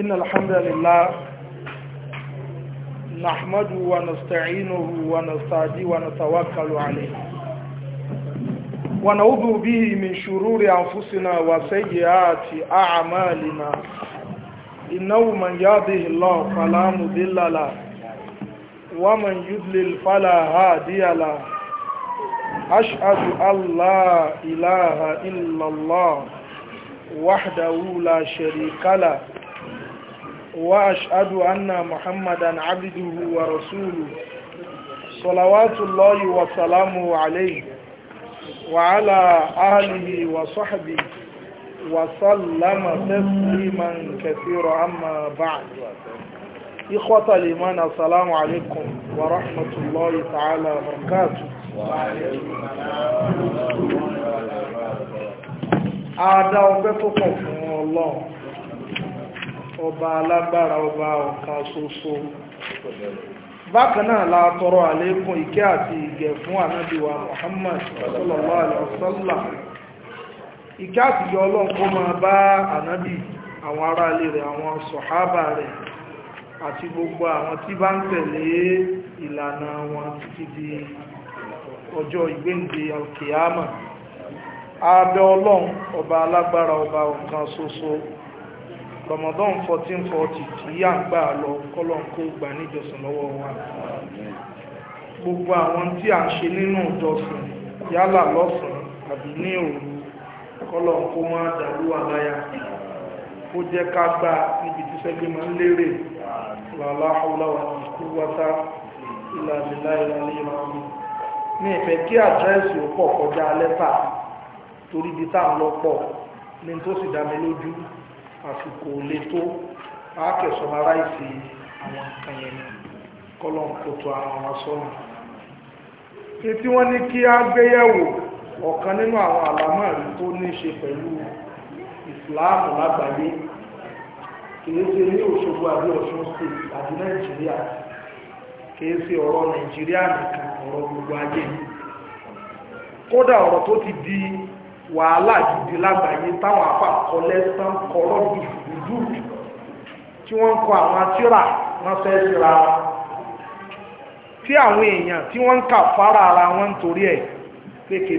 إن الحمد لله نحمده ونستعينه ونستهديه ونتوكل عليه ونعوذ به من شرور أنفسنا وسيئات أعمالنا إنه من يهده الله فلا مضل له ومن يضلل فلا هادي له أشهد أن لا إله إلا الله وحده لا شريك له وأشهد أن محمدا عبده ورسوله صلوات الله وسلامه عليه وعلى آله وصحبه وسلم تسليما كثيرا أما بعد إخوة الإيمان السلام عليكم ورحمة الله تعالى وبركاته وعليكم السلام ورحمة الله وبركاته ọba alagbara ọba ọka soso bákan náà la tọrọ àlékún ike àti ìgẹ̀ fún ànábíwa Muhammad sallallahu alaihi wasallam ike àti ìyọ ọlọ́run kó máa bá ànábí àwọn ará ilé rẹ̀ àwọn sọ̀hábà rẹ̀ àti gbogbo àwọn tí bá ń tẹ̀lé ìlànà wọn títí di ọjọ́ ìgbéǹde alkiyama abẹ́ ọba alágbára ọba ọ̀kan soso. Ramadan 1440 tí yà ń gbà lọ kọ́lọ̀n kó gbà níjọsìn lọ́wọ́ wa gbogbo àwọn tí a ń ṣe nínú ìjọsìn yálà lọ́sàn-án àbí ní òru kọ́lọ̀n kó máa dàrú àláyà ó jẹ́ ká gbà níbi tí sẹ́gbẹ́ máa ń lérè làlá ọlọ́wà kú wáta ìlàlélá ìlàlélá ní ìfẹ́ kí àdírẹ́sì ó pọ̀ kọjá lẹ́tà torí ibi tá à ń lọ pọ̀ ní tó sì dá mi lójú àsìkò lè tó àákẹ́sọ̀rọ̀ aláìsí àwọn nǹkan yẹn ni kọ́lọ̀ kò tó na wọn sọ́nà tí wọ́n ní kí á gbéyẹ̀wò ọ̀kan nínú àwọn àlámà rí tó ní ṣe pẹ̀lú ìsìláàmù lágbàáyé kìí ṣe ní Òṣogbo àbí Ọ̀ṣun state àbí Nàìjíríà kìí ṣe ọ̀rọ̀ Nàìjíríà nìkan ọ̀rọ̀ gbogbo kódà ọ̀rọ̀ tó ti di wàhálà gidi lágbàáyé táwọn afáàkọlẹ́ tán kọ́rọ́ dùdú tí wọ́n ń kọ àwọn atíra ránṣẹ́ síra tí àwọn èèyàn tí wọ́n kà fara ara wọn nítorí ẹ̀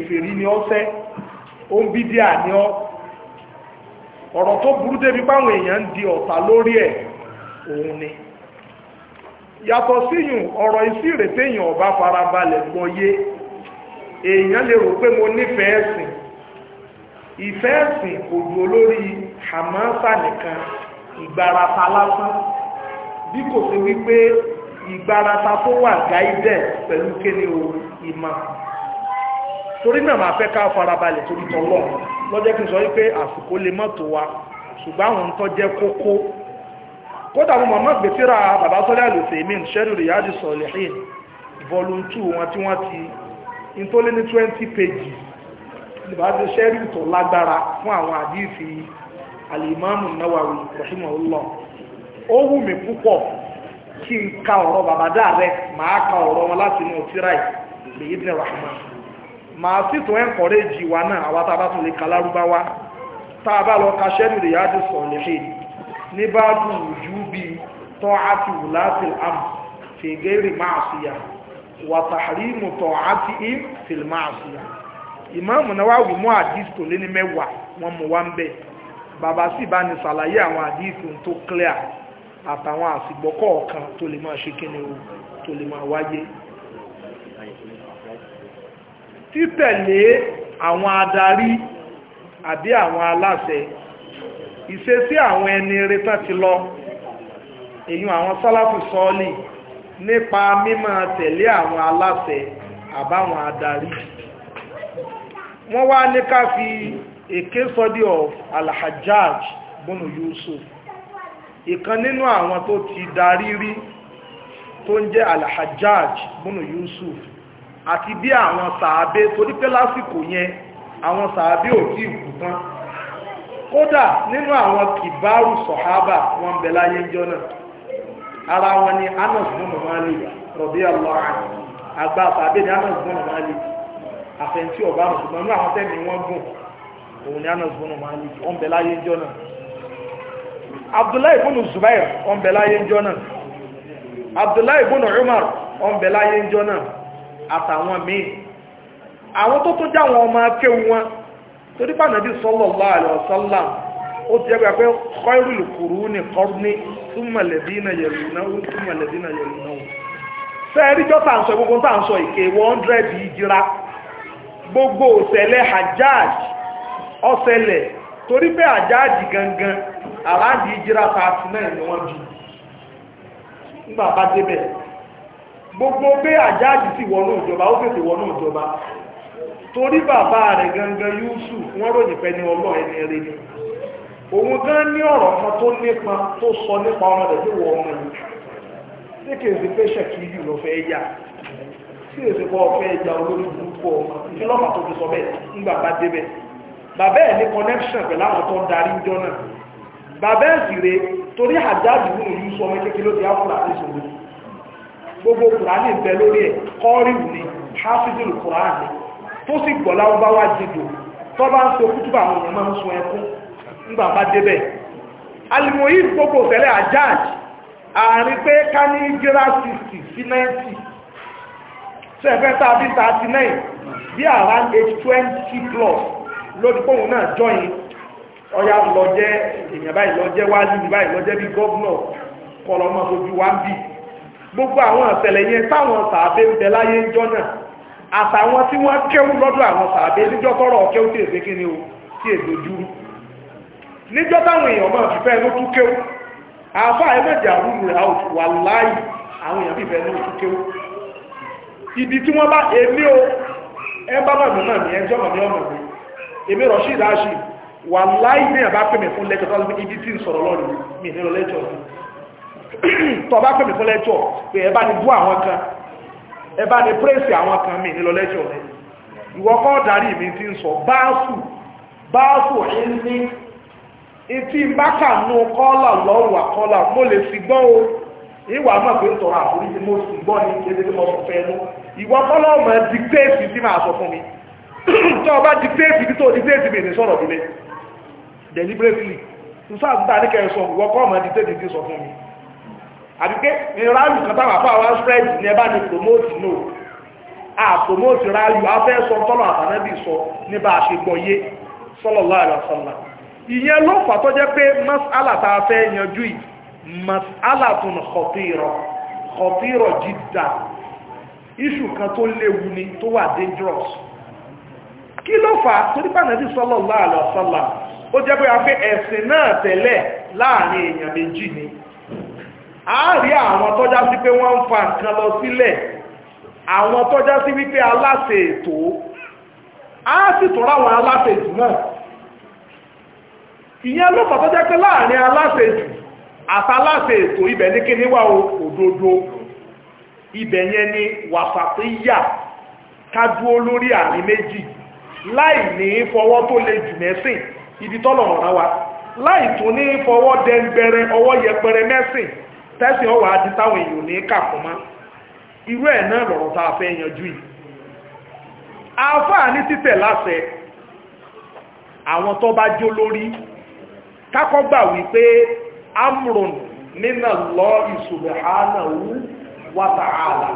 pé ni ọ́ sẹ́ ó ń bídíà ni ọ́ ọ̀rọ̀ tó burú débi báwọn èèyàn ń di ọ̀tá lórí ẹ̀ òun ni yàtọ̀ síyùn ọ̀rọ̀ ìsírè téèyàn ọba farabalẹ̀ gbọ́yé èèyàn lè rò pé mo nífẹ̀ẹ́ sìn ìfẹ́ ẹ̀sìn kò ju olórí hamasa nìkan ìgbarata lásán bí kò ṣe wípé ìgbarata tó wà gáídẹ̀ pẹ̀lú kéde o ìmọ̀ torí náà máa fẹ́ ká farabalẹ̀ torí tọ́lọ́ lọ́jọ́ kí n sọ wípé àsìkò lè má tó wa ṣùgbọ́n àwọn tó jẹ́ kókó kódà mo mọ̀mọ́ gbèsèrà bàbá sọ́lẹ̀ àlùfẹ́ mi ń ṣẹ́rù Riyadus Salihin volume 2 wọn tí ti in tó lé 20 pages ìbáṣe sẹ́rí tó lágbára fún àwọn àdífi alìmọ́mù náwàwí rahimahullah ó wù mí púpọ̀ kí n ka ọ̀rọ̀ bàbá dáa rẹ̀ máa ka ọ̀rọ̀ wọn láti inú tíráì lèyí ní rahman màá sì tún ẹ̀kọ́rẹ́jì wa náà àwa tá a bá tún lè ka lárúbáwá tá a bá lọ ka sẹ́rí rẹ̀ yájú sọ̀rọ̀ lè ní bá dùn ojú bí tọ́ àti wùláàtì àm fègèrè máa ṣìyà wàtàrí mùtọ̀ àti ìm fìlmáà ṣìyà ìmáàmù Nawawi mú àdìs tó lé ní mẹ́wàá wọn mú wá ń bẹ̀ bàbá sì bá ní sàlàyé àwọn àdìs tó clear àtàwọn àsìgbọ́ kọ̀ọ̀kan tó lè máa ṣe kíni o tó lè máa wáyé títẹ̀lé àwọn adarí àbí àwọn aláṣẹ ìṣesí àwọn ẹni retán ti lọ èyí àwọn sálàfù sọ́ọ̀lì nípa mímọ̀ tẹ̀lé àwọn aláṣẹ àbáwọn adarí wọ́n wá ní ká fi a case study of alhajjaj bọ́nà yusuf ìkan nínú àwọn tó ti darí rí tó ń jẹ́ alhajjaj bọ́nà yusuf àti bí àwọn sàábé torí pé lásìkò yẹn àwọn sàábé ò tí kú tán kódà nínú àwọn kìbáàrù sọ̀hábà wọn bẹ̀ láyé jọ náà ara wọn ni anas bọ́nà mali rọ̀bí àlọ́ àgbà sàábé ni anas bọ́nà mali àfẹntí ọba mọ̀ ṣùgbọ́n inú àwọn tẹ́mi wọ́n gùn òun ni anas bọ́nà máa ní ọ̀n bẹ̀ láyé ńjọ́ náà abdullahi bọ́nà zubair ọ̀n bẹ̀ láyé ńjọ́ náà abdullahi bọ́nà umar ọ̀n bẹ̀ láyé ńjọ́ náà àtàwọn míì àwọn tó tó jáwọn ọmọ akéwu wọn torí pé ànábì sallallahu alaihi wasallam ó ti ẹgbẹ́ pé khairul quruni qarni thumma alladhina yalunahum thumma alladhina yalunahum sẹ́ẹ̀rí jọ́ta àǹsọ̀ gbogbo tá à ń sọ ìkè 100 ìjìra gbogbo òṣẹ̀lẹ̀ hajjaj ọ̀ṣẹ̀lẹ̀ torí pé hajjaj gangan aláàdì ìjírá náà ni wọ́n jù nígbà bá débẹ̀ gbogbo pé hajjaj sì wọnú ìjọba ó fèsì wọnú ìjọba torí bàbá rẹ̀ gangan Yusuf wọ́n ròyìn pé ní ọlọ́ ẹni rẹ̀ ni òun gan ní ọ̀rọ̀ kan tó nípa tó sọ nípa ọmọ rẹ̀ tó wọ ọmọ yìí tí kèsì pé ṣèkí yìí lọ tí èsì kọ́ ọ̀fẹ́ ìjà olórí burúkú ọmọ ìfi lọ́mà tó fi sọ bẹ́ẹ̀ ńgbà bá débẹ̀ bàbá ẹ̀ ní connection pẹ̀lú àwọn tó ń darí ń jọ náà bàbá ẹ̀ sì rè torí àjáde wù ní sọ ọmọ kékeré ó ti áfúrà sí ìṣòro gbogbo kùránì ń bẹ lórí ẹ̀ kọ́rìwù ni hafizul kùránì tó sì gbọ́ láwọ́báwá jìdò tó bá ń so kútùbà àwọn èèyàn máa ń sun ẹkún ńgbà bá débẹ̀ alimoyi gbogbo fẹ́lẹ́ àjáde àárín pé ká ní gírásìsì sí 90 sẹ́fẹ́ tá a bí thirty nine bí around age twenty plus lórí pòun náà join ọ̀yà lọ jẹ́ èèyàn báyìí lọ jẹ́ wálé ní báyìí lọ jẹ́ bí gọ́vnà kọlọ́mọ ojú wa ń bì gbogbo àwọn ìṣẹ̀lẹ̀ yẹn táwọn sàábé ń bẹ láyé ń jọ náà àtàwọn tí wọ́n kéwú lọ́dọ̀ àwọn sàábé níjọ́ tọ́rọ̀ kéwú tí èdè kíni o tí èdè dúró níjọ́ táwọn èèyàn máa fi fẹ́ ló tún kéwú àáfà ẹ̀mẹ́jì àrùn rẹ̀ àwòtù wà láàyè àwọn èèyàn fi fẹ́ ló tún kéwú ibi tí wọ́n bá èmi o ẹ nà bàbá náà ní ẹjọ́ mọ̀ ní ọ̀nà mi èmi rọ̀ wà láì ní àbá pè fún lẹ́jọ́ tó lọ́dún ibi tí ń sọ̀rọ̀ lọ́rùn mi ní lọ́lẹ́jọ́ tó bá pè fún lẹ́jọ́ pé ẹ bá ní bú àwọn kan ẹ bá ní pírẹ́sì àwọn kan mi ní lọ́lẹ́jọ́ rẹ̀ ìwọ kọ́ darí mi ti ń sọ báàfù báàfù ẹni etí kọ́là àkọ́là mo lè gbọ́ o ìwà náà pé àforíjì mo sì gbọ́ mo fẹ́ ìwọ fọlọ́ọ̀mù dìktéètì tí máa sọ fún mi tí ọba dìktéètì tí tó dìktéètì mi ní sọ̀rọ̀ mi lé deliberately nsáàtúntà ní kẹrin sọ ìwọ kọ́ ọmọ dìktéètì tí sọ fún mi àdìgbé ní ráàlù kan táwọn àpá àwọn spread ní ẹbá ní promote no a promote ráàlù afẹ́ sọ tọ́lọ̀ àtànẹ́bì sọ ní bá a ṣe gbọ́yé iṣu kan tó léwu ni tó wà dangerous kí ló fà á torí pàtàkì sallallahu alaihi wasallam ó jẹ́ pé a fẹ́ ẹ̀sìn náà tẹ́lẹ̀ láàrin èèyàn méjì ni àárí àwọn tọ́já sí pé wọ́n ń fa nǹkan lọ sílẹ̀ àwọn tọ́já sí wípé aláṣẹ ètò á sì tún ráwọn aláṣẹ ètò náà ìyẹn ló fà tó jẹ́ pé láàrin aláṣẹ ètò àtàláṣẹ ètò ibẹ̀ ní kíní wà òdodo ibẹ̀ yẹn ni wàfàtíyà kádúó lórí àrí méjì láì ní fọwọ́ tó le jù mẹ́sìn ibi tọ́lọ̀ ọ̀ràn wa láì tún ní fọwọ́ dẹ́ngbẹrẹ ọwọ́ yẹpẹrẹ mẹ́sìn tẹ́sìn ọwọ́ àti èèyàn ní kàkùnmọ́ irú ẹ̀ náà lọ́rọ̀ tá a fẹ́ yanjú yìí àáfàá ní títẹ̀ láṣẹ àwọn tó bá jó lórí kákọ́ gbà wípé amrun nínà lọ subhanahu wa ta'ala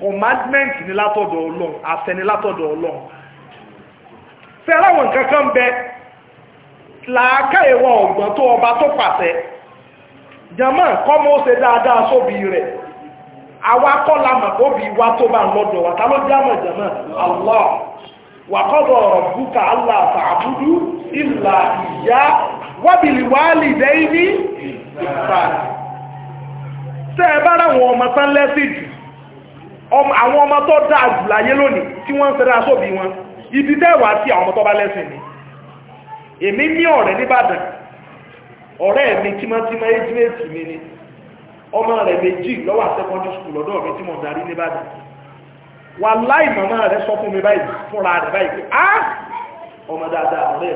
commandment ni látọ̀dọ̀ ọlọ́run àṣẹ ni látọ̀dọ̀ ọlọ́run fẹ́ láwọn nǹkan kan bẹ làákà ìwọ ọ̀gbọ́n tó ọba tó pàṣẹ jẹ́mọ́ kọ́mọ́ ó ṣe dáadáa sóbi rẹ̀ àwa kọ́ la mọ̀ kó bí wa tó bá ń lọ́dọ̀ wa ta ló jámọ̀ jẹ́mọ́ Allah wa qada rabbuka alla ta'budu illa iyyah wa bil walidayni ihsana tẹ́ ẹ bá ráwọn ọmọ tán lẹ́sìn jù àwọn ọmọ tó dáa jù láyé lónìí tí wọ́n ń sẹ́ra sóbi wọn ibi tẹ́wàá tí àwọn ọmọ tó bá lẹ́sìn ni èmi ní ọ̀rẹ́ nìbàdàn ọ̀rẹ́ mi tímọ́tímọ́ ejimẹ́tì mi ni ọmọ rẹ̀ méjì lọ́wọ́ secondary school lọ́dọ̀ mi tí mo darí nìbàdàn wà láì màmá rẹ̀ sọ fún mi báyìí fúnra rẹ̀ báyìí pé á ọmọ dáadáa ọ̀rẹ́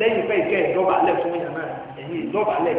lẹ́yìn fẹ́ ìkẹ́ ìdọ́bà lẹ̀ fún ìyànà ẹ̀yìn ìdọ́bà lẹ̀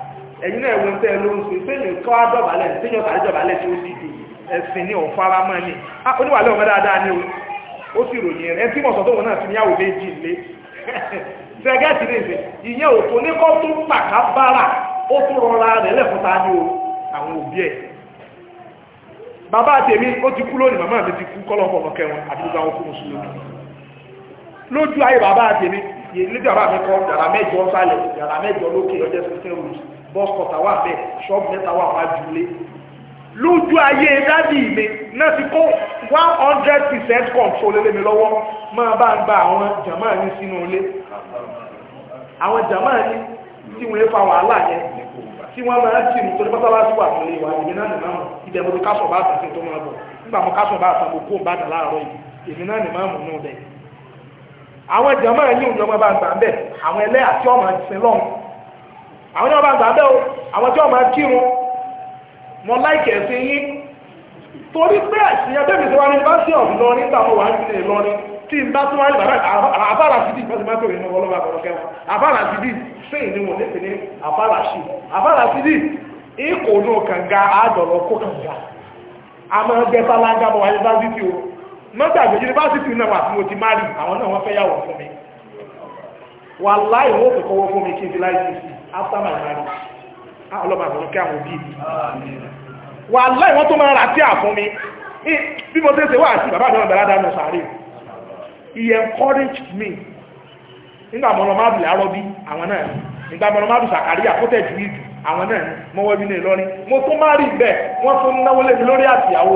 ẹ̀yin náà ẹ̀wọ̀n tẹ́ ló ń sọ ìfẹ́ yẹn kọ́ àjọbalẹ̀ tíyàn kàrí jọbalẹ̀ tí ó sì di ẹ̀sìn ní ọ̀fara mọ́ ni oníwàlẹ̀ ọmọ dáadáa ni ó sì ròyìn rẹ̀ tí mọ̀sán tó wọn náà ti ní àwò méjì lé sẹ́gẹ́tì lè fẹ́ ìyẹn ò tó ní kọ́ tó pàkà bára ó tó rọra rẹ̀ lẹ́fọ́ta ní o àwọn òbí ẹ̀ bàbá tèmi ó ti kú lónìí màmá mi ti kú kọ́lọ́pọ̀ ọ̀kẹ́wọn àti gbogbo àwọn fún oṣù lójú ayé bàbá tèmi yìí lójú bàbá mi kọ́ yàrá mẹ́jọ sálẹ̀ yàrá mẹ́jọ lókè ọjọ́ sí bọ́sọ̀tà wà bẹ́ẹ̀ ṣọ́ọ̀bù mẹ́ta wà wá jùlé lójú ayé dádì mi náà ti kó one hundred percent control lé mi lọ́wọ́ máa bá ń gba àwọn jàmáà ní sínú ilé àwọn jàmáà ní tí wọ́n fa wàhálà yẹn tí wọ́n máa tì mú torí mọ́sálásí wà nílé wa èmi náà nìmọ̀ mọ̀ ibẹ̀ mo ti kásọ̀ bá àtàkì tó máa bọ̀ nígbà mo kásọ̀ bá àtàkì kó ń bá dà láàárọ̀ yìí èmi náà nìmọ̀ mọ̀ náà bẹ̀ àwọn jàmáà ní òjò àwọn ní wọ́n bá o àwọn tí wọ́n máa kírun mọ láìkẹ̀ sí yín torí pé àṣìyàn bẹ́ẹ̀ mi sọ wá ní yunifásitì ọ̀f lọrin nígbà mo wà ní ilé lọrin tí n bá tún wá bàbá àbára sídì ìfọ́sí máa tòrò ìnáwó ọlọ́wà àbọ̀rọ̀ kẹwàá àbára di sẹ́yìn ni wọ́n lè ní sí ní kó a máa gbẹ́ bálágá mọ́ wáyé bá o mo ti rí àwọn náà wọ́n fẹ́ yàwó fún mi wà after my marriage ah, ọlọ́mọ àwọn kí àwọn òbí mi wà láì wọ́n tó máa ra tí àfún mi bí mo tẹ́sẹ̀ wà sí bàbá àjọ́nà bẹ̀rẹ̀ dánú sàárè he encouraged me nígbà mọ̀nà máa bìlẹ̀ arọ́ bí àwọn náà nígbà mọ̀nà máa bù sàkàrí àkótẹ̀ jù ìjù àwọn náà mọ́wọ́ bí ní Ìlọrin mo tún máa rí bẹ́ẹ̀ wọ́n tún náwó lé mi lórí àtìyàwó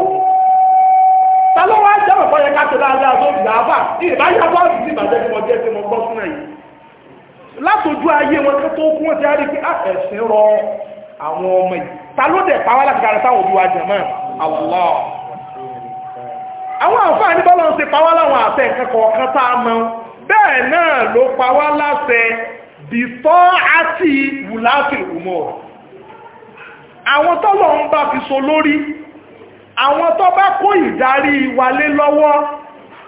ta ló wá jẹ́ mọ̀kọ́ yẹ ká tó dáadáa tó ìyá àbá ìbáyá bọ́ọ̀sì sí ìbàjẹ́ tí jẹ́ tí mo gbọ́ sún náà látòjú ayé wọn tó kú wọn ti rí pé àfẹ̀sìn ah, rọ àwọn ọmọ yìí ta ló dẹ̀ pa wá láti gara sáwọn òbí wa jẹ̀mọ́ àwòlọ́ àwọn àǹfààní ní bọ́lá ń ṣe pa wá láwọn àtẹ nǹkan kọ̀ọ̀kan tá a mọ bẹ́ẹ̀ náà ló pa wá láṣẹ bìtọ́ àti wùláfì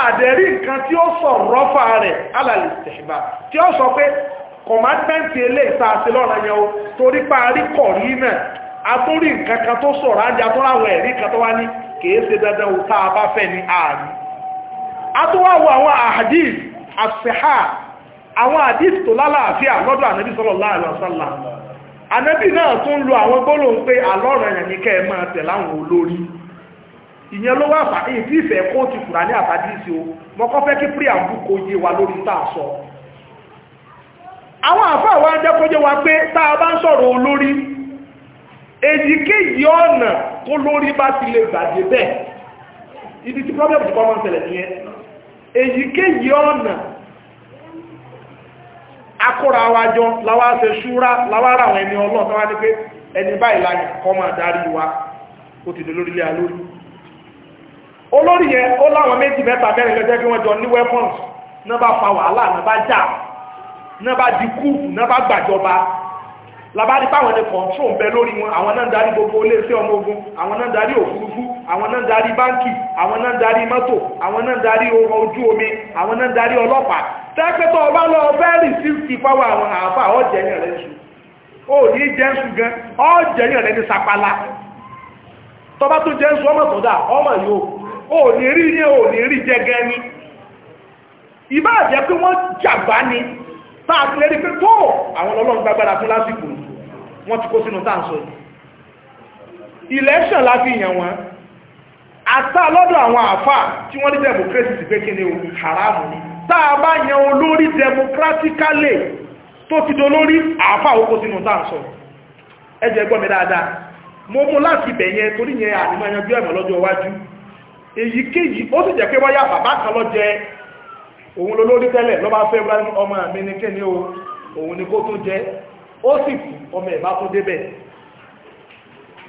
àdẹ̀rí nǹkan tí ó sọ rọ́fà rẹ̀ alàlè tí ó sọ pé ilé o torí pa àríkọ̀ rí náà atúrí nǹkan kan tó ẹ̀rí kan tó wá ní kìí ṣe dandan o tá ní ààrí atúwáwọ àwọn àdìs àṣẹ̀hà àwọn àdìs tó lálàáfíà lọ́dọ̀ ànábì sallallahu alaihi wasallam ànábì ìyẹn ló wà fà èyí tí ìfẹ́ kó ti kùrà ní àtàdísì o mo fẹ́ kí píríà bú kó yé wa lórí tá a sọ àwọn àfáà wa jẹ́ kó yé wa pé tá a bá ń sọ̀rọ̀ olórí èyíkéyìí ọ̀nà tó lórí bá ti lè gbàdé bẹ́ẹ̀ ibi tí problem ti kọ́ mọ́ ṣẹlẹ̀ nìyẹn èyíkéyìí ọ̀nà akóra wa jọ láwá ṣe ṣúra láwá ra àwọn ẹni ọlọ́ọ̀tọ́wá ní pé ẹni báyìí láyìn kọ́ máa darí lórílẹ̀ alórí olórí yẹn ó láwọn méjì mẹ́ta mẹ́rin lọ́jọ́ bí wọ́n jọ ní weapons náà bá fa wàhálà náà bá jà náà bá di kúùkù náà bá gbàjọba labadi báwọn ní control ń bẹ lórí wọn àwọn náà ń darí gbogbo iléeṣẹ́ ọmọ ogun àwọn náà ń darí òfurufú àwọn náà ń darí báńkì àwọn náà ń darí mọ́tò àwọn náà ń darí ojú omi àwọn náà ń darí ọlọ́pàá tẹ́pẹ́tọ́ ọba lọ bẹ́ẹ̀rì sífì fáwọn àwọn àáfà ọ̀jẹ̀yìn rẹ̀ sùn ó ní jẹ́sù gan ọ̀jẹ̀yìn rẹ̀ ní sapala tọ́ba tó jẹ́sù ọmọ tọ́dà ọmọ yóò ò ní rí ní ò ní rí jẹgẹ ni ìbá jẹ́ pé wọ́n jàgbá ni táà ti lérí pé tó àwọn ọlọ́run gbágbára fún lásìkò wọ́n ti kó sínú táàsọ̀ election láti ìyàn wọn àtà lọ́dọ̀ àwọn àfà tí wọ́n ní democracy ti pé kí ni o haramu ni táà bá yan olórí democratically tó ti dolórí àfà òkó sínú táàsọ̀ mo mú láti bẹ̀yẹn torí yẹn ànímọ̀ yanjú ẹ̀mọ̀ lọ́jọ́ iwájú èyí kéjì ó sì jẹ́ pé wáyà bàbá kan lọ jẹ òun lólórí tẹ́lẹ̀ lọ́ba fẹ́ ibrahim ọmọ mi ní kí ni o òun ni kó tó jẹ ó sì kù ọmọ ẹ̀ tó débẹ̀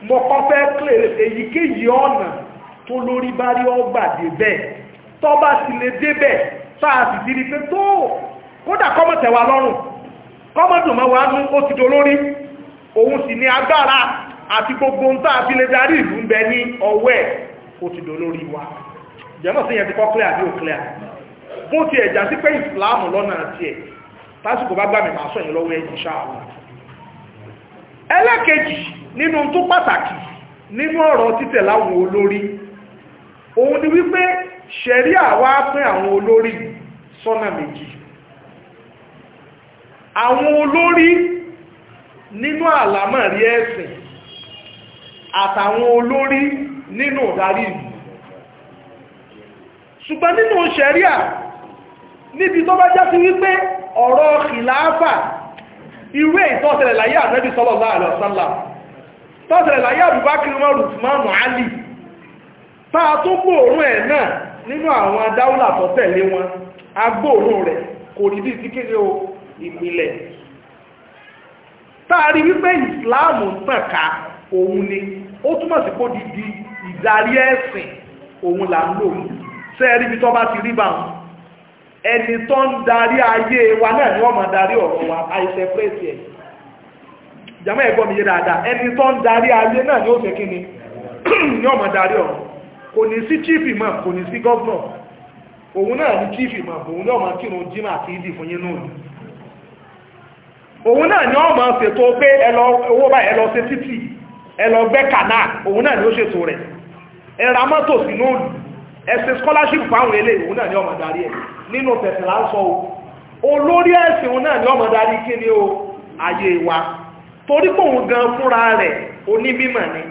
mo kọ́ fẹ́ kílèrè èyí kéjì ọ̀nà tó lórí bá rí ọgbà débẹ̀ tọ́ba sì lè débẹ̀ sáà sì ti rí pé tó kódà kọ́mọ̀tẹ̀wà lọ́rùn kọ́mọ̀dùn máa wà ní ó ti dolórí òun sì ní agbára àti gbogbo ń tàbí lè darí ìlú ń bẹ ní ọwọ́ ẹ̀ ó ti dolórí wa jẹ́mọ̀ sí yẹn ti kọ́ clear bí ó clear bó ti ẹ̀já sí pé ìsìláàmù lọ́nà àti ẹ̀ tásìkò bá gbàmì máa sọ yìí lọ́wọ́ ẹ̀yìn ṣáàwọ̀ ẹlẹ́kejì nínú tó pàtàkì nínú ọ̀rọ̀ títẹ̀ láwọn olórí òun ni wípé ṣẹ̀rí àwa pín àwọn olórí sọ́nà méjì àwọn olórí nínú àlámọ̀rí ẹ̀sìn àtàwọn olórí nínú ìdarí ìlú ṣùgbọ́n nínú ṣẹ̀ríà níbi tó bá jásí wípé ọ̀rọ̀ kìláàfà irú ìtọ́sẹ̀lẹ̀ láyé ànábì sallallahu alaihi wasallam tọ́sẹ̀lẹ̀ láyé Abubakar mọ́rù mọ́nù alì táa tó gbòòrùn ẹ̀ náà nínú àwọn dáúlà tó tẹ̀lé wọn agbòòrùn rẹ̀ kò rí bí ti kéré o ìpìlẹ̀ táa wípé ìsìláàmù tàn ká òun ni ó túmọ̀ sí kó di ìdarí ẹ̀sìn òun là ń lò sẹ́ẹ̀rí bá ti rí bá ẹni tó ń ayé wa náà ni wọ́n ma darí ọ̀rọ̀ wa àìsẹ̀ pẹ́ẹ́sì ẹ̀ ìjàmọ́ mi yé dáadáa ẹni tó ń ayé náà ni ó fẹ́ kíni ni ọ ma darí ọ̀rọ̀ kò ní sí chief imam kò ní sí governor òun náà ni chief imam òun kírun jim àti ìdí fún yín náà òun náà ni ṣètò pé owó báyìí ẹ lọ ṣe títì ẹ lọ gbẹ́ kànáà ni ó ṣètò rẹ̀ ẹ ra mọ́tò sínú òlù ẹ ṣe scholarship fáwọn eléyìí òun náà ni ọmọ darí ẹ̀ nínú tẹ̀sán láńsọ o olórí ẹ̀sìn òun náà ni ọmọ darí kí ni o ayé wa torí pé òun gan fúnra rẹ̀ onímímọ̀ ni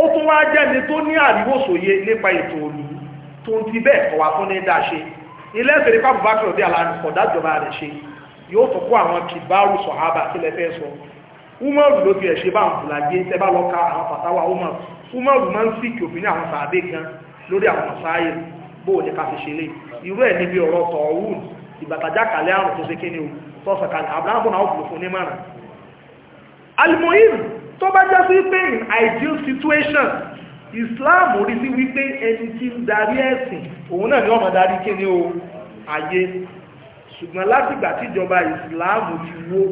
ó tún wá jẹ́ni tó ní àríwòsòye nípa ètò òlù tó ń ti bẹ́ẹ̀ kọ̀wá fún ní dáṣe ilé ẹ̀sìn ní pápá bákìrò bí alárùkọ̀ dájọba rẹ̀ ṣe yóò tó kó àwọn kìbáàrù sọ̀hábà sílẹ̀ fẹ́ sọ umaru ló fi ẹ̀ṣẹ́ bá ń fìlàgé tẹ́bá lọ́ka àwọn fàtàwà umaru máa ń síkì òfin àwọn sàábé kan lórí àwọn sáyé bó o ní ká fi ṣeré irú ẹ̀ níbi ọ̀rọ̀ tọ̀ọ̀wùn ìbàtàjá kalẹ̀ àrùn tó ṣe kéne o tọ́sà kalẹ̀ àbúrábọ̀ náà kùn fún nímọ̀ràn alimohim tó bá jẹ́ ideal situation Islam rí sí wípé ẹni tí ń darí ẹ̀sìn òun náà ni ọmọ darí kéne o ayé ṣùgbọ́n látìgbà tíjọba Islam ti wó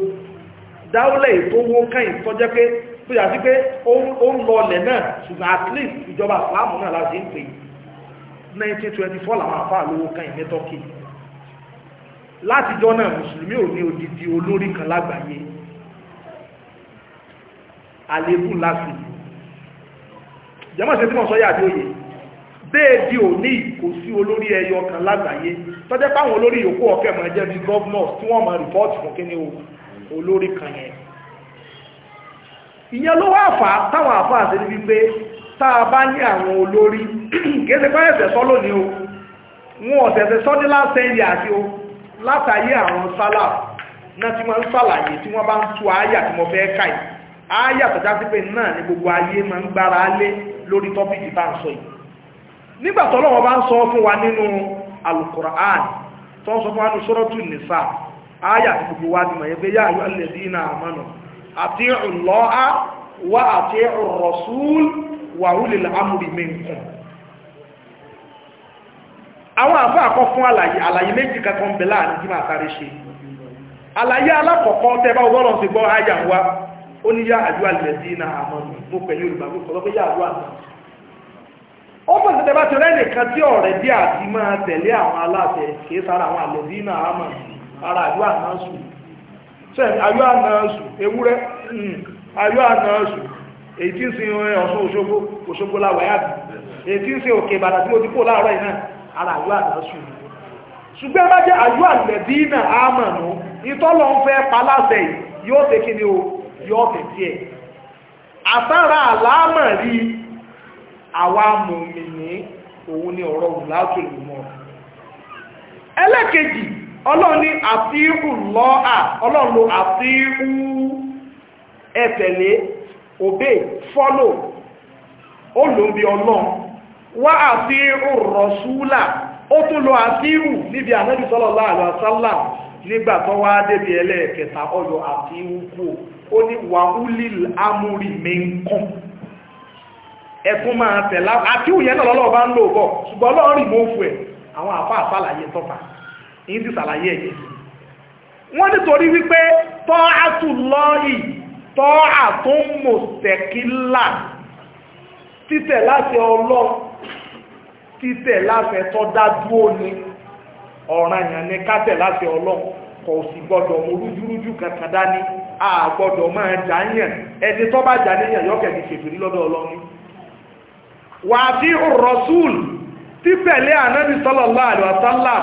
dáúlẹ̀ ètò owó tó yà sí pé ó ń lọ ọlẹ̀ náà ṣùgbọ́n at least ìjọba ìsìláàmù náà láti ń pè 1924 làwọn àfáà lówó kan ìní tọ́kì látijọ́ náà mùsùlùmí ò ní odidi olórí kan lágbàáyé àlébù láti jẹ́mọ̀ sí tí wọ́n sọ yàtí òye déèdì ò ní kò sí olórí ẹyọ kan lágbàáyé tọ́jẹ́ páwọn olórí yòókù ọ̀kẹ́ mọ̀ jẹ́ bí gọ́ọ̀nà tí wọ́n mọ̀ rìpọ́ọ̀tì fún kíní olórí kan yẹn ìyẹn ló wá fà á táwọn àfà àti ní wípé tá bá ní àwọn olórí kéde pé sọ lónìí o wọn ọ̀sẹ̀sẹ̀ sọ ní láti àti o látàyé àwọn sálà náà tí wọ́n ń sàlàyé tí wọ́n bá ń tú tí fẹ́ sọ yìí nígbà bá ń sọ wa nínú tó ń sọ fún wa sọ́rọ́tù tí gbogbo wa ti mọ̀ yẹ pé yáà àtí'u Allaha wà àtí'u Rasul wà ulil amri minkum àwọn àfá àkọ́ fún àlàyé àlàyé méjì kankan bẹ̀ láàrin tí máa sáré ṣe àlàyé alákọ̀ọ́kọ́ tẹ́ bá ọgọ́rọ̀ sí gbọ́ ayà wa ó ní yá àjúwà lẹ́dí na àmọ́nù mú pẹ̀lú olùgbàgbé kọlọ́pẹ́ yá àjúwà náà ó pèsè ṣe ayọ́ ànàásù ewúrẹ́ hmm, ayọ́ ànàásù èyí tí ń sin ọ̀ṣun òṣogbo òṣogbo láwàáyàbì èyí tí ń sin òkè ìbàdà tí ó ti kó láàárọ̀ iná ara ayọ́ ànàásù ṣùgbọ́n bá jẹ́ ayọ́ àlẹ̀dínà àmànú ìtọ́lọ ń fẹ́ paláṣẹ yóò tẹ́ kí ni o yóò tẹ́ tí ẹ̀ àtàrà àlámà rí àwa mùmìnì òun ni ọ̀rọ̀ wùlátùlùmọ̀ ẹlẹ́kejì ọlọ́run ní àtíhù lọ́à ọlọ́run lo àtíhù ẹ̀tẹ̀lé obey follow ó lò ń bí ọlọ́run wá àtíhù rọ̀ṣúlà ó tún lo àtíhù níbi ànábì sallallahu alaihi wasallam nígbà tó wá débi ẹlẹ́ẹ̀kẹta ọyọ àtíhù kú ó ní wàhúlì amúrí mẹ́ńkàn ẹ̀tún máa tẹ̀lá àtíhù yẹn náà lọ́lọ́ bá ń lò bọ̀ ṣùgbọ́n ọlọ́run rí mọ́ fún ẹ̀ àwọn àfáà sálàyé tọ́fà yìí ti sàlàyé ẹ̀yẹ wọ́n nítorí wípé tọ́ àtúlọ́yì tọ́ àtúnmọ̀sẹ̀kílà títẹ̀ láti ọlọ́ títẹ̀ láti ẹ̀tọ́ dájú òní ọ̀ranyàn ni kátẹ̀ láti ọlọ́ kò sì gbọ́dọ̀ mú rújúrújú kankan dání a gbọ́dọ̀ máa jàáyàn ẹni tó bá jàáyàn yọ́kẹ̀ ní ṣèfìrí lọ́dọ̀ ọlọ́ni wà á bí rọ̀súùl títẹ̀lé ànábì sallallahu alaihi wasallam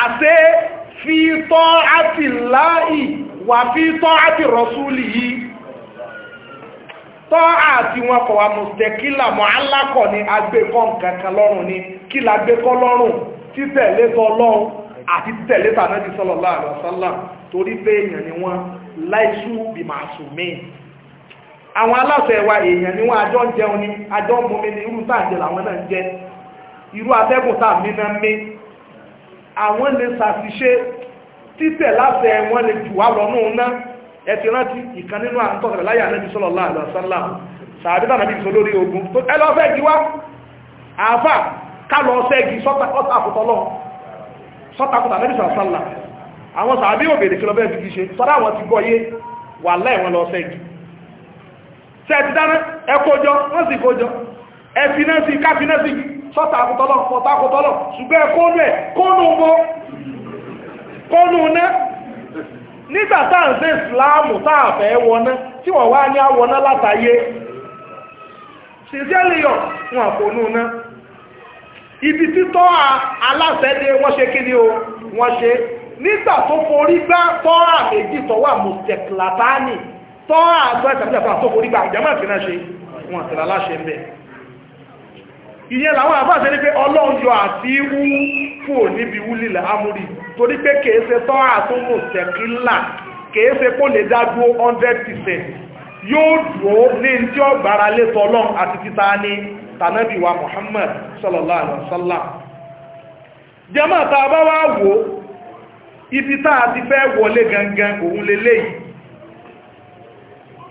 àṣẹ fi tọ́ àti láì wà fi tọ́ àti rọ̀súlì yìí tọ́ àti wọn kọ̀ wà mùsùlùmí mọ̀ alákọ̀ ni agbẹ́kọ́ kankan lọ́rùn ni kí la gbẹ́kọ́ lọ́rùn títẹ̀lé tọ́lọ́run àti títẹ̀lé tànájì sallallahu alaihi wasallam torí pé èèyàn ni wọ́n láìsú bí màá sùn míì àwọn aláṣẹ wa èèyàn ni wọ́n àjọ ń jẹun ni àjọ ń mumi ni àwọn lè ṣàfiṣe títẹ̀ láti ẹ̀wọ́n lè jù wá lọ náà ná ẹ̀tì rántí ìkan nínú àtọ́sẹ̀lẹ̀ láyé ànábì sallallahu alaihi wasallam sàádọ́dà nàbí sọ lórí ogun tó ẹlọ fẹ́gi wá àáfà kálọ fẹ́gi sọ́tàkùtà lọ sọ́tàkùtà sọ́tà àkótọ́lọ̀ fọ́tà àkótọ́lọ̀ ṣùgbọ́n kónú ẹ̀ kónú bó kónú ná nígbà táà ń ṣe ìsìláàmù táà fẹ́ wọná tí wọ́n wá ní àwọná látàyé ṣìṣẹ́lìyàn wọn àkónú ná ibi títọ́ aláṣẹ́dé wọ́n ṣe kí ni o wọ́n ṣe nígbà tó forí gbá tọ́rà méjì tọ́wà mùsẹ̀kìlátánì tọ́rà àgbẹ́ tàbí àtọ́forí gbá ìjàmọ́ àti náà ṣe wọn àtìlá láṣẹ ń bẹ̀ẹ́ ìyẹn làwọn àbáṣẹ́ ní pé ọlọ́run àti wú fún òníbi amúrí torí pé kèése tọ́ àtúnmù tẹ̀kílà kèése kó lè dádúó 100% yóò dúó ní tí ó gbára lé tọ́lọ́run àti títà ní wa Muhammad sallallahu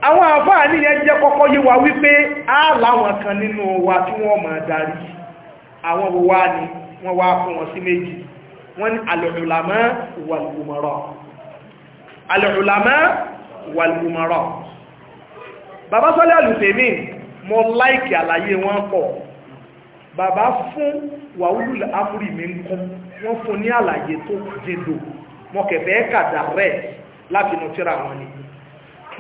àwọn àfáà ní yẹn jẹ́ kọ́kọ́ yé wa wípé á láwọn kan nínú wa tí wọ́n máa darí àwọn wá ni wọ́n wá fún wọn sí méjì wọ́n ní al-ulama wal-umara al-ulama wal-umara bàbá sọ́lẹ̀ àlùfèmí mọ́ láìkì àlàyé wọn pọ̀ bàbá fún wàhúlù amúrì mi ń kún wọ́n fún ní àlàyé tó jẹ́dò mọ́kẹ̀fẹ́ kàdà rẹ̀ láti nù tíra wọn ni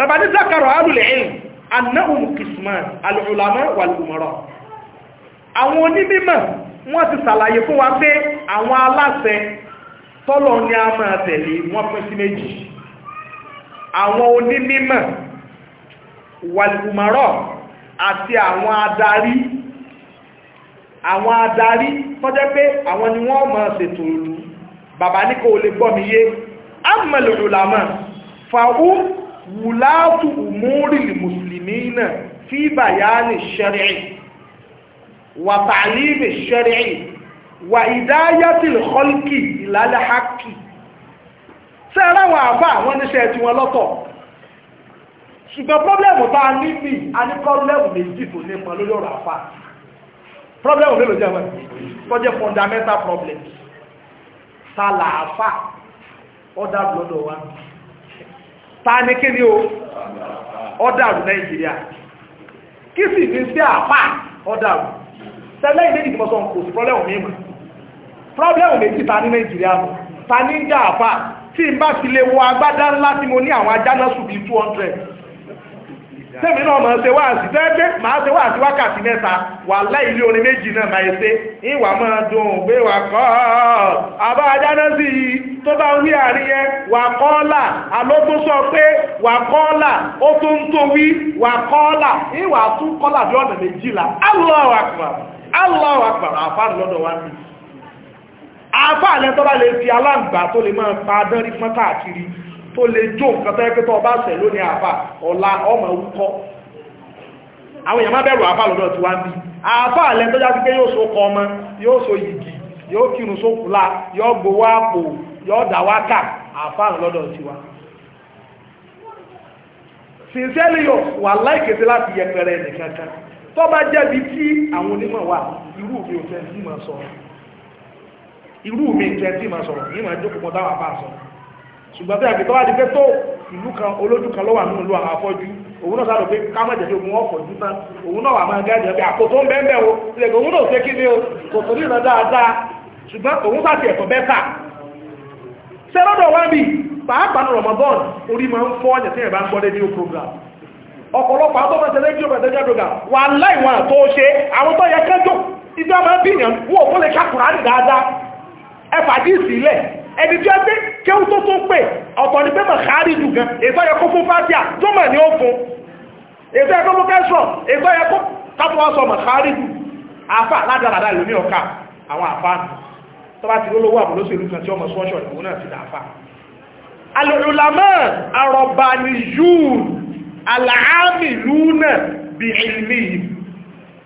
sabani zakarọ̀ alùlẹ̀ẹ́lì annahum kisman alùlàmọ́ wàlùmọ̀rọ̀ àwọn onímọ̀ wọ́n ti sàlàyé fún wa pé àwọn aláṣẹ tọ́lọ̀ ní a máa tẹ̀lé wọ́n pín sí méjì àwọn onímọ̀ wàlùmọ̀rọ̀ àti àwọn adarí àwọn adarí tọ́jẹ́ pé àwọn ni wọ́n máa ṣètò ìlú bàbá ní kò lè gbọ́ mi yé amẹ́lòlòlàmọ́ wùlátù umúrì mùsùlùmí náà fi bàyánì ṣẹ́rìí wà tàlímì ṣẹ́rìí wà ìdáyàtì kọ́lìkì ìlàlẹ̀ hákì sẹ́rẹ̀ wọn àbá àwọn oníṣẹ́ tí wọ́n lọ́tọ̀ ṣùgbọ́n pọ́blẹ́mù bá níbi a ní pọ́blẹ́mù méjì tó ní pọ̀ lórí ọ̀rọ̀ àfà pọ́blẹ́mù mélòó jẹ́ wọn tó jẹ́ fundamental problems sàlàáfà order blood of one ta ní kí ni o ọ̀dàrú nàìjíríà kí sì fi sí àpá ọ̀dàrú tẹ́lẹ̀ ilé ìdìbò sọ kò sí pọ́lẹ́wọ̀n mímọ̀ pọ́lẹ́wọ̀n méjì ta ní nàìjíríà mọ̀ ta ní ń jà àpá tí n bá ti lè wọ agbádá ńlá tí mo ní àwọn ajá náà sùn 200 tẹ́mi náà máa ṣe wáàsí tẹ́gbẹ́ máa ṣe wáàsí wákàtí mẹ́ta wà láì ilé orin méjì náà máa ṣe ìwà máa dùn gbé wà kọ́ àbá ajáná sí i tó bá wí àárín yẹn wà kọ́ọ́là alógún sọ pé wà kọ́ọ́là ó tó ń tó wí wà kọ́ọ́là ìwà tún kọ́là bí ọ̀nà méjìlá Allahu Akbar Allahu Akbar àfáà lọ́dọ̀ wá sí àfáà lẹ́tọ́ bá lè fi aláǹgbà tó lè máa pa adán rí pọ́n káàkiri tó lè jó nǹkan tó yẹ pé tó ọba ṣẹ̀ lónìí àfà ọ̀la ọmọ orúkọ àwọn èèyàn má bẹ̀rù àfà lọ́dọ̀ tí wá ń bí àfà alẹ́ tó jásí pé yóò so kọ ọmọ yóò so yìgì yóò kírun sókùlá yóò gbowó àpò yóò dà wá kà àfà lọ́dọ̀ tí wá sincerely yóò wà láìkèsí láti yẹpẹrẹ nìkankan tó bá jẹ́bi tí àwọn onímọ̀ wà irú mi ò tẹ́ sí máa sọ̀rọ̀ irú mi tẹ́ sí máa sọ̀rọ̀ ní máa jókòó táwọn àbá sọ̀rọ̀ ṣùgbọ́n bí a tó wá di pé tó ìlú kan olójú kan lọ́wọ́ àmì olú àwọn afọ́jú òun náà sáré pé kámọ̀jẹ̀ tó gun ọkọ̀ jù tán òun náà wà máa gáàjì ọ̀gá àkótó ń bẹ́ẹ̀ o ṣe kò òun náà ṣe kí ni o kò tó ní ìran dáadáa ṣùgbọ́n òun sàti ẹ̀tọ́ bẹ́tà ṣe lọ́dọ̀ wá bì pàápàá ní Ramadan orí máa ń fọ́ ọ̀yẹ̀ tí ẹ̀ bá ń gbọ́ rédíò program ọ̀pọ̀lọpọ̀ àwọn tó máa ṣe rédíò pẹ̀lẹ́díò program wà láì wọn àtó ṣe àwọn tó yẹ kẹ́jọ́ ibi ọmọ bíyàn wọ́n ò kó lè ṣàkùrá nì dáadáa ẹ ẹni tí ó gbé kí ó tó tó pè ọ̀tọ̀ ní pé mọ̀kárì jù gan ètò ẹ̀kọ́ fún fásíà tó mọ̀ ní ó fún ètò ẹ̀kọ́ fún kẹsàn ètò ẹ̀kọ́ kápọ̀ sọ mọ̀kárì jù àfà ládàládà ìlú ní ọ̀ka àwọn àfà tó bá ti lólówó àbúlóṣèlú kan tí ọmọ sọ́ṣọ̀ ìwọ̀n náà ti dà àfà alùlámọ́ àrọ̀bàníyùn àlàámìlúnà bí ilmi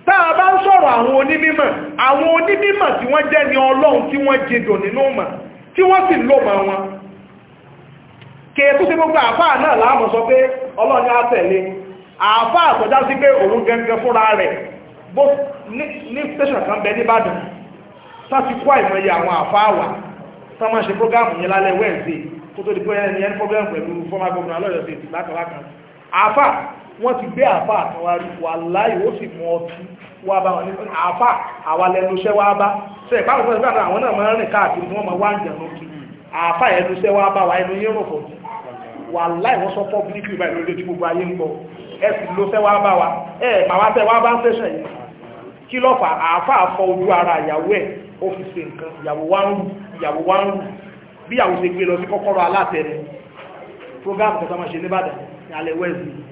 táà bá ń sọ̀rọ̀ àwọn onímímọ̀ àwọn onímímọ̀ tí wọ́n jẹ́ ni ọlọ́run tí wọ́n jẹ́ dò nínú mọ̀ tí wọ́n sì lò mọ̀ wọn kèétú sí gbogbo àfáà náà láàmù sọ pé ọlọ́ni àtẹ̀lé àfáà sọjá sí pé òun gẹ́gẹ́ fúnra rẹ̀ bó ní station kan bẹ nìbàdàn sáti kó àìmọye àwọn àfáà wà tá máa ṣe prógámù yẹn lálẹ́ wẹ́ẹ̀sì tó tó di pé ẹni ẹni fọ́gbẹ́rún pẹ̀lú fọ́mà gómìnà lọ́yọ̀ọ́sì ìgbàkọ̀wá kan àfáà wọ́n ti gbé àfà àtàwárí wà láì ó sì mọ́ ọtí wà bá wọn ní àfà àwàlẹ́nuṣẹ́ wà bá ṣe ìpáwọn fún ẹgbẹ́ àwọn náà máa rìn káàkiri wọ́n máa wá ń jẹun kí àfà ẹnuṣẹ́ wà bá wà inú yẹn rọ̀fọ̀ wà láì wọ́n sọ pọ́bílíkì ìbá ìlú ojú gbogbo ayé ń bọ̀ ẹ sì ló fẹ́ wà bá wa ẹ mà wá fẹ́ wà bá ń fẹ́sẹ̀ yìí kí ló fà àfà àfọ ojú ara ìyàwó ẹ̀ ó fi ṣe nǹkan ìyàwó wá ń rù ìyàwó wá ń rù bí ìyàwó ṣe gbé lọ sí kọ́kọ́rọ́ alátẹ̀rẹ̀ program kọ̀ọ̀tà máa ṣe níbàdàn ní alẹ́ wẹ́ẹ̀sì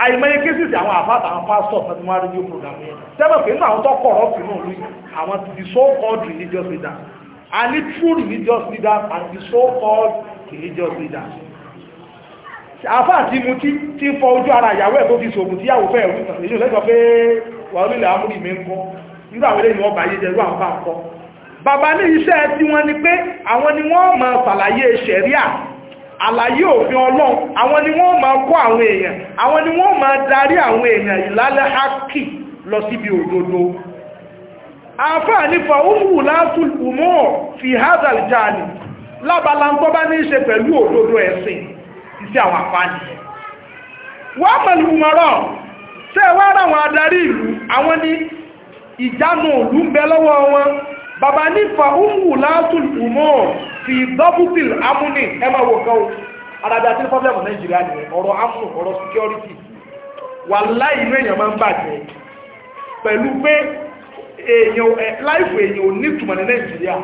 àìmọye kéṣìṣì àwọn àfáàtà àwọn pásọ̀ tàbí wọ́n rédíò program yẹn tẹ́bọ̀ pé nínú àwọn tó kọ̀rọ̀ sí náà lóyún àwọn ti di so-called religious leaders a ní true religious leaders and the so-called religious leaders àfáà tí mu tí ń fọ ojú ara ìyàwó ẹ̀ tó fi ṣògùn tí yàwó fẹ́ẹ̀ rúta èyí lẹ́sọ̀ pé wà orílẹ̀ amúrí mi ń kọ́ nígbà wọlé ni wọ́n bá yé jẹ́rú àwọn bá ń kọ́ bàbá ní iṣẹ́ tí wọ́n ní pé àwọn ni àlàyé òfin ọlọ́run àwọn ni wọ́n máa kọ́ àwọn èèyàn àwọn ni wọ́n máa darí àwọn èèyàn ìlàlẹ̀ hákì lọ síbi òdodo àfáà nípa òmùwù látún ìmọ̀ fi hazard jáde lábala ń tọ́bá ní í ṣe pẹ̀lú òdodo ẹ̀sìn iṣẹ́ àwọn fi dọ́bùtìl amúnì ẹ máa wò kan o nàìjíríà nìyẹn ọ̀rọ̀ security wà láì èèyàn máa ń bàjẹ́ pẹ̀lú pé èèyàn láìpù èèyàn ò ní ní nàìjíríà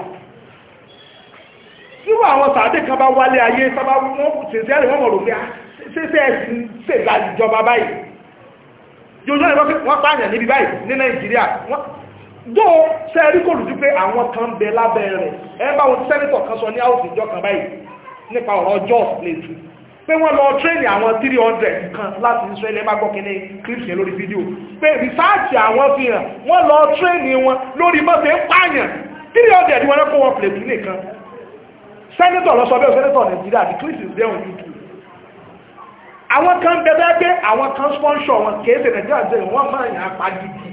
nígbà àwọn sàádé kan bá wálé ayé sábà wọ́n wọ́n mọ̀ dó sẹ́ẹ̀rí kò lùdú pé àwọn kan bẹ lábẹ́ rẹ̀ ẹ bá wọn sẹ́nitọ̀ kan sọ ní áùsì ìjọ kan báyìí nípa ọ̀rọ̀ Jos Plateau pé wọ́n lọ tírẹ́nì àwọn 300 kan láti Israel má gbọ́kẹ́lẹ́ kírísì lórí fídíò pé rìsáàtì àwọn fi hàn wọ́n lọ tírẹ́nì wọn lórí mọ́sẹ̀ ń pààyàn 300 wọn kó wọn Plateau nìkan sẹ́nitọ̀ lọ sọ bẹ́ẹ̀ sẹ́nitọ̀ Nàìjíríà àti kírísì dẹ́hùn YouTube àwọn kan bẹ́ẹ̀ bẹ́ẹ̀ pé àwọn kan sponsor wọn kèése Nàìjíríà jẹ́ wọ́n máa yàn apá gidi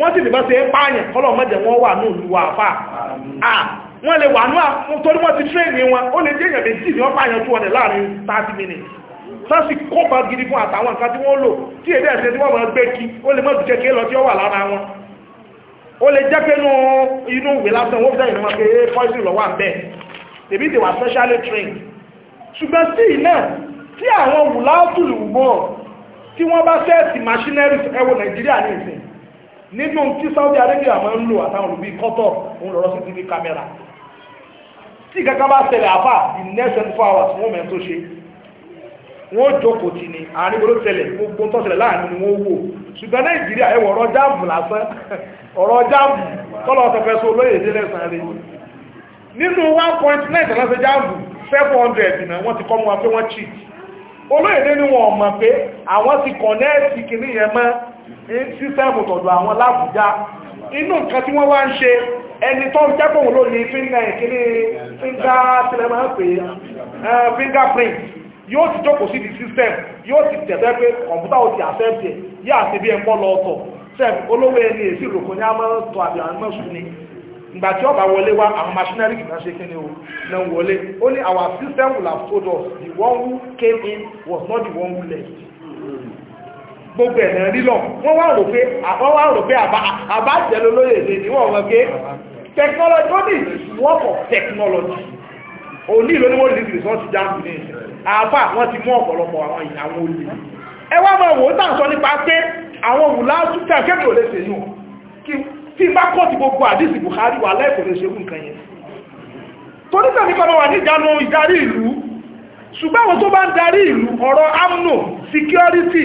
wọ́n sì nìbọn ṣe pààyàn kọ́lọ̀ mẹ́jẹ̀ wọ́n wà ní olùwà àfà wọ́n lè wà ní àwọn torí wọ́n ti tírẹ́ẹ̀nì wọn ó lè jẹ́ èèyàn méjì ní wọ́n pààyàn tó wọlé láàrin 30 minutes sọ́sì kópa gidi fún àtàwọn nǹkan tí wọ́n lò tí èdè ẹ̀sẹ̀ tí wọ́n mọ̀ gbé kí ó lè mọ́tò kékeré lọ tí ó wà lára wọn ó lè jẹ́ pé inú ìwé lásán wọ́n fẹ́ ìrìnmọ́ pé poison lọ wà bẹ́ẹ̀ tèbí they were specially trained ṣùgbọ́n sí iná tí àwọn wùláàtùlù wọ̀ tí wọ́n bá sẹ́ẹ̀tì machinery ẹwọ Nàìjíríà ní ìsìn nínú tí Saudi Arabia máa ń lò àtàwọn olùbí kọ́tọ̀ òun lọ́rọ́ sí tv camera tí kankan bá ṣẹlẹ̀ àfà the next twenty four hours wọ́n mẹ́rin tó ṣe wọ́n jókòó tì ní àárín gbogbo tẹ̀lẹ̀ gbogbo tó ṣẹlẹ̀ láàrin ni wọ́n wò ṣùgbọ́n Nàìjíríà ẹ̀wọ̀ ọ̀rọ̀ jáàmù lásán ọ̀rọ̀ jáàmù tọ́lọ̀ ọ̀tẹ̀fẹ́ so olóyè dé lẹ́sàn-án rẹ̀ nínú one point nine tẹ̀lẹ́sẹ̀ jáàmù seven hundred náà wọ́n ti kọ́ mu wa pé wọ́n cheat olóyè dé ní wọn ọ̀mọ̀ pé àwọn ti kọ̀nẹ́ẹ̀tì kìnnìyàn mọ́ sísẹ́mù tọ̀dọ̀ àwọn lábùjá inú nǹkan tí wọ́n wá ń ṣe ẹni tó ń jẹ́kùn ló ní fíńgà ìkíní fíńgà tilẹ̀mọ́ pé fingerprint yóò ti jókòó sí di system yóò ti tẹ̀bẹ́ pé kọ̀mpútà ò ti àfẹ́ẹ̀tẹ̀ yá àti bí ẹ̀kọ́ lọ ọ̀tọ̀ sẹ́m olówó ẹni èsì rògbò ní amọ́tọ̀ àbí àmọ́sùn ni ìgbà tí ọba wọlé wá àwọn machinery kìí ṣe kí ni o na wọlé ó ní our system will have told us the one who came in was not the one who left gbogbo ẹ̀nà lílọ̀ wọ́n wá rò pé àbájẹ́lò lóyè lè ní wọ́n wọ́n pé technology ó ní work of technology ò ní ìlú oníwọ́n ìlú ìsọ́ ti jáàmù ní àbá wọ́n ti mú ọ̀pọ̀lọpọ̀ àwọn ìyàwó olè ẹwà máa wò ó tà sọ nípa pé àwọn òwúlá súnkà kẹ́kọ̀ọ́ lè ṣe yùn kí bá kọ́ ti gbogbo ṣùgbọ́n àwọn tó bá ń darí ìlú ọ̀rọ̀ amno security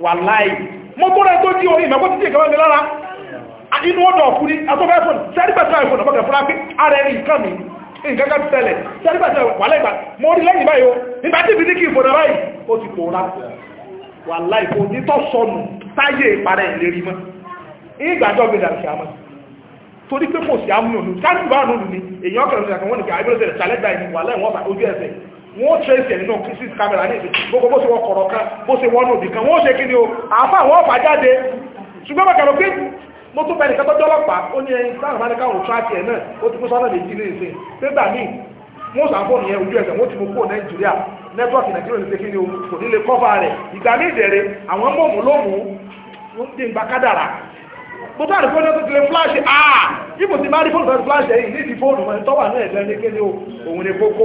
wàláì mo bọ́rẹ̀ tó jí orí ìmẹ́kọ́ títí ìkẹwẹ́ mi lára inú ọdọ̀ ọ̀fúrí atọ́fẹ́fún sẹ́rígbàtí àìfún ọ̀pọ̀kẹ̀ fúnra pé ara ẹni nǹkan mi nǹkan kan tẹ́lẹ̀ sẹ́rígbàtí wàláì bá mo rí lẹ́yìn báyìí o nígbà tí ìbí ní kí ìfòdà báyìí ó ti pòórá wàláì kò ní tọ́ sọnù táyé ìparẹ́ ìlérí mọ́ ìgbàjọ́ gbèdà sí àmọ́ torí pé kò sí àmúnù káàkiri bá nù ní èèyàn kẹrin ìrìnàkàn wọn nìkan àìbẹ̀rẹ̀ sẹ̀rẹ̀ sàlẹ́gbà ìwàlẹ́ wọn ojú ẹsẹ̀ wọ́n trace ẹ̀nà crisis camera ní ìsìn gbogbo bó ṣe wọ́n kọ̀rọ̀ kan bó ṣe wọ́n òbí kan wọ́n ṣe kí ni o àfà wọ́n fà jáde ṣùgbọ́n bàkàrọ̀ pé mo tún bẹ̀rẹ̀ kẹtọ́jọ́ ọlọ́pàá ó ní ẹni sáà máa ní káwọn tíráàkì ẹ̀ náà ó ti kún sọ́nà méjì ní ìsìn nígbà míì wọ́n sàfóònù yẹn ojú ẹsẹ̀ wọ́n ti mú kó nàìjíríà nẹ́tíwọ́ọ̀kì nàìjíríà ní pé kí ni o kò ní lè kọ́fà rẹ̀ ìgbà míì dẹ̀rẹ̀ àwọn mọ̀mù ló mú ó ń dín gba kádàrà mo tó àdìpọ́ náà ti lè flash ah ibo ti máa rí fóònù tó ti flash ẹ̀yìn ní ìdí fóònù mọ̀ ní tọ́wà náà ẹ̀gbẹ́ ní kéde òun ní kókó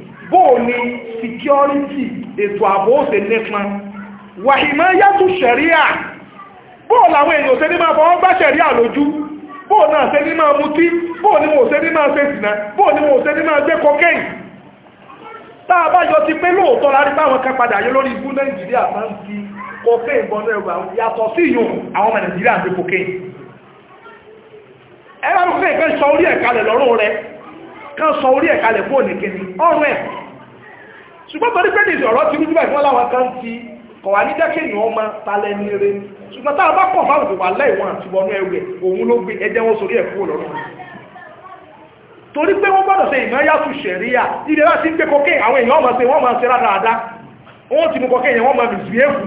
bóò ni security ètò ààbò ó ṣe nípọn wàhìmọ́ yàtù ṣẹ̀ríà bóò làwọn èèyàn se ní máa bọ́ gbá ṣẹ̀ríà lójú bóò náà se ní máa mutí bóò ni mo se ní máa ṣe sìnà bóò ni mo se ní máa gbé cocaine táà bá ti pé lóòótọ́ láti báwọn kan padà yọ lórí ikú nàìjíríà máa ń fi cocaine bọ́nú ẹ̀rù àwọn yàtọ̀ sí ìyún àwọn ọmọ nàìjíríà ń fi cocaine ẹ̀rọ àwọn cocaine kan sọ orí ẹ̀kalẹ̀ lọ́rùn rẹ̀ kan sọ orí ẹ̀kalẹ̀ fóònù kìíní ọrùn ẹ̀ ṣùgbọ́n torí pé nìyí ọ̀rọ̀ ti rú síbẹ̀ fún láwọn kan ti kọ̀ wá ní jẹ́kẹ́ ìyàn ọmọ talẹ̀ ní eré ni ṣùgbọ́n táwọn bá kọ̀ fáwọn ìwà láìwọ̀n àti wọnú ẹwẹ̀ òun ló gbé ẹjẹ́ wọn sórí ẹ̀kú lọ́rùn torí pé wọ́n gbọ́dọ̀ ṣẹ̀ríyà ilé láti ń gbé kókè àwọn èèyàn ọmọ máa ṣe ti mú kókè yẹn wọ́n máa bìí èfù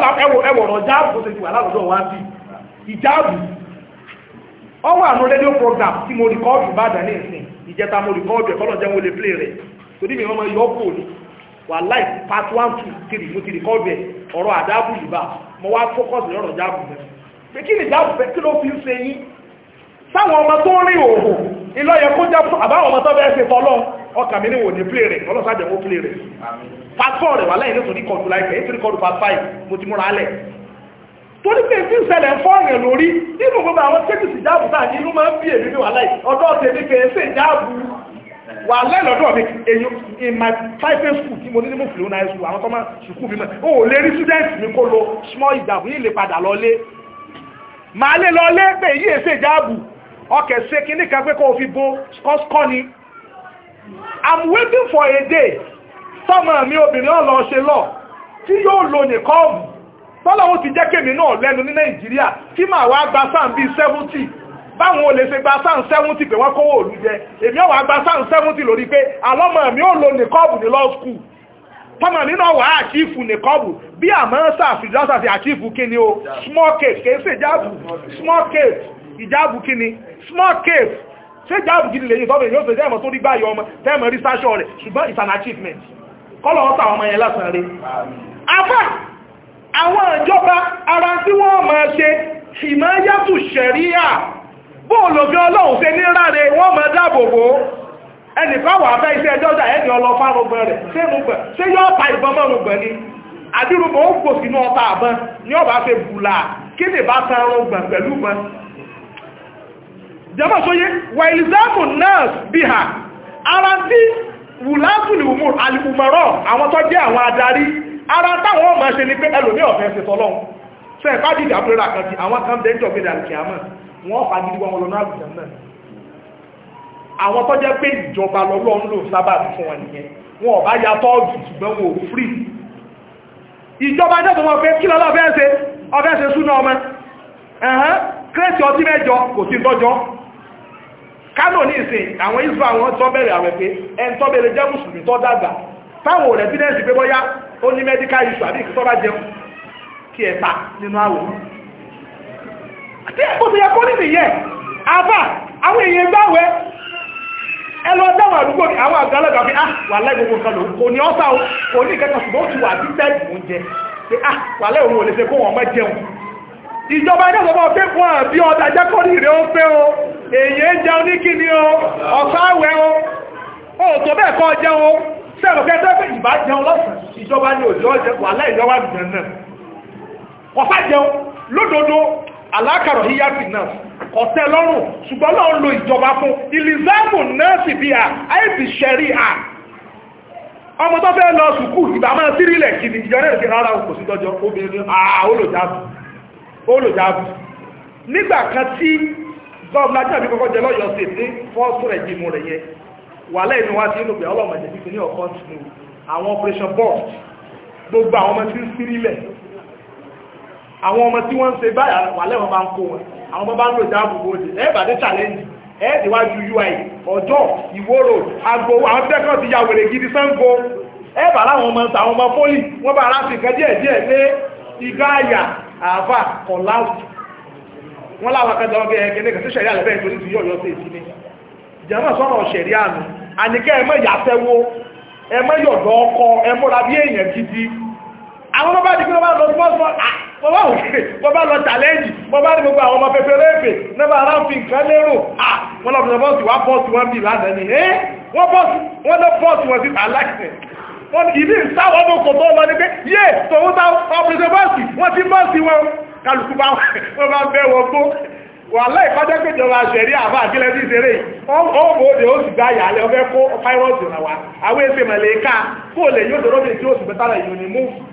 náà lù bọ́ọ̀lù jáàbù tó ti wà láwùjọ ìjáàbù ọwọ́ àánú rédíò program tí mo rìkọ́ọ̀dù bá dà ní torí mi ọmọ yọ kò ní wà láì part one two three mo ti rìkọ́ọ̀dù ẹ̀ ọ̀rọ̀ àdáàbù yìí bá mo wá fọ́kọ̀sì lọ́rọ̀ jáàbù rẹ̀ pé kí ni jáàbù fẹ́ kí ló fi ń ṣe yín sáwọn ọmọ tó ń rìn òòrùn ilọ́ yẹ kó jáàbù àbáwọn ọmọ tó bẹ́ẹ̀ ṣe tọ́lọ́ ọkà mi ní wò ní play rẹ̀ ọlọ́sàdẹ̀ wọ́n play rẹ̀ part four rẹ̀ wà láì nítorí kọ́ọ̀dù láìpẹ́ nítorí part five mo ti múra alẹ̀ torí pé tí wà lẹ́lọ́dọ̀ mi èyí in my private school tí mo ní ní mo fìlú náà school àwọn tọ́mọ sùkú mi o lè rí student mi kó lo small ìjàbù yìí lè padà lọlé máa lè lọlé pé èyí èsè ìjàbù ọkẹ̀ ṣe kíní kan pé kó fi bo skọ́skọ́ ni i'm waiting for a day tọ́mọ mi obìnrin ọ̀lọ́ ṣe lọ tí yóò lo nìkọ́ọ̀bù tọ́lọ́wọ́ ti jẹ́ kémi náà lẹ́nu ní nàìjíríà tí màá wá gba sáà bíi seventy báwọn olè ṣe gba sáà sẹ́wọ́ntì pé wọ́n kówó òlu jẹ èmi ọ̀wà gba sáà sẹ́wọ́ntì lórí pé àwọn ọmọ mi ò lo nìkọ́ọ̀bù ní law school tọ́mọ mi náà wà á àchífù nìkọ́ọ̀bù bí àmọ́ sáàfì lọ́sà ti àchífù kíni o small cave kìí ṣe ìjáàbù small cave ìjáàbù kíni small cave ṣé ìjáàbù gidi lè yí tọ́mọ èyí ó ṣe jẹ́mọ̀ tó rí gbáyọ ọmọ tẹ́mọ̀ rí sáṣọ rẹ̀ ṣùgbọ́n it's an achievement kọ́lọ̀ ọ́ta ọmọ yẹn lásán rí afá àwọn ìjọba ara tí wọ́n máa ṣe ìmáyàtù ṣẹ̀ríà bóòlòbí ọlọ́run ṣe ní ráre wọ́n mọ̀ dáàbòbò ẹnìkan wà fẹ́ iṣẹ́ dọ́dà ẹni ọlọ́fárùn-ún rẹ̀ sínú bẹ̀ ṣé yọ́ pa ìbọn mọ́rùn bẹ̀ ni àdírùbọ̀ ó gbò sínú ọta àbọn ní ọba fẹ́ bùlà kí ni bá tan ọrùn gbọ̀n pẹ̀lú mọ́ jẹ́mọ̀ sóyé wà ìlìsáàmù náà bí ha ara tí wùlásùlù alìkùmọ̀rọ̀ àwọn tó jẹ́ àwọn adarí ara táwọn ọmọ ṣe ni pé ẹlòmí ọ̀fẹ́ ṣe tọ́lọ́hun fẹ́ẹ̀ bá dìdà pẹ́ra kan ti àwọn kan dẹ́jọ́ gbé dàrí kìámọ̀ wọ́n fà gidi wọn lọ́nà àgùdà náà àwọn tó jẹ́ pé ìjọba lọ́lọ́ ń lò sábà fún wọn nìyẹn wọn ọ̀bá ya tọ́ọ̀gì ṣùgbọ́n wọn ò free ìjọba jẹ́ tó wọ́n pé kí lọ́lọ́ fẹ́ ṣe ọfẹ́ ṣe súná ọmọ ẹ̀hán kírẹ́sì ọtí mẹ́jọ kò sí tọ́jọ́ kánò ní ìsìn àwọn ìsìn àwọn tó bẹ̀rẹ̀ àwẹ̀ pé ẹn tó bẹ̀rẹ̀ jẹ́ mùsùlùmí tó dàgbà táwọn ò rẹ̀ sí pé bọ́yá ó ní medical issue àbí ìkìtọ́ bá jẹun kí ẹ̀ ta nínú àwòrán tí ó ti yẹ kó ní nìyẹn àbá àwọn èèyàn gbáwẹ́ ẹlọ dáwọn àdúgbò ní àwọn àgbàlagbà fi ah wà láì gbogbo nǹkan lò kò ní ọ́sà o kò ní ìkẹta ṣùgbọ́n ó ti wà bí tẹ́lì oúnjẹ pé ah wà láì òun ò lè ṣe kó wọn mọ́ jẹun ìjọba ẹgbẹ́ ọ̀pọ̀ pé o èèyàn jẹun o o ó tó bẹ́ẹ̀ kọ́ jẹun o sẹ́rọ̀ kẹ́tẹ́ pé ìbá jẹun lọ́sàn ìjọba ní òjò ọ̀jẹ̀ wà láì lọ́wọ́ àbìjẹun náà alákàrọ̀ híyàtì náà ọ̀tẹ́ lọ́rùn ṣùgbọ́n náà ń lo ìjọba fún ìlìzáàmù náà sì bí a àìsí ṣẹ̀rí à ọmọ tó fẹ́ lọ sùkú ìgbà máa sírílẹ̀ kìdì ìjọba ìrìnkì rárá kò sí dọ́jọ́ obìnrin olùjáàbù nígbà kan tí gọ́ọ̀bù lájá mi kọ́kọ́ jẹ lọ́yọ̀ sí ní fọ́ọ̀sù rẹ̀ jìmù rẹ̀ yẹ wà lẹ́yìn wá sí inú pẹ̀ ọlọ́mọdé fífi ní ọkọ̀ tìlú àwọn operation box gbogbo àwọn ọmọ tí ń sírílẹ̀ àwọn ọmọ tí wọ́n ń ṣe báyà wà lẹ́wọ̀n bá ń kó wọn àwọn ọmọ bá ń lò dáàbò bó ti ẹ bàdé challenge ẹ níwájú ui ọjọ́ ìwóró agbo àwọn tẹ́kọ̀ọ́ ti ya wèrè gidi sango ẹ bà láwọn ọmọ tàwọn ọmọ fólì wọ́n bá aláṣẹ ìkan díẹ̀ díẹ̀ lé igá àyà àfà kọ̀láàsì wọ́n láwọn akẹ́jọ ọgbẹ́ ẹgbẹ́ nígbà tí sẹ̀rí àlẹ́bẹ̀ẹ́ torí ti yọ̀yọ́ sí ìsinmi jẹ́mọ́ sọ́rọ̀ sẹ̀rí àmì àníkẹ́ ẹmọ́ ìyàfẹ́wó ẹmọ́ yọ̀dọ̀ ọkọ ẹmọ́ra bí èèyàn gidi àwọn ọba dìkí ọba lọ smọ́smọ́ ah, ọba lọ challenge ọba ní gbogbo àwọn ọmọ pẹ̀pẹ̀rẹ̀ èpè nẹ́bà aráfin kan lérò ah, wọ́n lọ́pọ̀ bọ́ọ̀sì wá bọ́ọ̀sì wọ́n bí lánàá ni eh, wọ́n bọ́ọ̀sì wọ́n sí aláìsẹ̀ wọ́n ìdí ìsáwọ́ ọdún kò tó lọ ní pé yé tòun táwọn ọ̀pẹ̀sẹ̀ bọ́ọ̀sì wọ́n ti bọ́ọ̀sì wọn kálukú bá wọ́n bá bẹ́ wọ́n gbó wà láì fájẹ́ pé ìjọba àṣẹ̀rí àbá àkílẹ̀ sí ìṣeré ọmọ òde ó sì gbá ìyàlẹ̀ ọfẹ́ kó pírọ́ọ̀sì rà wá àwọn èsè mẹ̀lẹ́ká kó lè yóò dọ́rọ́bìn tí ó sì bẹ́tàrà ìlú ni mú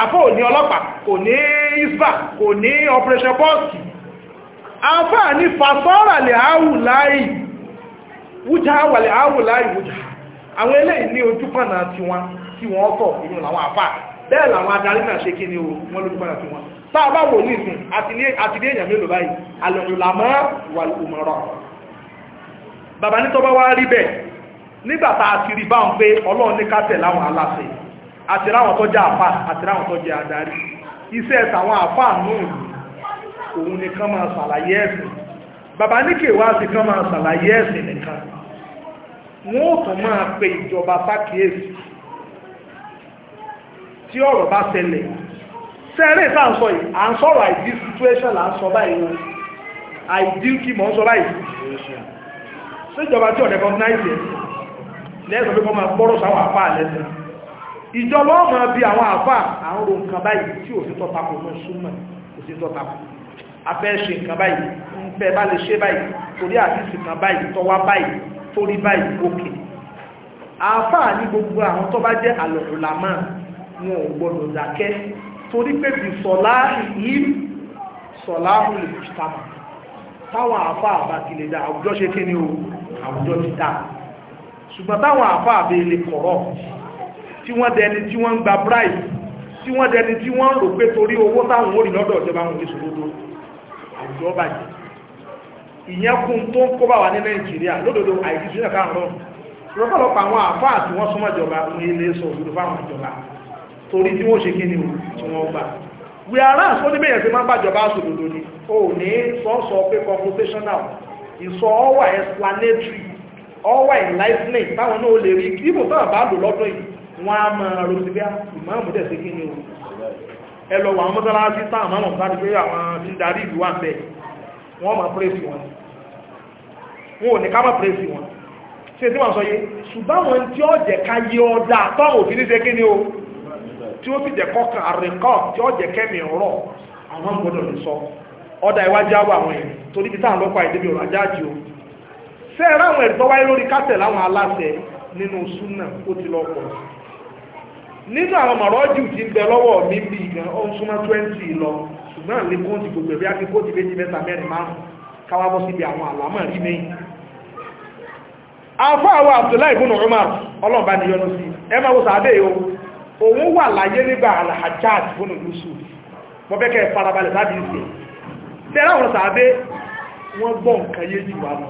àfó ò ní ọlọ́pàá kò ní isba kò ní operation post àfá ní fasọ́rà lè áwù láì wújá wà lè áwù láì wújá àwọn eléyìí ní ojúkọ̀nà tí wọ́n tí wọ́n tọ̀ inú làwọn àfá bẹ́ẹ̀ làwọn adarí náà ṣe kí ni o wọ́n lójúkọ̀nà tí wọ́n tá a bá wò ní ìsìn àti ní èèyàn mélòó báyìí alùlámọ́ wà lùmọ̀rọ̀ bàbá ní tọ́bá wá rí bẹ́ẹ̀ nígbàtà àti rí báwọn pé ọlọ́run ní ká láwọn aláṣẹ àti ráwọn tó jẹ́ àfà àti ráwọn tó jẹ́ adarí iṣẹ́ ẹ̀tàwọn àfà náà òun ni kán máa ṣàlàyé ẹ̀sìn bàbá níkè wá sí kán máa ṣàlàyé ẹ̀sìn nìkan wọ́n ó tún máa pe ìjọba sákìyèsí tí ọ̀rọ̀ bá ṣẹlẹ̀ sẹ́rẹ̀ tá ń sọ yìí à ń sọ̀rọ̀ àìdí situation là ń sọ báyìí wọn àìdí kí mọ̀ ń sọ báyìí síjọba tí ọ̀dẹ̀kọ́ náà ìṣẹ̀ lẹ́sọ̀ pé kọ́ máa gbọ́rọ̀ sáwọn àfà lẹ́sìn ìjọba ọmọ bí àwọn àfà àwọn ohun kan báyìí tí ò sí tọ́tàkù mọ́ súnmọ̀ kò sí tọ́tàkù afẹ́ ṣe nǹkan báyìí ń fẹ́ bá lè ṣe báyìí torí àdísì kan báyìí tọwá báyìí torí báyìí òkè àfà ní gbogbo àwọn tó bá jẹ́ àlọ́rùlámà wọn ò gbọdọ̀ dákẹ́ torí pé bí sọ̀lá ìhìm sọ̀lá hùlù ìtàmà táwọn àfà àbákilẹ̀ dá àwùjọ ṣe kí ni o àwùjọ ti dá ṣùgbọ́n táwọn àfà àbẹ̀lẹ̀ kọ̀rọ̀ tí wọ́n dẹni tí wọ́n ń gba bribe tí wọ́n dẹni tí wọ́n rò pé torí owó táwọn orí lọ́dọ̀ ìjọba wọn oníṣòro tó àwùjọ bàjẹ́ ìyẹn kún tó ń kó bá wa ní nàìjíríà lódodo àìsísí náà káà rọrùn lọ́pọ̀lọpọ̀ àwọn àfáà tí wọ́n súnmọ́ ìjọba ní ilé sọ o tí wọ́n gbà we are as only mayor fi máa ń bàjọba sòdodo ni o ní sọ́ọ̀sọ̀ pé confrontational ìsọ ọwà wọ́n á máa rọrùn bí ah, ìmáàmù dẹ̀ sí kí ni o ẹlọ wà mọ́sálásí tán àmọ́ àwọn sáré pé àwọn tí ń darí ìlú wà bẹ́ẹ̀ wọ́n máa pírèsì wọn wọn ò ní ká máa pírèsì wọn ṣe tí wọ́n sọ yé ṣùgbọ́n wọn tí ó jẹ́ ká yé ọdá tán òfin ní ṣe kí ni o tí ó sì jẹ́ kọ́kàn àrẹ́kọ́ tí ó jẹ́ kẹ́mì ọ̀rọ̀ àwọn gbọ́dọ̀ lè sọ ọdá iwájú àwọn àwọn èèyàn torí bí táwọn lọ́pàá ìdíbi o ṣe é ráwọn ẹ̀rí tó wáyé lórí kásẹ̀ láwọn aláṣẹ nínú súnà ó ti lọ pọ̀ nínú àwọn mọ̀rọ́jù ti ń bẹ lọ́wọ́ mi bí gan ó twenty lọ ṣùgbọ́n lè kó ti gbogbo ẹ̀bí akíkó ti méjì mẹ́ta mẹ́rin márùn káwá síbi àwọn rí afọ àwọn Abdullahi ibn Umar ọlọ́ọ̀bá ni yọnu sí ẹ máa sàádé o òun wà láyé nígbà kẹ́ farabalẹ̀ tẹ́lá sàádé wọ́n gbọ́ nǹkan yé jù wá lọ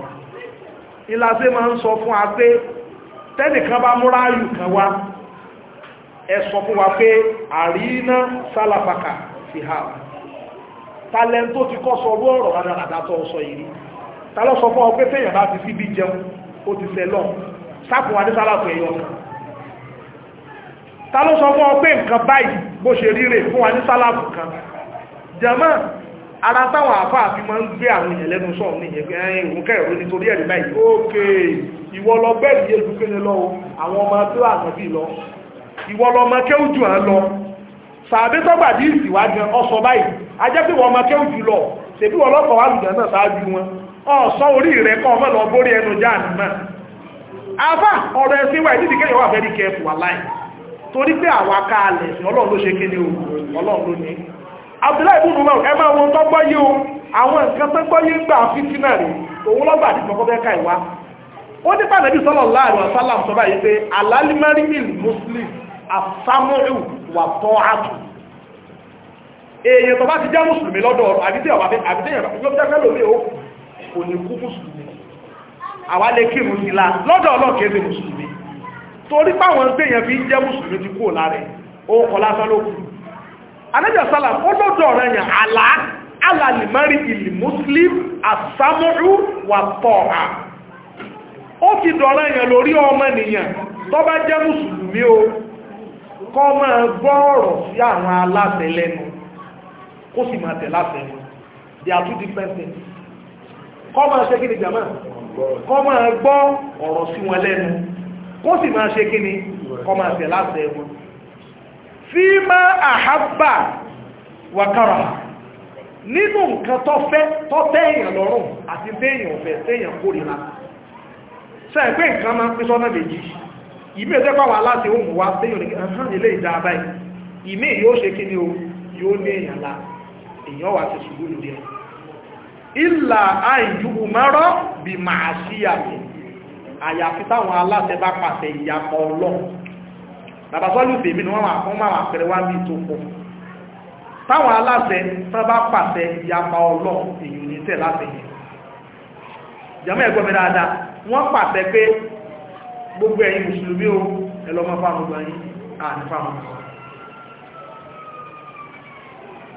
ìlàsẹ́ máa ń sọ fún wa ẹ sọ fún wa pé àríná sálàfàkà fi hà talent tó ti kọ́ sọ orú ọ̀rọ̀ rádaràdà tó sọ yìí ta ló sọ fún ọ pé téèyàn bá ti síbi jẹun ó ti sẹ lọ sáàpù wa ní sálàfù ẹ̀yọ kan ta ló sọ fún ọ pé nǹkan báyìí bó ṣe rí rè fún wa ní sálàfù kan jẹmọ́ ara táwọn àfá àfi máa ń gbé àwọn èèyàn lẹ́nu sọ̀rọ̀ ní ìyẹn ẹ̀yìn òun kẹrìnrún nítorí ẹ̀rí báyìí ókè ìwọ lọ bẹ́ẹ̀ yé àwọn ọmọ tó àgbẹ̀bí lọ ìwọ lọmọ kéwùjù hàn lọ sàbí sọ́gbàdì ìsìwá gan ọsọ báyìí ajẹ́ pé wọ́n mọ kéwùjù lọ ṣèbí wọ́n lọ́pọ̀ wà lùdàn náà ṣáájú wọn ọ̀sọ́ orí rẹ̀ kọ́ ọmọ lọ bórí ẹnu jáàmù náà afá ọ̀rọ̀ ẹ̀sìn wà ìdídì kẹyọ̀ wà fẹ́ ní kẹfù wà láì torí pé àwa káàlẹ̀ sí ọlọ́run ló ṣe kí ni o ọlọ́run ló ní Abdullahi ibn Umar ẹ máa wọn tó gbọ́yé o àwọn nǹkan tó gbọ́yé ń gbà fítínà rẹ̀ òun lọ́gbà àti kọ́kọ́ fẹ́ ká ìwá ó nípa nàbí sallallahu alaihi wasallam sọ báyìí muslim àsámúrù wà tọ́ àtù èèyàn tó bá ti jẹ́ mùsùlùmí lọ́dọ̀ ọ̀rọ̀ àbídẹ́ ọ̀bá àbídẹ́yàn ló jẹ́ fẹ́lò mí ó lè kírun sí la lọ́dọ̀ ọlọ́kẹ́ ṣe mùsùlùmí torí páwọn téèyàn fi ń jẹ́ mùsùlùmí ti kúrò lára ẹ̀ ó kọ lásán ló kù anájà sálà ó lọ́dọ̀ ọ̀rọ̀ yẹn àlá alàlìmárì ìlì muslim àsámúrù wà tọ́ à ó fi dọ̀rọ̀ yẹn lórí ọmọ nìyàn tó jẹ́ mùsùlùmí o kọ́ máa gbọ́ ọ̀rọ̀ sí àwọn aláṣẹ lẹ́nu kó sì máa tẹ̀ láṣẹ lẹ́nu they are two different things kọ́ máa ṣe kí ni jama kọ́ máa gbọ́ ọ̀rọ̀ sí wọn lẹ́nu kó sì máa ṣe kí ni kọ́ máa tẹ̀ láṣẹ wọn fi máa àhábà wàkàrà nínú nǹkan tọ́fẹ́ tọ́tẹ́ èèyàn lọ́rùn àti téèyàn ọ̀fẹ́ téèyàn kórìíra sẹ́ẹ̀pẹ́ nǹkan máa pín sọ́nà méjì ìmí ẹ̀jẹ́ pàwà láti ohun wá tí yóò ní ẹ̀hán ilé ni o yóò la èèyàn wà ti ṣubú lórí ẹ̀ ìlà ni wọ́n wà fún máa pẹ̀rẹ̀ wá ní ìtòkò táwọn aláṣẹ tán bá pàṣẹ ìyàpá ọlọ́run èyí ní tẹ̀ láti yẹn jẹ́mọ́ ẹ̀gbọ́n mi dáadáa wọ́n pàṣẹ pé gbogbo ẹ̀yin mùsùlùmí o ẹlọ́mọ fáàmùgbà yìí àti fáàmùgbà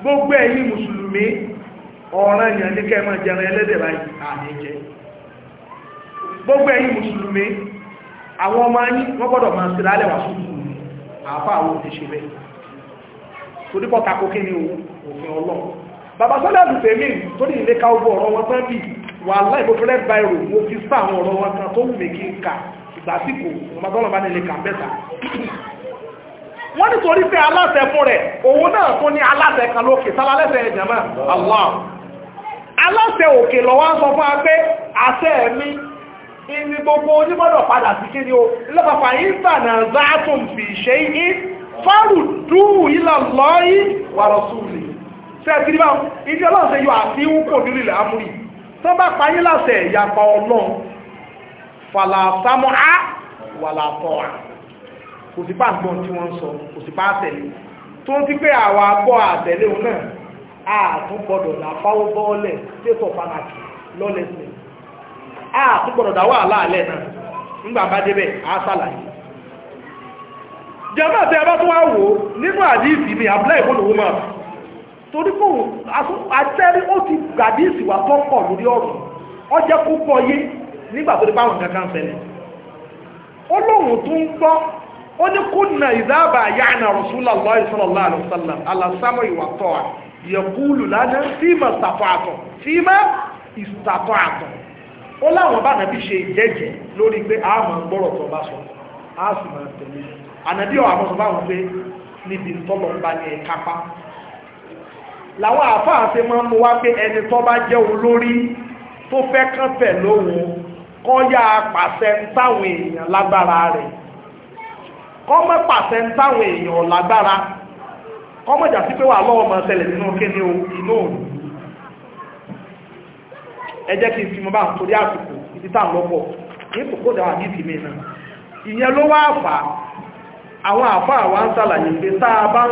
gbogbo ẹ̀yin mùsùlùmí ọ̀ràn èèyàn ní kẹ́mọ̀ jẹran ẹlẹ́dẹ̀ báyìí àti jẹ gbogbo ẹ̀yin mùsùlùmí àwọn ọmọ yín wọ́n gbọ́dọ̀ máa sí lálẹ́ wà sùkúrù àáfà àwọn òṣìṣẹ́ bẹ́ẹ̀ torí pọ̀ tako kí ni òfin ọlọ́ bàbá sọ́lẹ̀ àdùfẹ́ mi torí ilé ká ọgbọ̀ ọ̀rọ̀ wọn tán bí wà láìpọ̀ fẹ́lẹ́ bá ìrò gbàsíkò ọmọdọ́lọ̀ bá nílé kà mẹ́ta wọ́n ní torí pé aláṣẹ fún rẹ̀ òun náà tún ní aláṣẹ kan lókè sálálẹ́sẹ̀ ìjàmá Allah aláṣẹ òkè lọ́wọ́ sọ fún wa pé àṣẹ mi ìní gbogbo onímọ̀dọ̀ padà sí kí ni o lọ́pàá ìgbà náà záàtùn fi ṣe yí fárù dúrù ilà lọ́yí wà rọ̀sùlì sẹ́ẹ̀kiri bá ìdí ọlọ́sẹ̀ yóò àti ìwúkò nílùú ilẹ̀ amúrì tó bá payé láṣẹ ìyàpá fàlà á wà látọ̀ à kò sí tí wọ́n sọ kò sí tẹ̀lé tó ń ti pé àwa gbọ́ àtẹ̀lé òun náà àtúgbọ́dọ̀ làfáwọ́ bọ́ọ̀lẹ̀ tẹ́tọ̀ fanàkì lọ́lẹ́sìn àtúgbọ́dọ̀ dáwọ́ àlàálẹ̀ náà nígbà bá débẹ̀ á sàlàyé àti ẹbá tó wá wò nínú àdíìsì ni àbúlá máa torí nígbà tó ti báwọn nǹkan kan ṣẹlẹ̀ ó lóhun tó ń gbọ́ ó ní kúnnà ìdáàbà yáàna Rasulullah sallallahu alaihi wasallam alásàmù ìwà tọ́ a yẹ̀kúlù lánà fíìmà ìsàtọ̀ àtọ̀ fíìmà ìsàtọ̀ àtọ̀ ó ànàbí ọ̀ àmọ́sọ báwọn pé níbi tọ́lọ̀ ń bá ní ẹ̀kápá làwọn àfáà ṣe máa ń mú wá pé ẹni tó bá jẹ́ olórí tó fẹ́ kán pẹ̀ lóhun kọ́yà pàṣẹ èèyàn lágbára rẹ̀ kọ́mọ́ pàṣẹ èèyàn lágbára kọ́mọ́ jà sí pé wà lọ́wọ́ mọ́ ṣẹlẹ̀ nínú kíní inú òní kí n fi mọ́ bá ń torí àsìkò ibi tá lọ́pọ̀ ní kòkó dáwà ní ìfìmí náà ìyẹn ló wá àwọn àfà ń pé tá a bá ń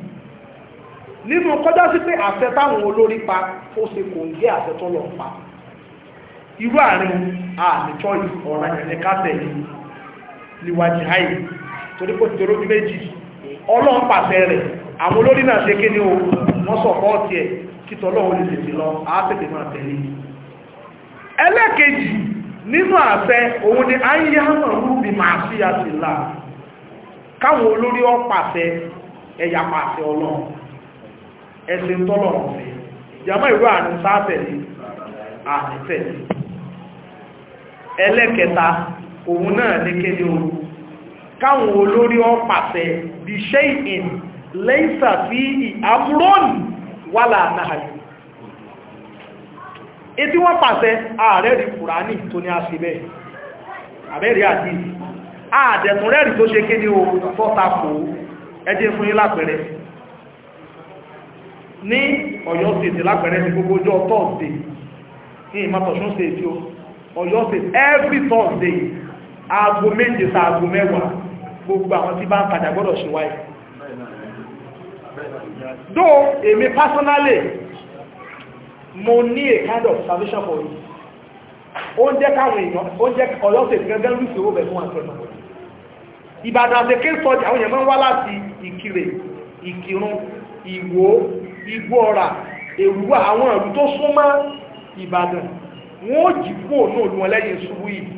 nínú kọjá sí pé àṣẹ táwọn olórí pa ó se kò ń gé àṣẹ tó lọ pa irú àárín àmìtọ́ ọ̀ràn ẹ̀rẹ́ yìí níwájú àyè torí kò tòrò bí méjì ọlọ́run pàṣẹ rẹ̀ àwọn olórí náà ṣe o wọ́n ẹ̀ lè tètè lọ máa tẹ̀lé ẹlẹ́kejì nínú àṣẹ òun ni rúbi máa sí àṣìlá káwọn olórí ẹ̀sìn tọ́lọ̀ ọ̀fẹ́ ìjàmọ́ ìwé àrùn sáàtẹ̀lẹ̀ àtẹ̀lẹ̀ ẹlẹ́kẹta òun náà ní kéde o káwọn olórí ọpàṣẹ bí ṣe ìhìn lẹ́ìsà sí ìhàmúrọ́nì wà láàánáàlú etí wọ́n pàṣẹ ààrẹ rí kùránì tó ní àṣìbẹ̀ àbẹ́rí àdìsí ààdẹ̀tùnrẹ́rì tó ṣe kéde o tọ́ta kò ẹjẹ́ fún yí lápẹẹrẹ ní ọ̀yọ́ state lápẹ̀rẹ́ ní gbogbo ọjọ́ thursday ní ìmọ̀tọ̀sún state o ọ̀yọ́ state every thursday aago méje sa aago mẹ́wàá gbogbo àwọn tí bá ń tajà gbọ́dọ̀ ṣe wáyé do èmi personally mo ní a kind of salvation for you oúnjẹ káwọn èèyàn oúnjẹ ọ̀yọ́ state gẹ́gẹ́ lùsì owó bẹ̀ fún àtọ́nà ìbàdàn àti kéńtọ́jà àwọn èèyàn máa ń wá láti ìkirè ìkirun ìwò igbó ọ̀rà èrúwà àwọn ìlú tó súnmọ́ ìbàdàn wọ́n ó jì kúrò náà lù wọn lẹ́yìn ṣubú yìí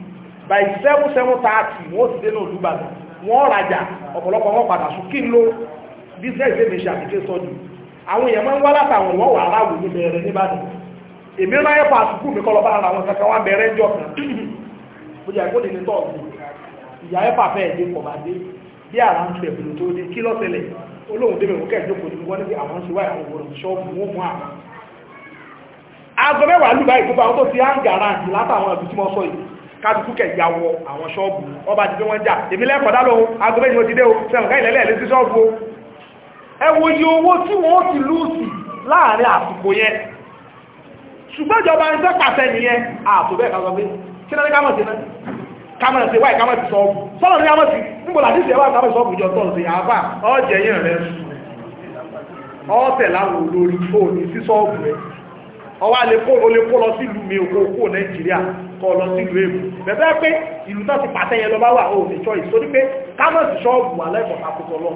by seven seven thirty ti dé náà lù bàdàn wọ́n rajà ọ̀pọ̀lọpọ̀ wọn padà sùn kí n lo business dey mission àti case study àwọn èèyàn máa ń wá látàwọn wọ́n wà aráàlú ní bẹ̀rẹ̀ nìbàdàn èmi náà yẹ pa àsùkú mi kọ́ lọ bá ara wọn kankan wá bẹ̀rẹ̀ ń jọ kan bó jẹ́ àìkó nínú tọ́ọ̀gù ìyá yẹ pa fẹ́ẹ̀ dé bí àrà ń fẹ̀ bùrù tó dé kí lọ́sẹ̀lẹ̀ olóhùn débẹ̀ kò kẹ́ẹ̀ lóko níbi wọ́n ní àwọn ṣe wáyé àwọn òwòrán ṣọ́ọ̀bù wọn mú àwọn aago mẹ́wàá lù báyìí gbogbo àwọn tó ti áǹgàrà àti látàwọn ẹ̀bí tí wọ́n sọ yìí kájúkú kẹ̀ ya wọ àwọn ṣọ́ọ̀bù ọba ti fi wọ́n jà èmi lẹ́kọ̀ọ́dá lọ aago mẹ́yìn ó ti dé o sẹ́wọ̀n ká ìlẹ́lẹ́ lé sí ṣọ́ọ̀bù o ẹ wo iye owó tí wọ́n ti lùsì láàrin àsìkò yẹn ṣùgbọ́n ìjọba ń sẹ́pàṣẹ nìyẹn àtò bẹ́ẹ̀ ká sọ pé kí kámọ̀ ṣe wáyé kámọ̀ ti sọ́ọ̀bù sọ́nà ní kámọ̀ sí nígbò láti ṣe wáyé kámọ̀ sọ́ọ̀bù jọ tọ́nù sí àbá ọ̀jẹ̀yìn rẹ̀ ọ̀tẹ̀ láwọn olórí òní sí sọ́ọ̀bù rẹ̀ ọwá lè kó ló lè kó lọ sí ìlú mi òkú òkú nàìjíríà kọ lọ sí ìlú èbù bẹ̀bẹ̀ pé ìlú tó ti pàtẹ́ yẹn lọ bá wà òní choice torí pé kámọ̀sì ṣọ́ọ̀bù wà lẹ́kọ̀ọ́ takùtọ̀ lọ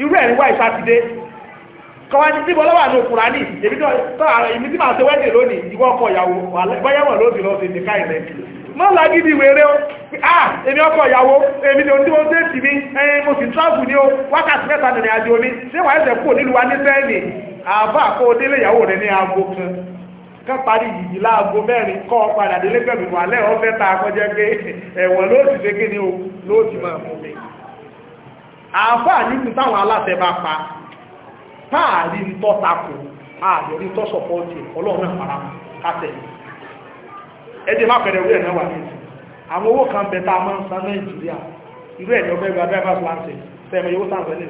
irú ẹ̀rí wáyé sátidé kọwàá ní tíbọ̀ lọ́wà ní òkúra ní èmi tí màá ṣe wẹ́dì lónìí ìwọ́ ọkọ̀ ìyàwó wà lẹ́gbẹ́yẹ̀wọ̀n lóbi lọ́sẹ̀ ní káìrẹ́ má lágídí were o ah ọkọ ìyàwó èmi ni ndị tó èsì mi ẹ̀yìn mo sì travel ní o wakati mẹ́ta nìrìn àjò mi ṣé wàá ẹ̀sẹ̀ kúrò nílùú wa ní sẹ́ẹ̀nì kan kan ká parí yìí láago mẹ́rin kọ́ ọ padà délé pẹ̀lú ta e ti o ti mi pa ẹdí má pẹ̀lẹ̀ owó ẹ̀nà wà ní ìsìn àwọn owó kan bẹ̀ta máa ń san nàìjíríà irú ẹ̀dọ́ mẹ́gbà driver's license sẹ́mi yóò sàn fẹ́lẹ̀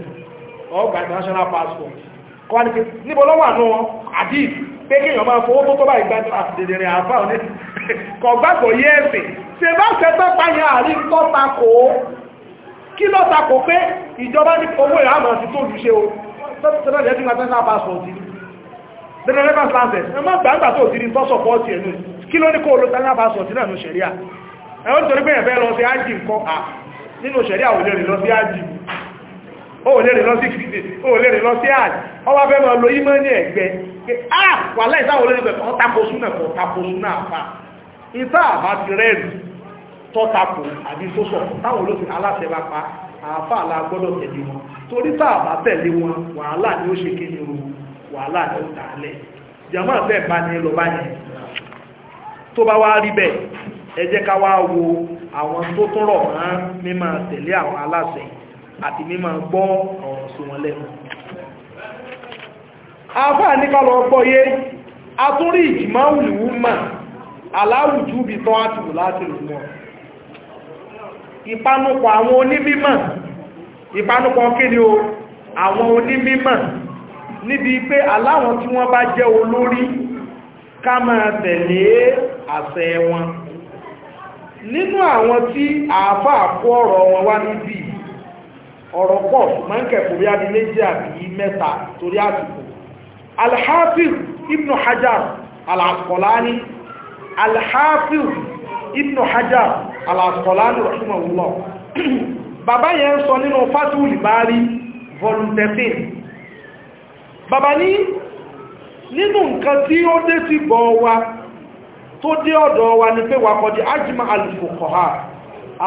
ọgbà international passport kọ́wàlìkì níbo lọ́wọ́ àánú wọn àdìs pé kí èèyàn máa fowó tó tó bá ìgbà àdèdèrè àfà òní kọ̀gbàgbọ̀ yé ẹ̀sìn ṣe bá fẹ́ tó pààyàn àárín tó takò ó kí ló takò pé ìjọba ní owó ìrámọ̀ ti tó lùṣe o tẹ́lẹ̀ lẹ́tí international passport kí ló ní kó olóta lábàásọ̀ tí náà ní ṣẹ̀ríà ẹ̀wọ́n torí pé ẹ̀fẹ́ lọ sí ájì nǹkan à nínú ṣẹ̀ríà ò lè rìn lọ sí ájì ó lè rìn lọ sí kìtì ó lọ sí ájì ọwọ́ fẹ́ lọ yí ní ẹ̀gbẹ́ ah wà láìsáwọ̀ lórí pẹ̀lú ọtakosúnà kọ̀ ọtakosúnà àfà ìta àbá ti rẹ́ẹ̀rì tọ́tapò àbí sósọ̀ táwọn olófin aláṣẹ bá pa àáfà alágbọ́dọ̀ tẹ̀lé wọn torí tá àbá tẹ̀lé wọn wàhálà ni ó ni ní lọ bá tó bá wá rí bẹ́ẹ̀ ẹ jẹ́ ká wá wo àwọn tó tún rọ̀ mọ́ mímọ̀ tẹ̀lé àwọn aláṣẹ àti mímọ̀ gbọ́ ọ̀rọ̀ sí wọn lẹ́nu afá ní kọlọ ọgbọ́yé a tún rí ìjìmá òlùwú mà aláwùjú bí tán á ti wù láti lò mọ́ ìpanupọ̀ àwọn onímímọ̀ ìpanupọ̀ kíni o àwọn onímímọ̀ níbi pé aláwọn tí wọ́n bá jẹ́ olórí ká máa tẹ̀lé àṣẹ wọn nínú àwọn tí àáfàá kó ọ̀rọ̀ wọn wá níbí ọ̀rọ̀ pọ̀ máa ń kẹ̀kọ́ bí adé méjì àbí mẹ́ta torí àsìkò alhafiz ibn hajar al-asqalani alhafiz ibn hajar al-asqalani rahimahullah bàbá yẹn sọ nínú fatul bari volume 13 bàbá ní nínú nǹkan tí ó dé sí bọ̀ wa tó dé ọ̀dọ̀ wa ni pé wà ajima alìfòkọ̀há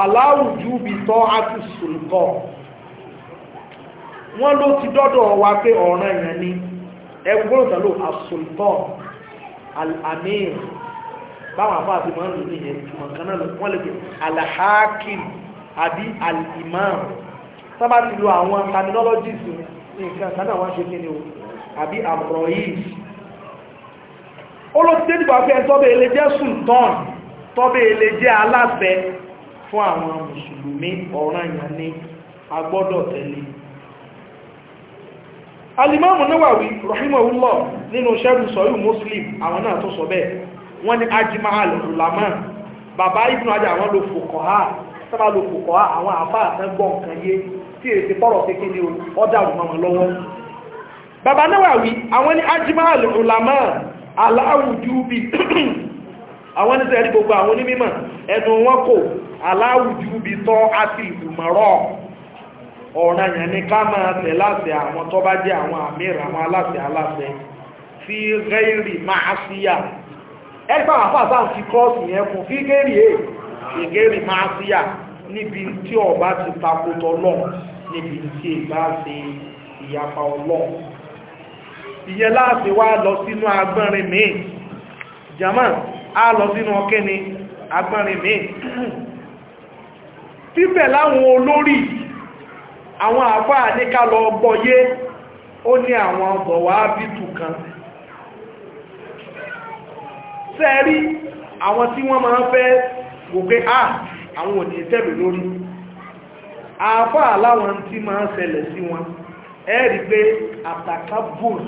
aláwùjú bí tọ́ àti sùlùkọ́ wọ́n ló ti dọ́dọ̀ wa pé ọ̀rọ̀ èèyàn ni ẹgbẹ́rún tẹ̀lú al'amir báwọn afọ́ àti máa ń lò níyẹn ìtumọ̀ kan náà wọ́n lè pè àbí al'imam sábà ti lo o àbí olóòtítẹ́ ìdìbò afẹ́ tọ́bẹ̀ ilé jẹ́ sultan tọ́bẹ̀ ilé jẹ́ aláṣẹ fún àwọn mùsùlùmí ọ̀ràn yẹn ní agbọ́dọ̀ tẹ̀lé alimamu Nawawi rahimahullah nínú sẹ́rù sọ́yù muslim àwọn náà tó sọ bẹ́ẹ̀ wọ́n ní ajima al-ulama bàbá ibùn ajá àwọn ló fuqaha sábà ló fuqaha àwọn àfá àtẹ́gbọ́n nǹkan yé tí èsì pọ́rọ̀ kékeré ọdá àrùn ajima al-ulama aláwùjúbì àwọn ní sẹ́rí gbogbo àwọn onímọ̀ ẹnu wọn kò aláwùjúbì tọ́ àti ìmọ̀rọ̀ ọ̀ràn yẹn ni ká máa tẹ̀ láṣẹ àwọn tó bá jẹ́ àwọn àmìrì àwọn aláṣẹ aláṣẹ fi gẹ́rì máa síyà ẹgbà àfàṣà ti kọ́ọ̀sì yẹn fún fi gẹ́rì èè e. fi gẹ́rì máa síyà níbi tí ọba ti takótọ́ lọ níbi tí ìbá ṣe ìyapa ọlọ́run ìyẹn láti wá lọ sínú agbọ́nrin míì jama a lọ sínú ọkẹ́ ni agbọ́nrin míì títẹ̀ láwọn olórí àwọn àfáà ní ká lọ gbọ́yé ó ní àwọn bọ̀wá bítù kan sẹ́rí àwọn tí wọ́n máa ń fẹ́ gòkè à àwọn òní tẹ́lù lórí àfáà láwọn tí máa ń ṣẹlẹ̀ sí wọn ẹ́rì pé àtàkà bùn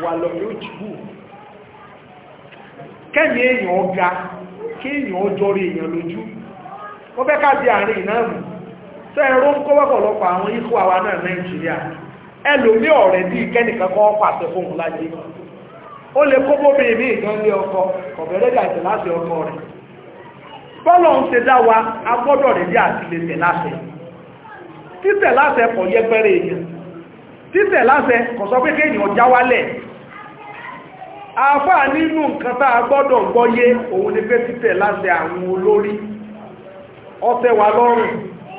wàlọ́lọ́jìbù kẹ́mì èèyàn ọ̀gá kí èèyàn ọjọ́ èèyàn lójú wọ́n fẹ́ káàdì àárín ìnáàmù tó ẹ̀rọ ń kọ́ wọ́pọ̀lọpọ̀ àwọn ikú àwa náà nàìjíríà ẹlòmí ọ̀rẹ́ bí kẹ́nìkan kọ́ pàṣẹ láti ọkọ títẹ̀ láṣẹ kò sọ pé kéèyàn já wálẹ̀ àfáà nínú nǹkan tá a gbọ́dọ̀ gbọ́yé òun ni pé títẹ̀ láṣẹ àwọn olórí ọ̀tẹ̀ wa lọ́rùn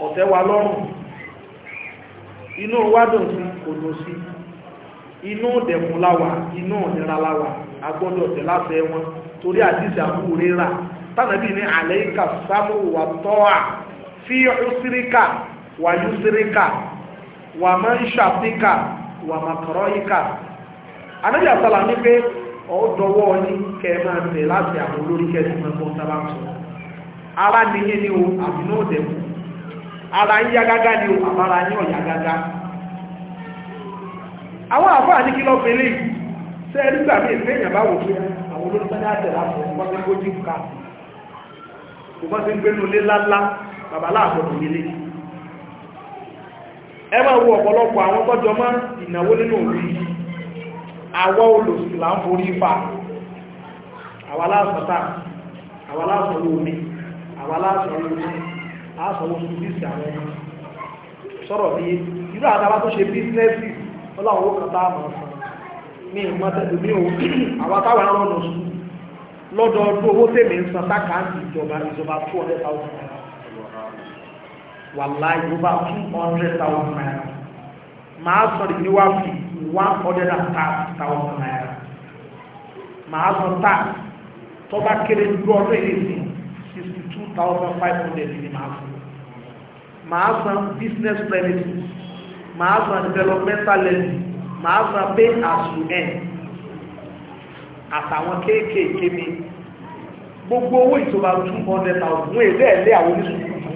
ọ̀tẹ̀ wa lọ́rùn inú wádùn sí odò sí inú dẹ̀kùn láwà inú ọ̀nira láwà a tẹ̀ láṣẹ wọn torí àdíṣe àbúrò rírà tánàbí ní àlẹ́ ìkà sámúwà tọ́à fi ọ̀síríkà wà má ń ṣàfíkà wà má kọ̀rọ̀ ìkà anábì àsàlà ní pé ọ̀dọ́wọ́ ní kẹ máa tẹ̀ láti àwọn olórí kẹsì máa bọ́ sábà sọ ara ní yé ni o àbí náà ara ń o àbára ní àwọn àfáà ní kí mí ìfẹ́ wò pé àwọn olórí bá ká kò bá ti ẹ máa wo ọ̀pọ̀lọpọ̀ àwọn tọ́jọ́ máa ìnáwó nínú òru yìí àwọ́ olùsì là ń forí fa àwa láàsọ̀tà àwa láàsọ̀wọ́ omi àwa láàsọ̀wọ́ omi àásọ̀wọ́ sùdíìsì àwọn ọmọ sọ̀rọ̀ bí irú àtàwà tó ṣe bísínẹ́sì ọláwọ́ kàtà àmọ̀ ọ̀sán ní ìmọ̀ tẹ́lẹ̀ ní òun àwọn táwọn ẹran lọ sùn lọ́dọọdún owó tèmi ń san sákàǹtì ìjọba ìjọba 200,000 wàláì over two hundred thousand naira màá sọ di níwá fi one hundred and thirty thousand naira màá sọ tá tó bá kéré ju ọdún èyí sixty two thousand five hundred ní màá sọ màá san business premises màá san developmental levy màá san pay as you earn àtàwọn kéékèèké mi gbogbo owó ìjọba two hundred thousand fún èdè ẹ̀lẹ́ àwọn oníṣòwò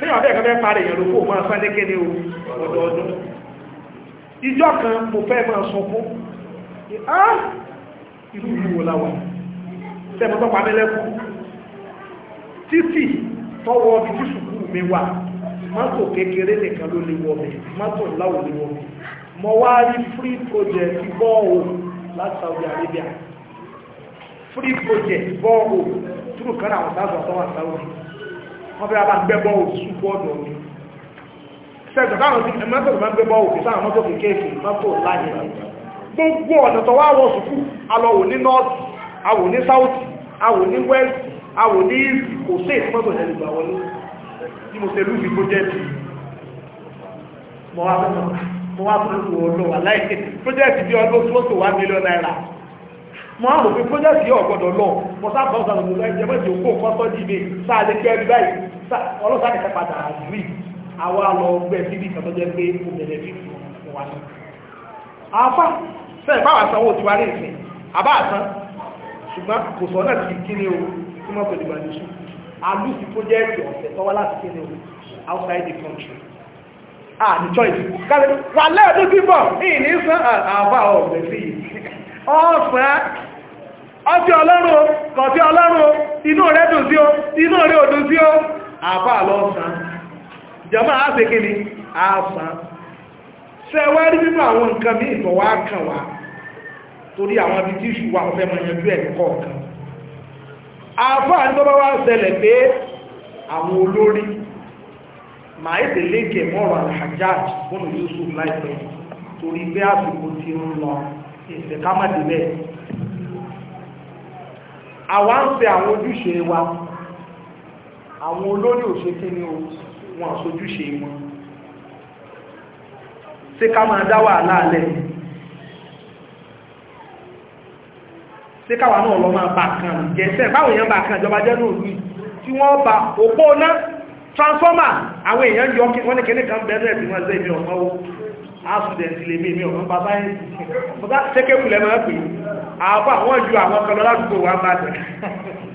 tí wọ́n bẹ́ẹ̀ kan fẹ́ parí èèyàn lókò máa sán lékè ní ọdọọdún ìjọ kan mo fẹ́ máa sọ fún ìlú ìlú láwà tẹ́mọ́ tọ́pàá mẹ́lẹ́kù títì tọ́wọ́ bí tí sùkúrù mi wà mọ́tò kékeré nìkan ló lè wọ́mẹ̀ mọ́tò láwò lè wọ́mẹ̀ mọ́ wá rí free project bọ́ọ̀hù láti Saudi Arabia free project bọ́ọ̀hù túrù kan àwọn sáàzọ̀ àtọ́wà Saudi wọ́n fẹ́ bá ń gbẹ́bọ́ òsù bọ́ọ̀dù ọ̀nà sẹ́gbẹ̀ táwọn tí ẹmọ́tò bá ń gbẹ́bọ́ òkè sáwọn mọ́tò kéèkéèké mọ́tò láyé gbogbo ọ̀nà tó wá wọ́n sùkú alọ́wò ní north awò ní south awò ní west awò ní east kò sí ìfọ́tò mo á mọ̀ pé project yìí ọ̀gbọ́dọ̀ lọ mo sábà ọ̀sán ọ̀sán ọ̀sán ìjẹmọ́ ìjẹ òkú ọ̀kọ́ dì mí sáà lè kẹ́ ẹbí báyìí ọlọ́sàn kẹta padà rí àwa lọ gbẹ síbi ìkan tó jẹ́ pé kò bẹ̀rẹ̀ fi fún wa ní. àfa sẹ́yìn báwa san owó tiwa ní ìsìn àbá àtàn ṣùgbọ́n kò sọ náà ti kí ni o tí wọ́n pẹ̀lú ìgbà lóṣù àlùsí project ọ̀sẹ̀ tọ́wọ́ láti kí ni outside the country ah the choice wà lẹ́ẹ̀dún bíbọ̀ ìní sàn àbá ọ̀gbẹ̀ sí yìí ọ̀fẹ́ ọtí ọlọ́run kọ̀tí ọlọ́run inú rẹ̀ o inú rẹ̀ òdùn o àbá lọ́sàn jọmọ́ àṣekí ni àṣàn ṣẹwárí nínú àwọn nǹkan ní ìtọ̀wá torí àwọn tí wa ọ̀fẹ́ ní àwọn mọ́rọ̀ fún láìpẹ́ torí ìfẹ́ ká má débẹ̀ àwa ń ṣe àwọn ojúṣe wa àwọn olórí òṣè kí ni wọn àṣojúṣe wọn ṣé ká máa dá wàhálà alẹ́ ṣé káwa náà lọ máa bá kan jẹ́sẹ̀ báwọn èèyàn bá kan ìjọba jẹ́ náà lù tí wọ́n bá òpó náà transformer àwọn èèyàn yọ kí wọ́n ní kíní kan bẹ̀rẹ̀ bí wọ́n ṣe ibi ọ̀pọ̀ asùdẹ̀ntì lè mí ọ̀kan bàbá ẹ̀sì bàbá tẹ́kẹ́kùlẹ̀ máa pè àbá wọ́n ju àwọn kan lọ́ládùgbò wà bá tẹ̀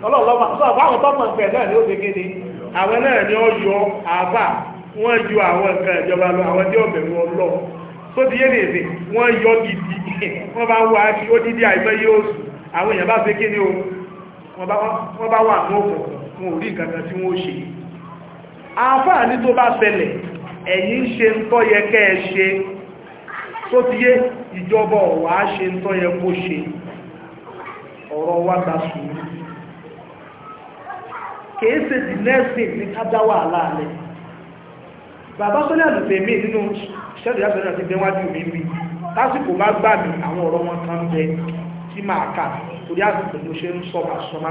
ọlọ́ọ̀lọ́pàá sọ àwọn tọ́pọ̀ pẹ̀ náà ni ó fi kéde àwọn náà ni ó yọ àbá wọ́n ju àwọn nǹkan ìjọba lọ àwọn tí ó bẹ̀rù ọlọ́ tó ti yé ní èdè wọ́n yọ gidi wọ́n bá wà kí ó dídí àìmọ́ yóò sù àwọn èèyàn bá fi kéde o wọ́n bá wà ní òkùnkùn wọn ò rí nǹkan kan tí wọ́n ó ṣe àfáà ní tó bá ṣẹlẹ̀ ẹ̀yìn ń ṣe ń tọ́ yẹ kẹ́ ẹ ṣe tó ti yé ìjọba ọ̀wà ṣe ń tọ́ yẹ kó ṣe ọ̀rọ̀ wá gba sùúrù kìí ṣe the next ní ká dá bàbá sọ́lá àdùfẹ́ ti mi bí lásìkò gbà mí àwọn ọ̀rọ̀ wọn kan bẹ tí máa kà torí àsìkò ló ṣe ń sọmà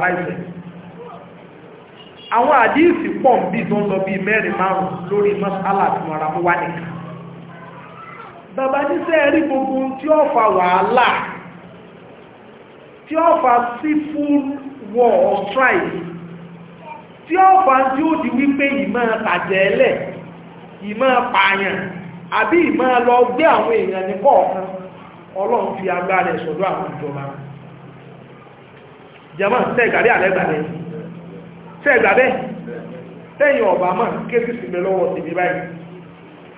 àwọn àdíìsì pọ̀ ń bí tó ń lọ bí mẹ́rin márùn-ún lórí mọ́sálà bàbá níṣẹ́ rí gbogbo tí ó fa wàhálà tí ó fa civil war or strike tí ó fa tí ó di wípé ìmọ̀ tàjẹ̀ ẹlẹ̀ ìmọ̀ pààyàn àbí ìmọ̀ lọ gbé àwọn èèyàn ní kọ̀ọ̀kan ọlọ́run fi agbára ẹ̀ sọ́dọ̀ àwọn ìjọba jẹmọ́ tẹ́gbàrí àlẹ́gbàrẹ́ tẹ́gbàbẹ́ tẹ́yìn ọ̀bàmọ́ kéfìsì mẹ́lọ́wọ́ tèmi báyìí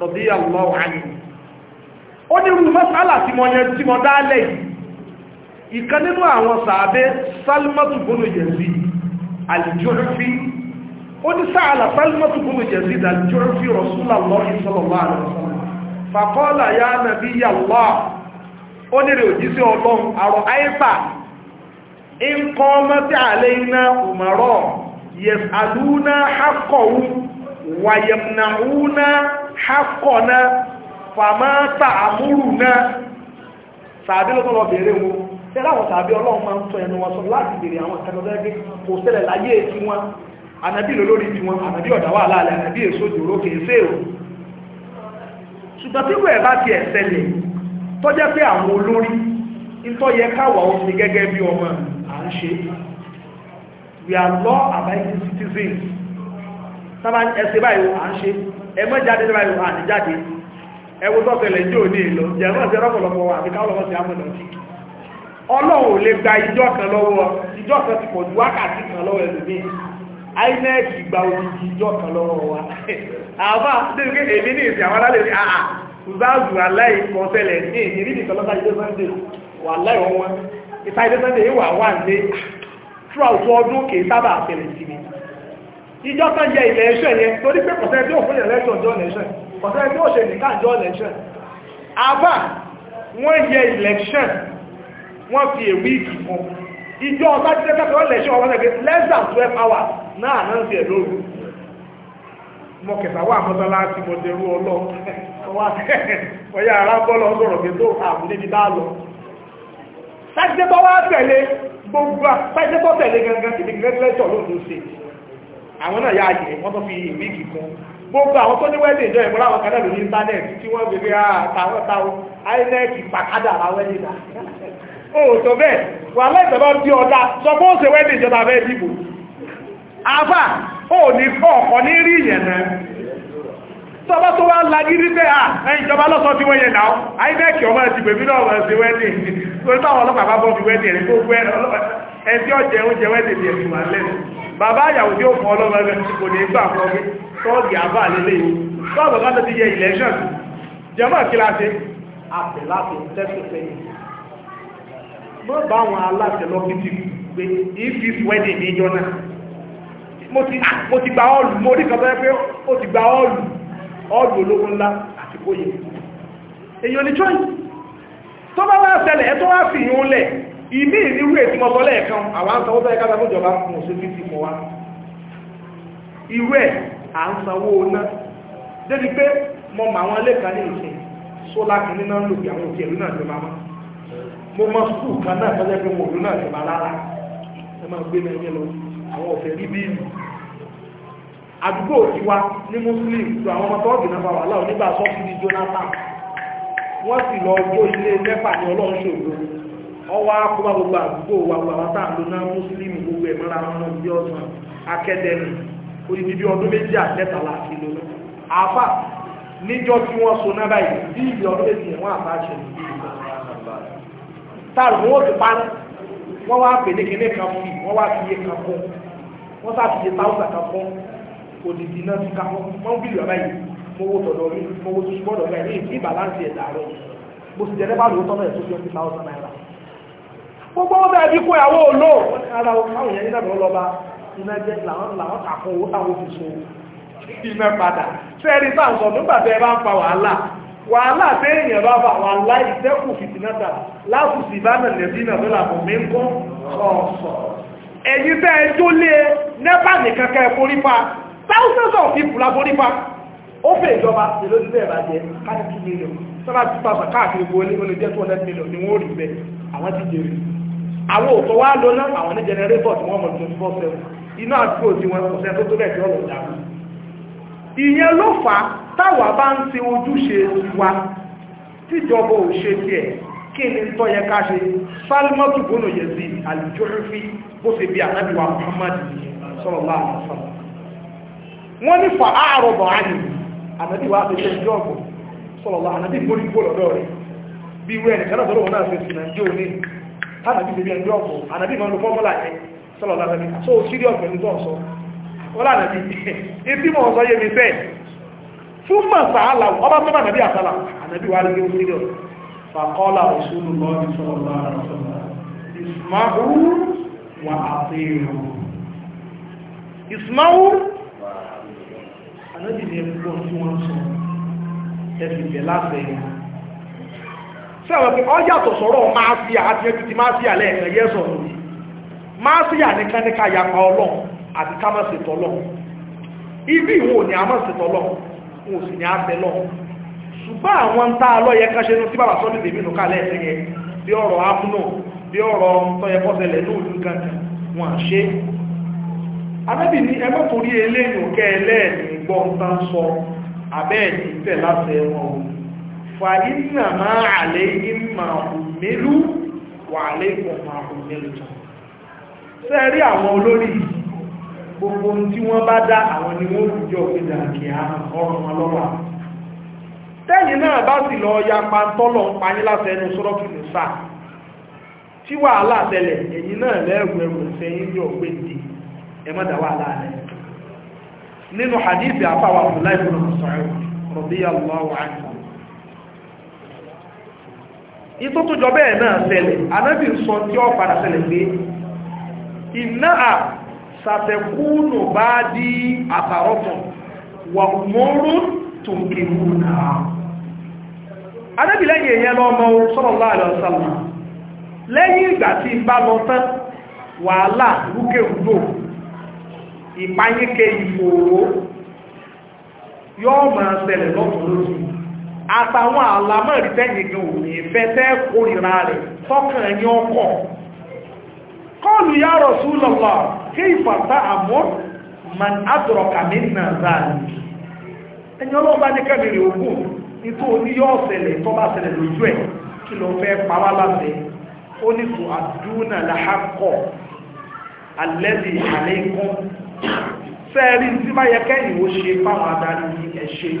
rọ̀bí àwọ̀ àyè ó ní rú mọ́sálà tí mo yẹn tí mo dálẹ̀ ìkan nínú àwọn sàábé sálmọ́tù bónú yẹ̀sí àlìjọ́rẹ́fí ó ní sáàlà sálmọ́tù bónú yẹ̀sí àlìjọ́rẹ́fí rọ̀súlà lọ́rí sọ́lọ̀lọ́ fàkọ́lá ya nàbí yàlá ó nílé òjísí ọlọ́run àrọ̀ àìsà nǹkan ọmọ hakọ̀ na famata amuru na sàbí ló bèèrè wọn tẹ́ láwọn sàbí ọlọ́run máa ń tọ́ ẹnu wọn sọ láti bèèrè àwọn ìkànnọ́dẹ́gbé kò ṣẹlẹ̀ láyé tí wọ́n ànàbí lólórí tí wọ́n ànàbí ọ̀dáwà láàrẹ ànàbí èso jòrò kìí ṣe ṣùgbọ́n tí bá ti ẹ̀ṣẹ̀lẹ̀ tó pé àwọn olórí káwà ó ti gẹ́gẹ́ bí ọmọ à ń ṣe we are law abiding citizens ẹsẹ̀ ẹ mọ́ jáde tó báyìí àti jáde ẹwọ tọ́sẹ̀lẹ̀ jò ní ìlú jẹ̀mọ́ sí rọ́pọ̀lọpọ̀ wà àti káwọ́lọ́pọ̀ sí amọ̀nà sí ọlọ́run ò lè gba ìjọ kan lọ́wọ́ ìjọ kan ti pọ̀ ju wákàtí kan lọ́wọ́ ẹlòmí inec gba odidi ìjọ kan lọ́wọ́ wa àbá débi pé èmi ní ìsìn àwọn alálẹ̀ ní àà ṣùgbọ́n aláì kan tẹ́lẹ̀ ní ìrírí ìjọ kan yẹ ilẹ̀ ẹ̀ṣẹ̀ yẹn torí pé kọ̀sẹ́ tí ó fún election jọ election kọ̀sẹ́ tí ó ṣe nìkan jọ election àbá wọ́n yẹ election wọ́n fi èwì ìkì fún ìjọ ọba ti tẹ́tẹ́ tọ́ election ọba tẹ́gbẹ́ less than twelve hours náà náà ti ẹ̀ lóru mo kẹta wà mọ́tọ́ láti mo dẹrú ọlọ́ ọ̀yà ara bọ́lọ̀ sọ̀rọ̀ pé tó ààbò níbi bá lọ sájẹ́bọ́ wá tẹ̀lé gbogbo sájẹ́bọ́ tẹ̀lé gangan ìdíkẹ́lẹ́tọ̀ lóòdó state àwọn náà yáa yẹ wọ́n tó fi wíìkì kún gbogbo àwọn tó ní wẹ́ẹ̀dì ìjọ ìmúra àwọn kan náà lórí íńtánẹ́ẹ̀tì tí wọ́n gbégbé àtàwọn ah, táwọn inec pàkádà ra wẹ́ẹ̀dì náà ó tó bẹ́ẹ̀ wà lẹ́sẹ̀ bá bí ọ̀dà sọ fún òṣè wẹ́ẹ̀dì ìjọba bẹ́ẹ̀ dìbò àfà ó ní ọ̀kọ̀ ní rí ìyẹn náà tọ́bá tó wá lagírí pé à ah, ìjọba lọ́sọ tí wọ́n yẹ náà inec ọmọ ti bèbí náà wọ́n ṣe wẹ́ẹ̀dì torí táwọn ọlọ́pàá bá bọ́ fi wẹ́ẹ̀dì rẹ̀ gbogbo ẹni ọjẹ́ oúnjẹ wẹ́ẹ̀dì rẹ̀ fi wà lẹ́nu bàbá àyàwó tí ó fún ọlọ́mọ ẹgbẹ́ tí kò ní gbà fún ọgbẹ́ tọ́ọ̀dì àbá lélẹ̀ yìí tọ́ọ̀bù kan tó ti yẹ election jẹ́mọ́ kíláàsì àpè láti tẹ́sù sẹ́yìn mọ́ bá àwọn aláṣẹ lọ́kìtì pé ìfìs wedding ní ìjọ náà ah, mo ti gba ọ́ọ̀lù mo rí kan ìmí ìrírú ètí mọ́ sọ lẹ́ẹ̀kan àwọn ń sanwó sẹ́ẹ̀ká sáfún ìjọba fún òṣèlú ti mọ̀ wá irú ẹ̀ à ń sanwó ná débi pé mọ mà wọn lẹ́ẹ̀kan ní ìsìn sólà kan ní náà lòdì àwọn òkè ìlú náà jọba mọ́ mo mọ skul kan náà tọ́jẹ́ pé mo ìlú náà jọba rárá ẹ máa gbé náà yẹn lọ àwọn ọ̀fẹ́ rí bíìlì àdúgbò tiwa ní muslim ju àwọn ọmọ tọ́ọ̀gì náà bá wà láwọn nígbà sọ́ọ̀tì ní Jonathan wọ́n sì lọ jó ilé mẹ́fà ní ọlọ́run ṣòro ọwọ́ akọ́bá gbogbo àdúgbò wa gbogbo àwọn náà mùsùlùmí gbogbo ẹ̀ mọ́ra wọn ọ̀sán akẹ́dẹ̀mì odidi bí ọdún méjì àtẹ́tàlá àti ìlú náà àfà níjọ́ tí wọ́n so náà báyìí bí ìlú ọdún méjì yẹn wọ́n àbá ní kíní náà ti ká gbogbo wọn bẹ̀rẹ̀ bí kó ìyàwó olóò ara àwọn èèyàn nílẹ̀ lọ́ba iná jẹ́ làwọn tàkùn owó táwọn fi so iná padà sẹ́ẹ̀rí bá ń sọ nígbà tẹ́ bá ń fa wàhálà wàhálà tẹ́ èèyàn bá fà wàhálà ìtẹ́kù fìtìnátà láfùsì bá nà lẹ́bí nà lọ́la kò mí ń kọ́ ọ̀sọ̀ ẹ̀yìn tẹ́ ẹ jó lé e, nẹ́bà nìkan kẹ́ forípa thousands of people la forípa ó fẹ́ ìjọba èlò ti bẹ́ẹ̀ bá jẹ káàkiri mílíọ̀n sábà ti pàṣẹ káàkiri jẹ́ 200 mílíọ̀n ni wọ́n rí bẹ́ẹ̀ àwọn ti jèrè àwọn òkò wá lọ náà àwọn ní jẹnẹrétọ̀ tí wọ́n mọ̀ twenty four seven iná àdúgbò tí wọ́n kò sẹ́ tó tó bẹ̀ẹ̀ tí ọ̀rọ̀ dà ìyẹn ló fà á táwa bá ń ṣe ojúṣe wa tíjọba ò ṣe tiẹ̀ kí ni tọ́ yẹ ká ṣe sálímọ́tù gbónà yẹ sí àlùjọ́rífí bó ṣe bí ànábìwá Muhammad sallallahu alaihi wasallam wọ́n ní fà áàrọ̀ bọ̀ ánì ànábìwá ṣe ṣe ìjọ́gbọ̀ sallallahu ànábì gbórígbó lọ́dọ̀ rẹ̀ bí wẹ́ẹ̀ nìkan náà tọ́lọ́wọ́ náà ṣe sí nàìjíríà tánàbí bèbí ẹni ọ̀pọ̀ ànàbí ìmọ̀ olùfọ́mọ́lá yẹn sọ́lọ̀ lánàbí so sírí ọ̀pẹ̀lú tó ọ̀sọ́ wọ́n lánàbí ibi mọ̀ ọ̀sọ́ yẹ mi fẹ́ fún mọ̀ sàálà ọba tó bá nàbí àsálà ànàbí wà lórí sírí ọ̀pẹ̀ fàkọ́lá òṣùlù lọ́ọ̀dì sọ́lọ̀ lánàbí ìsmáhù wà àtẹ́rù sí àwọn pé ọyàtọ̀ sọ̀rọ̀ máa fi àti ẹbí ti máa fi àlẹ́ ẹ̀kan yẹ́ sọ̀rọ̀ yìí máa fi àníkan ní ká yapa ọlọ́run àti ká má ṣètò ọlọ́run ibi ìwọ̀n ò ní a má ṣètò ọlọ́run wọn ò sì ní a fẹ́ lọ́run ṣùgbọ́n àwọn ń tá a lọ́yẹ ká ṣe ní tí bàbá sọ́dún tèmi nù kálẹ̀ ẹ̀sẹ̀ yẹn bí ọ̀rọ̀ amúnà bí ọ̀rọ̀ tọ́yẹ pọ́sẹ̀lẹ̀ lóòlù gangan wọn à ṣe anábì ní ẹgbẹ́ torí eléyìn òkè ẹlẹ́ẹ̀ni gbọ́n tán sọ abẹ́ẹ̀ ní tẹ̀ láti ẹ̀wọ̀n òun fàyínà máa àléyìn máa òmìnirú wà àléyìn máa òmìnirú sẹ́rí àwọn olórí gbogbo tí wọ́n bá dá àwọn ni wọ́n fi jọ ìdà á ọrùn ọlọ́wà tẹ́yìn náà bá sì lọ ya pàtọ́lọ̀ ń látẹnu sọ́rọ́kì ní sáà tí ìtò tó jọ bẹ́ẹ̀ náà ṣẹlẹ̀ anábì sọ tí ó padà ṣẹlẹ̀ pé iná à sàtẹ̀kúnù bá dí àtàrọ́tọ̀ wà mọ́rún tó kéwù náà anábì lẹ́yìn èyàn lọ ọmọ sallallahu alaihi wasallam àtàwọn àlàmọ́ ìrìtẹ́yìn gan òní fẹ́fẹ́ kórìíra rẹ̀ tọ́kàn ẹni ọkọ̀ kọlù ya Rasulullah kí ìfàtà àmọ́ man adọ̀rọ̀kà nínà ráàlì ẹni ọlọ́ọ̀bá ní kẹ́mìrì ogun nító oníyọ́ ọ̀sẹ̀lẹ̀ tó bá ṣẹlẹ̀ lójú ẹ̀ kí lọ fẹ́ pàwà láfẹ́ ó ní kò àdúnà làákọ̀ alẹ́bì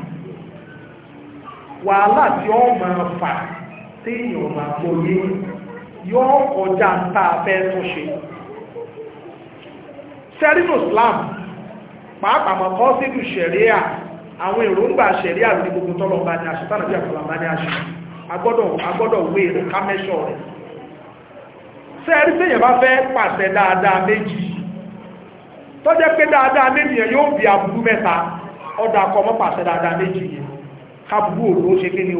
wàhálà tí ó máa fà tí èèyàn máa gbọ́yé yóò kọjá tá a fẹ́ tún ṣe sẹ́rínù Islam pàápàá mọ̀ kọ́ sínú ṣẹ̀ríà àwọn èròǹgbà ṣẹ̀ríà lórí gbogbo tọ́lọ̀ bá ní aṣọ tánàbí àkọlà bá ní aṣọ agbọ́dọ̀ agbọ́dọ̀ wé rẹ̀ ká mẹ́ṣọ́ rẹ̀ sẹ́rí sẹ́yìn bá fẹ́ pàṣẹ dáadáa méjì tó jẹ́ pé dáadáa méjì yẹn yóò bí aburú mẹ́ta ọdọ̀ akọmọ́ pàṣẹ dáadáa méjì yẹn kábùrú òdó ṣe kí ni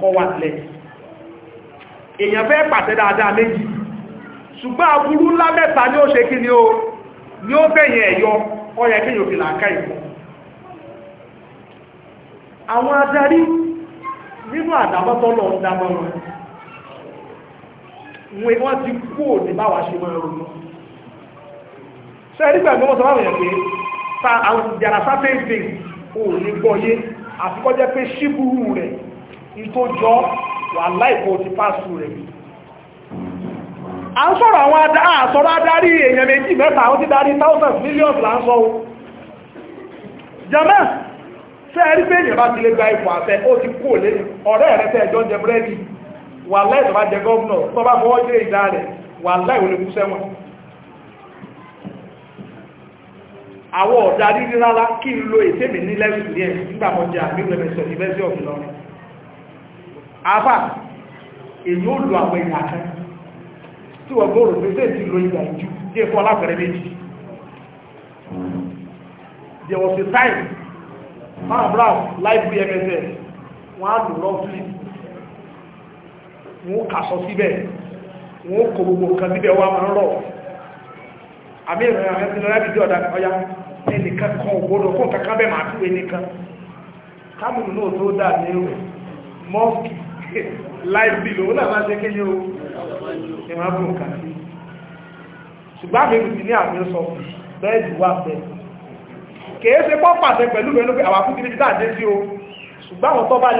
kọ́ wà lẹ̀ èèyàn fẹ́ pàtẹ́ dáadáa méjì ṣùgbọ́n aburú ńlá mẹ́ta ni ó ṣe kí ni ó ní ó bẹ̀yìn ẹ̀yọ ọyẹ kí yóò fi làákà ìpọ̀ àwọn adarí nínú àdábọ́tọ́lọ̀ ń dámọ́ wọn wọ́n ti kú òní báwa ṣe máa ronú sẹ́ẹ̀rí pẹ̀lú ọmọ sọ àfikọ́ jẹ́ pé re rẹ̀ jọ wà láìpò ti pàṣù rẹ̀ a ń sọ̀rọ̀ àwọn àsọ̀rọ̀ adarí èèyàn méjì mẹ́ta ti darí thousands millions là ń sọ o jẹ́mẹ́ fẹ́ rí pé èèyàn bá ti lè gba ipò ó ti ọ̀rẹ́ rẹ̀ tẹ́ ẹjọ́ jẹ búrẹ́dì wà bá jẹ àwọ̀ ọ̀dá rírí rárá kí n lo ètèmì ní lẹ́sùn ní ẹ̀ nígbà mọ́ jẹ́ àmì ìrẹ̀mẹ̀sọ̀ university of Ìlọrin àfà èyí ó lo àwọn ìyà kan tí wọ́n gbọ́rọ̀ pé sẹ́ ti lo ìgbà ìjú jẹ́ fún alápẹ̀rẹ̀ méjì there was a time man brown life bmsf wọ́n á lò rọ́ọ̀fì wọ́n kàṣọ síbẹ̀ wọ́n kò gbogbo nǹkan síbẹ̀ wọ́n á máa rọ̀ àmì ìrìn àwọn ẹ̀sìn lọ́rẹ́bì tí ọya ẹnìkan kan ògbódò kó kankan bẹ́ẹ̀ máa tún ẹnìkan kámùnù náà tó dà ní ẹ̀wẹ̀ mọ́ọ̀kì láìbí lòun náà máa ṣe kí ní o ìwọ̀n bùn kà sí ṣùgbọ́n àmì ìrùsì ní àmì sọ bẹ́ẹ̀dì wà bẹ́ẹ̀ kèé ṣe pọ́ pàṣẹ pẹ̀lú mẹ́nu pé àwọn akúkiri títà dé sí o ṣùgbọ́n àwọn tó bá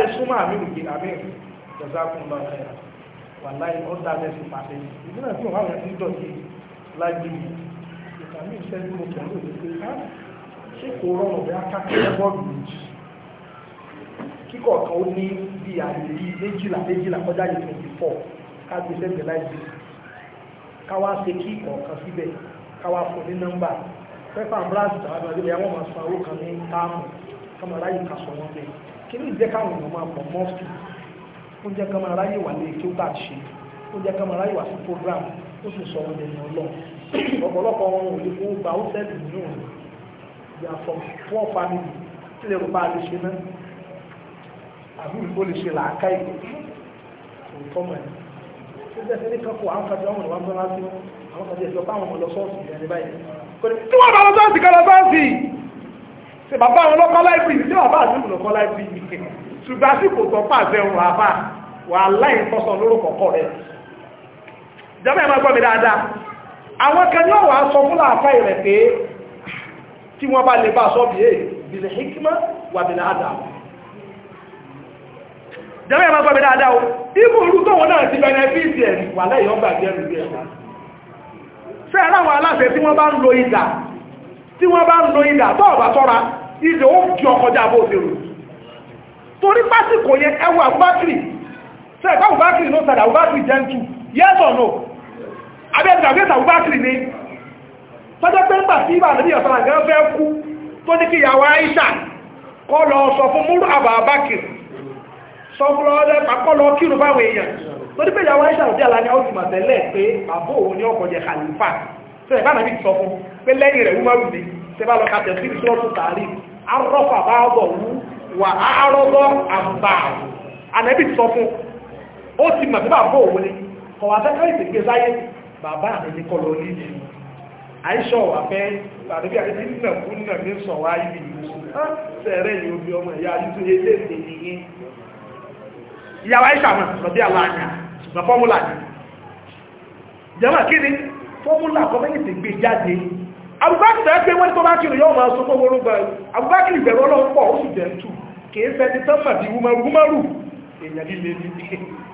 lè ìgbàmí ìṣẹ́jú mo kàn lóde pé ká ah, ṣé kò rọrùn bí akákẹ́ bọ́ọ̀lù méjì kíkọ̀ kan ó ní bí àyè yìí méjìlá méjìlá kọjá yìí twenty four ká gbé sẹ́gbẹ̀ẹ́ láì gbé ká wá ṣe kí ìkọ̀ọ̀kan síbẹ̀ ká wá fún ní nọ́mbà pẹ́pà brass tàbí ọdún ẹ̀wọ̀n máa san owó kan ní táàmù kọ́mọ aráyè ká sọ wọn bẹ́ẹ̀ kí ní ìjẹ́ káwọn èèyàn máa pọ̀ mọ́ọ̀sì ó jẹ́ kọ́mọ aráyè wà lè kí ó bá ṣe ó jẹ́ kọ́mọ aráyè wà sí program ó sì sọ ọmọdé ní ọlọ́run ọ̀pọ̀lọpọ̀ wọn ò lè fún gba ó sẹ́ẹ̀dì nínú wọn ìyá sọ fún ọ̀pá mi tí lè rò a lè ṣe náà àbí ìbò lè ṣe làákà ìbò òótọ́ mọ̀ ẹ́ tó bẹ́ẹ̀ sẹ́ni kankan àwọn kan tí wọ́n mọ̀ wọ́n tọ́lá sí àwọn kan tí ẹ̀sọ́ bá wọn lọ sọ́ọ̀sì ìyá ní báyìí kò ní tí wọ́n bá lọ sọ́ọ̀sì kan lọ sọ́ọ̀sì ṣe bàbá àwọn ọlọ́kọ́ láìpẹ́ ṣe bàbá àti ìmùlọ́kọ́ láìpẹ́ yìí ṣùgbọ́n àsìkò tó pàṣẹ òun àbá wà láì tọ́sán lórúkọ̀ọ́kọ̀ rẹ̀ ìjọba ẹ̀ máa gbọ́ mi dáadáa àwọn kan yóò wá sọ fún láàfá ìrẹ̀ pé tí wọ́n bá lè bá sọ bí i bìlẹ̀ hikima wà bìlẹ̀ àdá jẹ́mẹ́ ẹ̀mọ́ sọ bìlẹ̀ àdá o ibò orú tó wọn náà ti bẹnẹfíìsì ẹ̀ wà lẹ́yìn ọgbà jẹ́rù rẹ̀ ṣe àwọn aláṣẹ tí wọ́n bá ń lo ìdà tí wọ́n bá ń lo ìdà tó ọ̀bà tọ́ra ìdè ó jẹ́ ń tù yes or no abẹ́gbẹ̀gbẹ̀ta bùbákìrì ni tọ́jọ́ pé ń bà sí ìbà àdébí ọ̀sán àgbẹ̀ fẹ́ kú tó ní kí ìyàwó Aisha kọ́ lọ sọ fún múrù àbàbákìrì sọ fún ọdẹ pàkọ́ lọ kírù báwọn èèyàn tó ní pé ìyàwó Aisha òdí àlá ní ọdún màtẹ́lẹ̀ pé àbó òun ní ọkọ̀ jẹ khalifa tẹ́lẹ̀ bá nàbí sọ fún pé lẹ́yìn rẹ̀ bàbá mi ní kọlọ lídì àìṣọ́ wà fẹ́ àdébí àdébí nínà kú nínà ní sọ wá ibi sẹ̀rẹ̀ yìí obi ọmọ ìyá àdúgbò ilé èdè nìyí ìyàwó àìṣà mọ̀ lọ́bí àlàáyà ṣùgbọ́n fọ́múlà ni jẹ́mà kí ni fọ́múlà kọ́mẹ́nìtì gbé jáde abubakar ẹgbẹ́ wọ́n tó bá kiri yọ́ ma sọ fọ́wọ́ ló gbẹ̀rẹ̀ abubakar ìbẹ̀rẹ̀ ọlọ́pọ̀ ó sì jẹ́ tù kìí fẹ́ ti tán màdí wúmọ̀rú èèyàn líle ní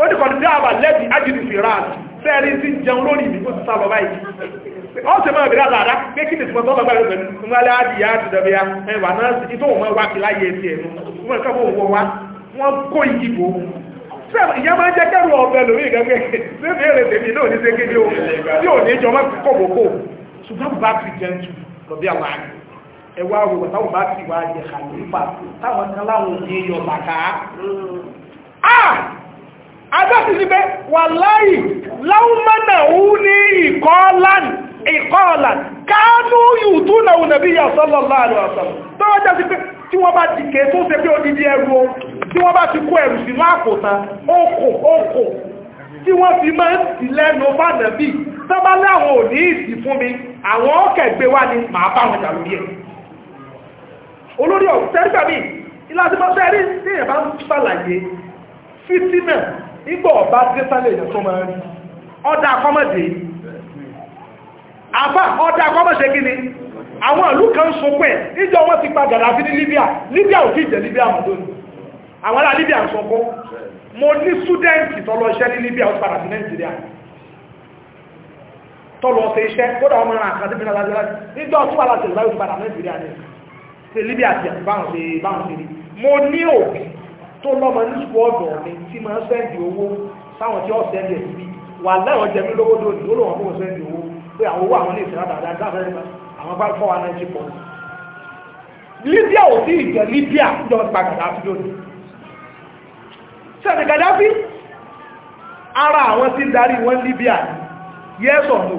ó ní kọ̀dí dáàbà lẹ́bí ájìdì fìràn sẹ́ẹ̀rí sí jẹun lórí ìbí kó ti sábà báyìí ó sì máa bèèrè àtàrà pé kí nìsìnkú tó lọ́gbà ìrọ̀lẹ́ ńlálẹ́ àdìyà àdìdàbíyà ẹwà náà sí tó wọ́n wá kìláyé ẹ̀sì ẹ̀nu wọ́n ń kábọ̀ wọ́n wá wọ́n kó ìdìbò ìyá máa jẹ́ kẹ́rù ọ̀bẹ lórí ìgbẹ́gbẹ́ lẹ́bí èrè tèmi náà ní sé kéde o tí ò ní jọmọ́ kọ̀bọ̀kọ̀ ṣùgbọ́n bá ti jẹun jù lọ́bí àwọn àgbẹ̀ ẹwà òwò táwọn bá ti wá jẹ kàlífà táwọn kan láwọn òye agbẹ́sí sí pé wà láì láúmọ́nà ó ní ìkọ́ọ̀lán ìkọ́ọ̀lán káánú yìí tó náà nàbí yà sallallahu alaihi wasallam tó wọ́n jẹ́ sí pé tí wọ́n bá ti kèé tó ṣe pé odidi ẹrù o tí wọ́n bá ti kó ẹrù sínú àpòtán okò okò tí wọ́n fi máa igbó ọba dẹ́sálẹ̀ èèyàn tó máa rí ọdá akọ́mọ̀dé àbá ọdá akọ́mọ̀dé kí ni àwọn ìlú kan ń sọpọ̀ ẹ̀ níjọ wọ́n ti pa gàdáfí ní Libya Libya ò fi jẹ́ Libya mọ̀dónì àwọn ará Libya ń sọpọ̀ mo ní súdẹ́ǹtì tọ́lọ iṣẹ́ ní Libya ó padà sí Nàìjíríà tọ́lọ ṣe iṣẹ́ kódà ọmọ ìrìn àkàtí mi lára jẹ́lá níjọ tó wà láti ìlú padà Nàìjíríà ní Libya ti àti báwọn ṣe rí mo ní tó lọ́mọ ní ṣùgbọ́ ọ̀dọ̀ mi tí máa ń sẹ́ndì owó sáwọn tí ó sẹ́ndì ẹ̀ síbi wà láwọn jẹ mí lówó lónìí ó lòun fún sẹ́ndì owó pé àwọn owó àwọn lè fẹ́ dáadáa dáfẹ́ àwọn bá fọ́ wa náà jí pọ̀ Libya ò sí ìjẹ Libya jọ gba Gaddafi lónìí sẹ́ni Gaddafi ara àwọn tí ń darí wọn Libya yes or no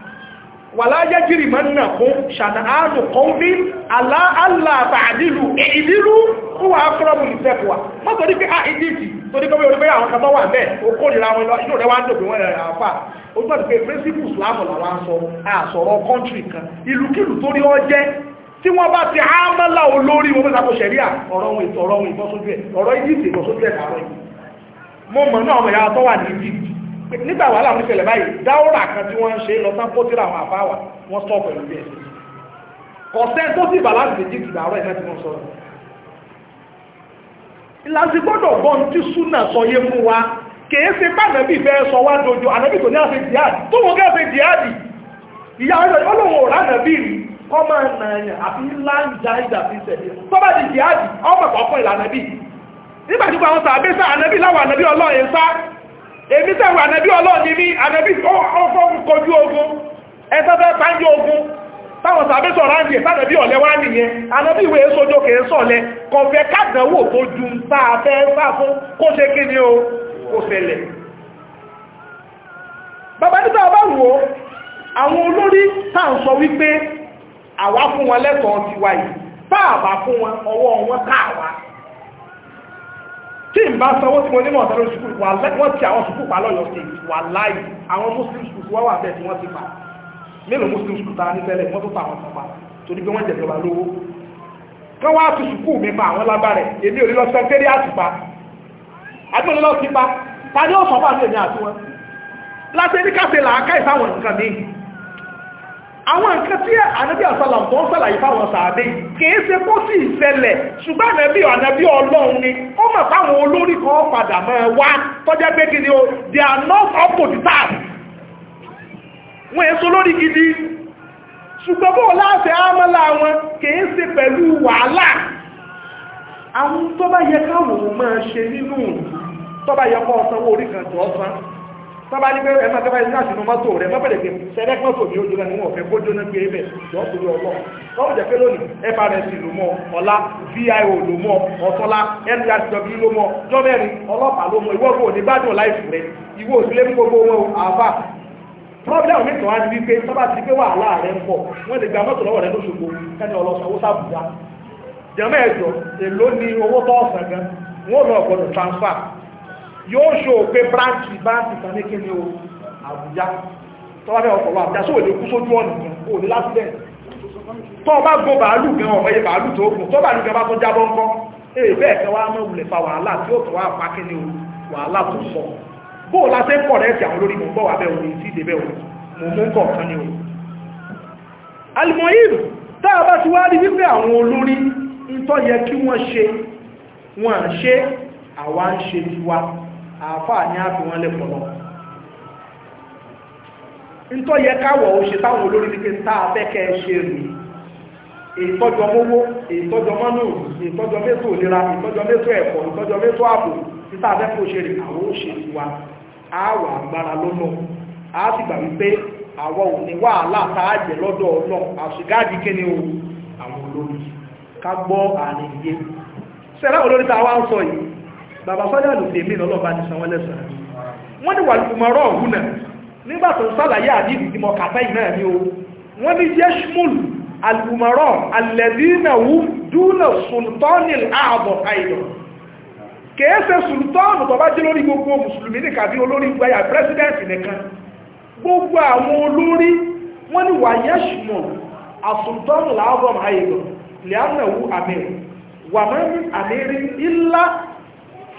wàláyé jìrì mọ́nà fún ṣàtàánù kọ́nbí aláàlàtà àdílù ìdílù wà kọ́lọ̀mù ìfẹ́kùwà mọ́ ah, torí pé àìdíjì torí kọ́wé orí pé àwọn kan wà mẹ́ okòrìra wọn lọ inú rẹ̀ wá ń dòbí wọn rẹ̀ àfà ó gbọ́dọ̀ pé principle islam làwọn aṣọ àṣọ̀rọ̀ country kan ìlúkìlù tó rí ọ jẹ́ tí wọ́n bá ti ámọ́lá olórí wọn mẹ́sàkó ṣẹ̀ríà ọ̀rọ̀ ohun ìtọ̀rọ̀ ohun ìbọ́sójú ẹ̀ ọ̀rọ̀ egypt ìbọ́sójú ẹ̀ tààrọ̀ yìí mo mọ̀ náà ọmọ ìyá tó wà ní egypt nígbà wà láwọn ìṣẹ̀lẹ̀ báyìí dáúrà kan tí wọ́n ń ṣe lọ sán pótíra àwọn àfáwà wọ́n sọ pẹ̀lú bí ẹ̀sìn kọ̀sẹ́ tó sì bà láti méjì ìgbà àárọ̀ ìmẹ́tì wọn sọ̀rọ̀ ìlàsì gbọ́dọ̀ gbọ́n tí súnà sọyé fún wa kèé ṣe bánàbí fẹ́ sọ wá dojo ànàbí tó ní àṣẹ jihadi tó wọn kẹ́ ṣe jihadi ìyá ọlọ́run ò ránàbí rí ọmọ ẹ̀nà àfi ńlá ń ja ìjà fi ṣẹ̀lẹ̀ tó bá di jihadi ọmọ ọ̀pọ̀ ìlànàbí nígbà tí wọn sàbẹ́sà ànàbí èmi sẹ́wọ̀ ànàbí ọlọ́ọ̀ni mi ànàbí ọkọ̀ kojú ogun ẹsẹ́fẹ́ pàájú ogun táwọn sàbí sọ̀rọ̀ àmì ìsànàbí ọ̀lẹ́ wá nìyẹn ànàbí ìwé sójó kèé sọ̀lẹ̀ kọfẹ́ kádànwò tó ju sáàfẹ́ sáfún kó o kó ṣẹlẹ̀ bàbá nígbà bá wò àwọn olórí tá ń sọ wípé àwa tí n bá sanwó tí mo ní mọ̀ tẹ́lẹ̀ sùkúrù wà láì wọ́n ti àwọn sùkúrù pa lọ́yọ̀ state wà láì àwọn muslim schools wọ́n wà bẹ́ẹ̀ tí wọ́n ti pa mélòó muslim schools tara ní tẹ́lẹ̀ wọ́n tó pa àwọn tó pa torí pé wọ́n jẹ̀ jọba lówó kán wá tu sùkúrù mi pa àwọn lábàrẹ̀ èmi ò ní lọ sẹ́ńtẹ́rì àtùpá àdúgbò ní lọ sí pa ta ni ó sọ fún àti èmi àti wọn láti ní káfíńlá káì sáwọn nǹkan mìíràn àwọn nǹkan tí ànábí àsàlàm tó ń sàlàyé fáwọn sàádé kìí ṣe kó sì ìṣẹ̀lẹ̀ ṣùgbọ́n ànábí ànábí ọlọ́run ni ó mọ̀ fáwọn olórí kan padà máa wá tọ́jẹ́ pé gidi o they are not up to the task wọ́n èso lórí gidi ṣùgbọ́n bó láti ámọ́lá wọn kìí ṣe pẹ̀lú wàhálà àwọn tó bá yẹ káwọn máa ṣe nínú tó yẹ kọ́ ọ̀sán orí kan tó ọ̀sán tọ́ba ní pé ẹ̀mọ́ tọ́ba ní àṣìnú mọ́tò rẹ̀ mọ́bẹ̀rẹ̀ pé sẹ́lẹ̀ mọ́tò mi ó jóná ní wọ́n fẹ́ kó jóná gbé ibẹ̀ jọ́ torí ọlọ́ tọ́wọ́ jẹ́ pé lónìí FRS ló mọ́ ọ̀la VIO ló mọ́ ọ̀tọ́lá NRCW ló mọ́ jọ́mẹ́rin ọlọ́pàá ló mọ́ ìwọ́gbò ní gbádùn láìsù rẹ̀ ìwọ òsìlẹ̀ ní gbogbo wọn àbá problem mi tọ́wá ti wí pé tọ́ba ti pé wàhálà rẹ̀ ń pọ̀ wọ́n lè gba mọ́tò lọ́wọ́ rẹ̀ lóṣogbo ẹni ọlọ́sàwó sàbùdá jẹ́mọ́ ẹ̀jọ̀ èló ni owó tọ́ọ̀sán gan wọ́n lọ gbọ́dọ̀ transfer yóò ṣò pé bráǹkì báǹkì kan ní kíni o àbújá tọ́wọ́fẹ́ ọkọ̀ wa àbújá só lè kú sójú ọ̀nà kan kò ní lásìlẹ̀ tọ́ bá gbọ́ bàálù gan ọ̀pẹ́ yẹ bàálù tó gùn tọ́ bàálù gan bá tó jábọ́ ńkọ́ èyí bẹ́ẹ̀ kẹ́ wá mọ́ wulẹ̀ fa wàhálà tí ó tọ́ wá pa kíni o wàhálà tó sọ bó o láti ń kọ̀rẹ́ ti àwọn olórí mò ń bọ̀ wà bẹ́ẹ̀ òní sí ìdè bẹ́ẹ̀ mò ń kọ̀ kan ni o. alimoyin tá a bá ti wá rí wípé àwọn olórí ń tọ́ yẹ kí wọ́n ṣe wọ́n à ń ṣe àwa ń ṣe tiwa àáfàá ní àfi wọn lọ ntọ́ yẹ káwọ̀ táwọn olórí ní pé a ṣe rè ìtọ́jọ mówó ìtọ́jọ mọ́nù ìtọ́jọ mẹ́tò ìtọ́jọ mẹ́tò ẹ̀kọ́ ìtọ́jọ mẹ́tò ààbò títà ṣe rè àwọn òṣèlú wa àwọ̀ agbára lọ́nà a sì gbà wípé àwọn ò ní wàhálà táàjẹ̀ lọ́dọ̀ ọ̀nà kíni o àwọn olórí ká gbọ́ sẹ́lá olórí ń sọ yìí bàbá sọ́jà ló tèmi lọ́lọ́ba ti san wọ́n lẹ́sàn wọ́n ní wàlùmọ̀rọ̀ ọ̀hún náà nígbà tó ń sàlàyé àdìdì tí mo kàfẹ́ yìí náà ni o wọ́n ní yẹ́ṣmùl alùmọ̀rọ̀ alẹ́dínàwó dúnà sultani ààbọ̀ àìdọ̀ kèése sultani tó bá jẹ́ lórí gbogbo mùsùlùmí ní kàbí olórí gbáyà pírẹsidẹ́ǹtì nìkan gbogbo ilá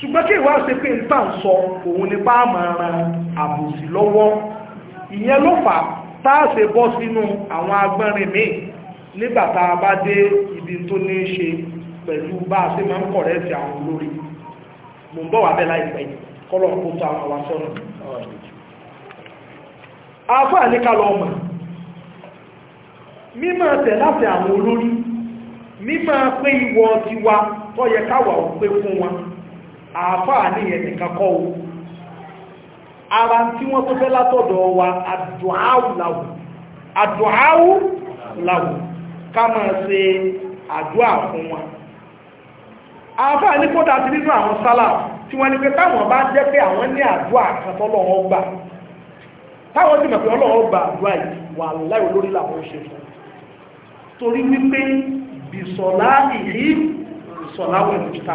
ṣùgbọ́n kí ìwá ṣe pé ìta ń sọ òun ní bá máa ran àbòsí lọ́wọ́ ìyẹn ló fà táà ṣe bọ́ sínú àwọn agbẹ́rin míì nígbàtà bá dé ibi tó ní ṣe pẹ̀lú bá ṣe máa ń kọ̀rẹ́ sí àwọn olórí mo ń bọ̀ wà bẹ́ẹ̀ láìpẹ́ kọ́lọ̀ kó tó àwọn àwọn sọ́nà afọ́ àníkàlọ̀ mímọ̀ tẹ̀ láti àwọn olórí mímọ̀ pé ìwọ tiwa tó káwà ó pé fún wọn àáfàá níyẹn nìkan kọ́ o ara tí wọ́n tó fẹ́ látọ̀dọ̀ wa àdùáwù làwù àdùáwù làwù ká máa ṣe àdúà fún wọn àáfàá ní kódà ti nínú àwọn sálà tí wọ́n ní pé táwọn bá jẹ́ pé àwọn ní àdúà kan tọ́lọ́wọ́ gbà táwọn sì mọ̀ pé ọlọ́wọ́ gbà àdúà yìí wà láì olórí torí wípé bìsọ̀lá ìhí bìsọ̀lá wọn ìjìká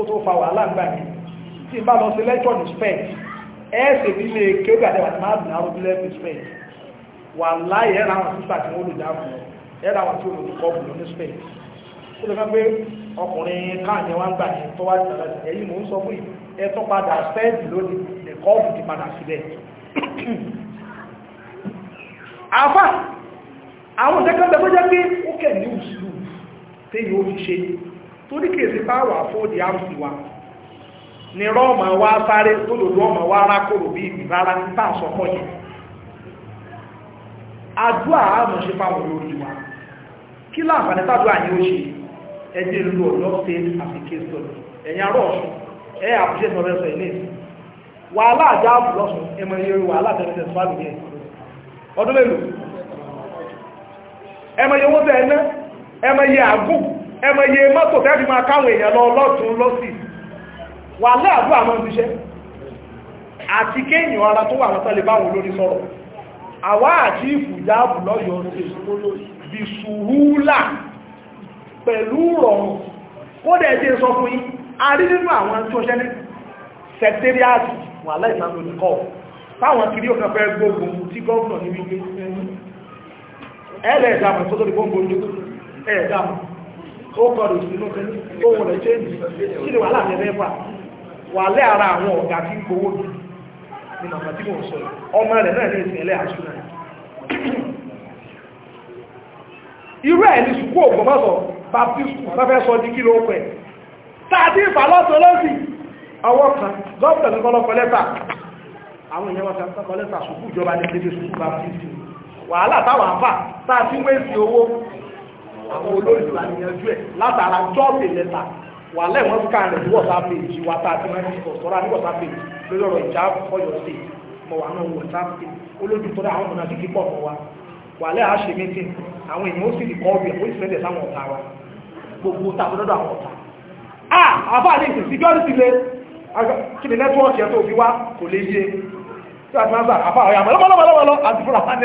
ó tó fa wàhálà gbà mí tí n bá lọ sí lẹ́tọ̀ ní spec ẹ̀ẹ́sì ní ilé kéwì àdẹ́wà tí máa dùn àwọn ìbílẹ̀ ní spec wà láyé ẹ̀rọ àwọn sísà tí wọ́n lò já fún ọ ẹ̀rọ àwọn tí ó lò kọ́ bùn ní spec ó lè fẹ́ pé ọkùnrin káàyẹ wá ń gbà yẹn tó wá ti sàrẹ́ sí ẹ̀yìn mò ń sọ fún yìí ẹ tó padà spec lónìí ẹ̀kọ́ ọ̀bùn ti padà síbẹ̀ àfà àwọn ìdẹ́kẹ́ torí kèsì bá fún di wa ni rọ́ọ̀mà wá sáré tó ọmọ wá rákòrò bí ìbí rárá ní bá àsọkọ́ yìí àdúà àmọ̀ ṣe fáwọn olórí wa kí láàfàní tàdúà ní ó ṣe ẹgbẹ́ ìlú ọ̀dọ́ state application ẹ̀yìn arọ́ ọ̀ṣun ẹ̀ àpùṣẹ́ sọ̀rẹ́sọ̀ àgùn ẹmọye mọ́tò tẹ́bí máa káwọn èèyàn lọ lọ́tún lọ́sì wà láàbú àmọ́ ìṣẹ́ àti kéèyàn ara tó wà wọ́tọ́lẹ̀ báwọn olórí sọ̀rọ̀ àwá àti ìfùjáàbù lọ́yọ̀ bí sùúrùlà pẹ̀lú rọrùn kó dẹ̀ jẹ́ sọ fún yín a rí nínú àwọn tí ó ṣẹ́ ní sẹ̀tẹ́ríàtì wà láìsàndò nìkọ́ táwọn kiri ẹ̀ẹ́dàmù tó tó lè gbógun ojú ẹ̀ẹ́dàmù ó kọ̀rọ̀ ìsinú kẹ́lú ohun rẹ̀ ṣe ń di kí ni wàhálà bẹ̀rẹ̀ fà wà lẹ́ ara àwọn ọ̀gá tí ń gbowó jù ní màmá tí mò ń sọ yìí ọmọ rẹ̀ náà ní ìsìn ẹlẹ́ àṣù náà irú ẹ̀ ní sùkú ògbómọ̀sọ̀ baptist school bá fẹ́ sọ di kí ló ń pẹ̀ tàbí ìfàlọ́sọ lọ́sì ọwọ́ kan gọ́ọ̀pẹ̀ ní kọ́lọ́kọ́ lẹ́tà àwọn èèyàn wọ́n kọ́kọ́ lẹ́tà sùkú ìjọba ní dédé sùkú baptist wàhálà táwọn àfà tàbí wéèsì owó àwọn olórí ìlà níyanjú ẹ̀ látara jọ́ọ̀sì lẹ́tà wà lẹ́wọ̀n rẹ̀ péjì wa tá a ti máa ń sọ péjì lórí ọ̀rọ̀ ìjà ọyọ̀ sí mọ̀ wà náà wọ́sá olójú tó dá àwọn pọ̀ mọ́ wa wà lẹ́ àṣẹ mẹ́tì àwọn èèyàn ó sì rí kọ́ ọ̀bì ó sáwọn gbogbo tá a fẹ́ àwọn ọ̀tá. a àbá ní ìsìn kí ni nẹ́tíwọ́ọ̀kì ẹ̀ tó fi wá kò lè yé tí a ti máa ń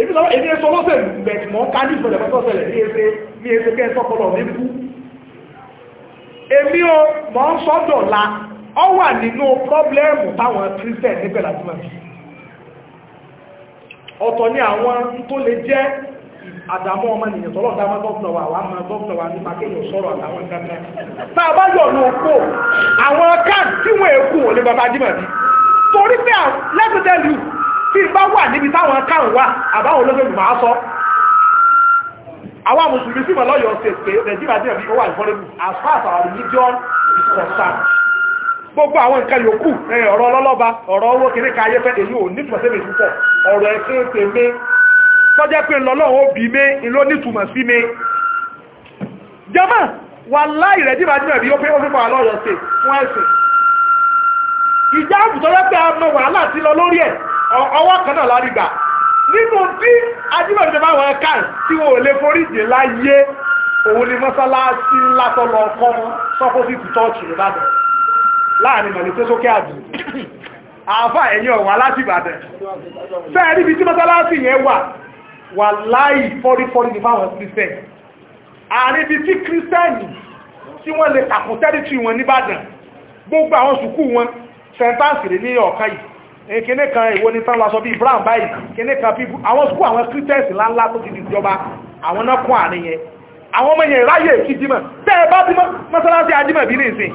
èmi lọ́wọ́ èmi èso lọ́sẹ̀lú bẹ̀tì mọ́ ká ní ìfẹ̀lẹ̀ pẹ́sọ́sẹ̀lẹ̀ ní ẹsẹ ní ẹsẹ kẹ́ sọ́pọ̀lọ̀ ní kú èmi o mọ́ ń sọ́dọ̀ la ọ wà nínú pọ́blẹ́mù táwọn Christian níbẹ̀ láti máa fi ọ̀tọ̀ ni àwọn tó lè jẹ́ àdàmọ́ ọmọ nìyàn tọ́lọ̀ dámọ́ gọ́ọ̀nà wà wà máa gọ́ọ̀nà wà nípa kéèyàn sọ̀rọ̀ àtàwọn kankan tá a bá yọ̀ ní òpó àwọn káàdì tí wọ́n èkú ò lè bàbá dìmọ̀ bí torí pé lẹ́gbẹ̀dẹ́lù tí ìbá wà níbi táwọn káwọn wà àbáwọn olóṣèlú máa sọ àwọn mùsùlùmí sì mọ̀ lọ́yọ̀ọ́ ṣe pé nàìjíríà díẹ̀ bí ó wà ìfọ́nrẹ́bù as far as our religion is concerned gbogbo àwọn nǹkan yòókù ọ̀rọ̀ ọlọ́lọ́ba ọ̀rọ̀ owó kìíní ka ayé fẹ́ èyí ò ní túmọ̀ sí mi púpọ̀ ọ̀rọ̀ ẹ̀sìn tèmi tọ́jẹ́ pé lọ́lọ́run ó bí mi ló ní túmọ̀ sí mi. jama wà láì rẹ̀ jìbà jìbà bí ó pé ó fi pàwọ́ lọ́yọ̀ ṣe fún ẹ̀sìn. ìjà àbùtọ́jẹ́ pé a mọ wàhálà sí lọ lórí ẹ̀ ọwọ́ kan náà lárí gbà nínú tí ajímọ̀bí ti máa wọ̀ ẹ́ káì tí wọn ò lè foríjì láyé òun ni mọ́sálásí ńlá tó lọ kọ́ sọ́pọ́sìtì tọ́ọ̀chì nìbàdàn láàrin mọ̀lẹ́ tó sókè àjù àáfà ẹ̀yìn ọ̀wà láti ìbàdàn fẹ́ẹ̀rí ibi tí mọ́sálásí yẹn wà wà láì fọ́rífọ́rí ní fáwọn christian àárín ibi tí christian tí wọ́n lè kàkùn tẹ́rìtì wọn nìbàdàn gbogbo àwọn sùkú wọn sẹ́ńtáǹsì ní ọ̀kan yìí ìkíní eh, kan ìwò ní tánwà sọ bí brown báyìí kíní kan pípù àwọn skú àwọn christians láńlá tó ti di ìjọba àwọn náà kún àárín yẹn àwọn ọmọ yẹn ráyè kí jímọ̀ tẹ́ ẹ bá bímọ mọ́sálásí ajímọ̀ bí ní ìsìn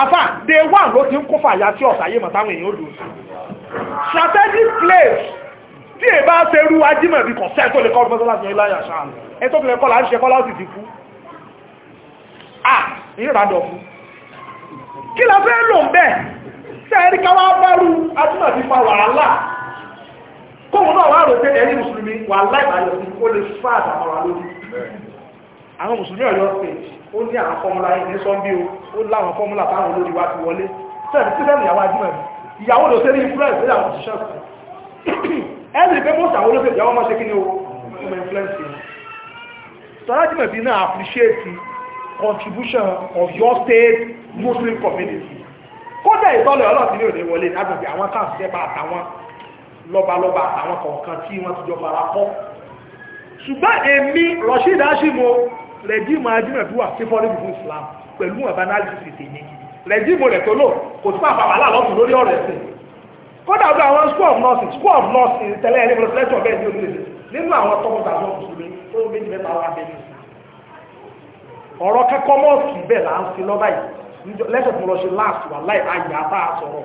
àfà day one ló ti ń kún fàyà tí ọ̀sà yé mọ̀táwọn èèyàn odò strategic place tí ẹ bá ṣe rú ajímọ̀ bí kò sẹ́ tó lè kọ́ mọ́sálásí yẹn láyà ṣáà ẹ tó fi lè kọ́ ah ìrìnàdọ̀ fún kí la fẹ́ lò ẹ̀rí káwá bẹ́rù atúmọ̀ ti fa wàhálà kóhun náà wà rò pé ẹ̀rí mùsùlùmí wà láìbàyọ̀ sí ó lè fà àtàwọn alójú àwọn mùsùlùmí ọ̀yọ́ stage ó ní àwọn fọ́múlà ní sọ́ńbí o ó láwọn fọ́múlà táwọn olórí wa ti wọlé sẹ́ẹ̀dì tí sẹ́ẹ̀dì ìyàwó ajímọ̀ ìyàwó ló sẹ́rí influence lórí àwọn òṣìṣẹ́ ẹ̀rì pé mọ́sí àwọn olóṣèlú ìyàwó máa ṣe kí ni o ọmọ influence ni sọ́rájìmọ̀ bí náà appreciate contribution of your state Muslim community kódà ìtọ́lẹ̀ ọlọ́ọ̀tí ní òde wọlé lágbègbè àwọn káàsìtẹ́pà àtàwọn lọ́balọ́ba àtàwọn kọ̀ọ̀kan tí wọ́n ti jọ fara kọ́ ṣùgbọ́n èmi Rashid Ashimo rẹ̀jíìmù adínàdúwà sí fọ́lẹ́bù fún Islam pẹ̀lú ọ̀bá analysis èmi rẹ̀jíìmù rẹ̀ tó lò kò sí àpapà láàlọ́tún lórí ọ̀rọ̀ ẹ̀sìn kódà ọ̀dọ̀ àwọn school of nursing school of nursing tẹ́lẹ̀ ẹni mọ̀ lẹ́tọ̀ bẹ́ẹ̀ ní orílẹ̀ nínú àwọn tọ́kọ̀tà àwọn mùsùlùmí tó méjì mẹ́ta wà bẹ́ẹ̀ ọ̀rọ̀ kẹ́kọ́ mọ́ọ̀sì bẹ́ẹ̀ là ń fi lọ́ báyìí lẹ́sẹ̀ tó lọ ṣe láàsì wà láì ayé àbá sọ̀rọ̀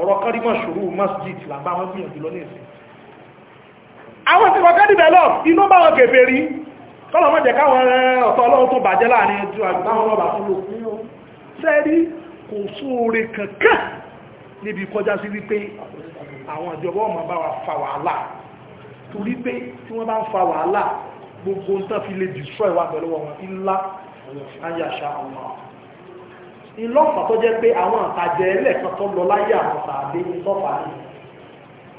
ọ̀rọ̀ kọ́rímọ̀ ṣòro masjid làbá wọn gbìyànjú lọ ní ìsìn àwọn tí wọ́n kẹ́ dìbẹ̀ lọ inú bá wọn kèfè rí kọ́lọ̀ mọ́ jẹ́ káwọn ọ̀tọ̀ ọlọ́run tó bàjẹ́ láàrin ju àgbáwọn ọba tó lò sẹ́rí kò sóore kankan níbi kọjá sí wípé àwọn ìjọba ọmọ bá wa fa wàhálà torí pé tí wọ́n bá ń fa wàhálà gbogbo ń tán fi lè destroy wa pẹ̀lú wọn ńlá ayàṣà àwọn ìlọ́pàá tó jẹ́ pé àwọn àtàjẹ ẹlẹ́kan tó lọ láyé àwọn sàádé ní sọ́fà ní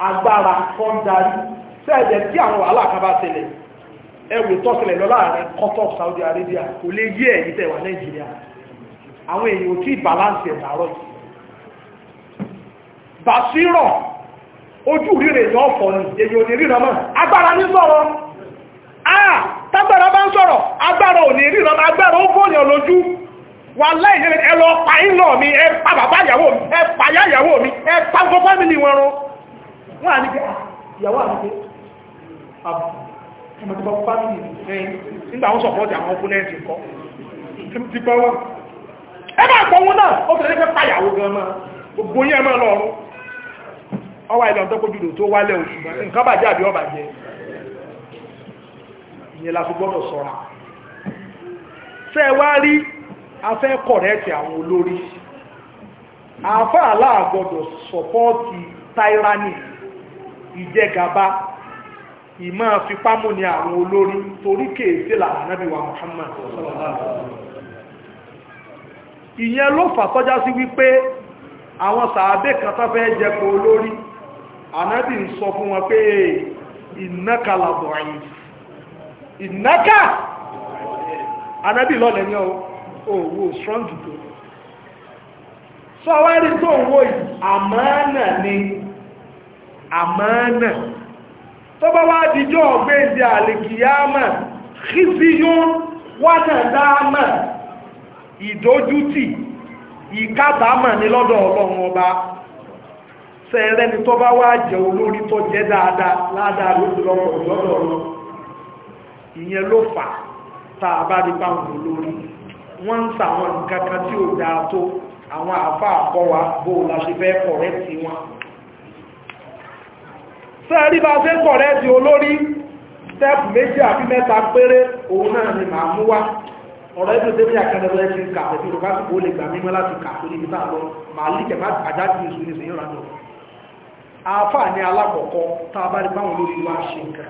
agbára darí sẹ́ẹ̀jẹ̀ tí àwọn wàhálà kan bá Saudi Arabia kò lè yí ẹ̀yí tẹ̀wà Nàìjíríà àwọn èèyàn tí balance ẹ̀dàrọ̀ yìí ojú ríre ọ̀fọ̀ ni òní ríran mọ́ agbára ah, ní sọ̀rọ̀ wà láìsẹ̀lẹ̀ ẹ lọ pa ịlọ mi ẹ pa bàbá ìyàwó mi ẹ pa ya ìyàwó mi ẹ pa gbogbo fámìlì wọn rún wọ́n à ní pé ah, ìyàwó àti pé ẹ̀yìn nígbà wọ́n sọ̀pọ̀ àwọn ti pẹ́ wọn rí a fẹ́ kọ̀rẹ́tì àwọn olórí àáfà taịranị ije gaba i ìmọ̀ fipámú ni àwọn olórí torí kèèsí làwọn anábìwà Muhammad ìyẹn ló fàtọ́já sí wípé àwọn sàábé kan tó fẹ́ olórí ń sọ fún wọn pé ìnáka làbọ̀ àyè ìnáka anábì lọ́lẹ̀ ní ọ̀hún òwò strong tó sọwárí tó ń wò yìí àmánà ni àmánà tó bá wá dìjọ́ ọ̀gbẹ́ndì àlìkìyàmà kìsíyún wátàdámà ìdójútì ìkábàámà ní lọ́dọ̀ ọlọ́run ọba sẹ́ẹ̀rẹ́ ni tó bá wá jẹ́ olórí tó jẹ́ dáadáa ládàá lóṣù lọ́pọ̀ lọ́dọ̀ ọlọ́run ìyẹn ló fà tá a bá wọ́n ń sa àwọn nǹkan kan tí ò dáa tó àwọn àfá àkọwà bó la ṣe fẹ́ kọ̀rẹ́tì wọn sẹ́ẹ̀rí bá fẹ́ kọ̀rẹ́tì olórí stẹ́ẹ̀pù méjì àbí mẹ́ta péré òun náà ni màá mú wá ọ̀rọ̀ ẹ̀dùn tẹ́bí àkẹ́lẹ́lẹ́ ti ń kà pẹ̀lú ìrọ̀bá tó lè gbà mímọ́ láti kà tó níbi tá lọ màá líkẹ̀ má àjáde ìṣú ní ìṣẹ́yìn ránà àáfà ní alákọ̀ọ́kọ́ tá a bá rí báwọn olórí wá ṣe nǹkan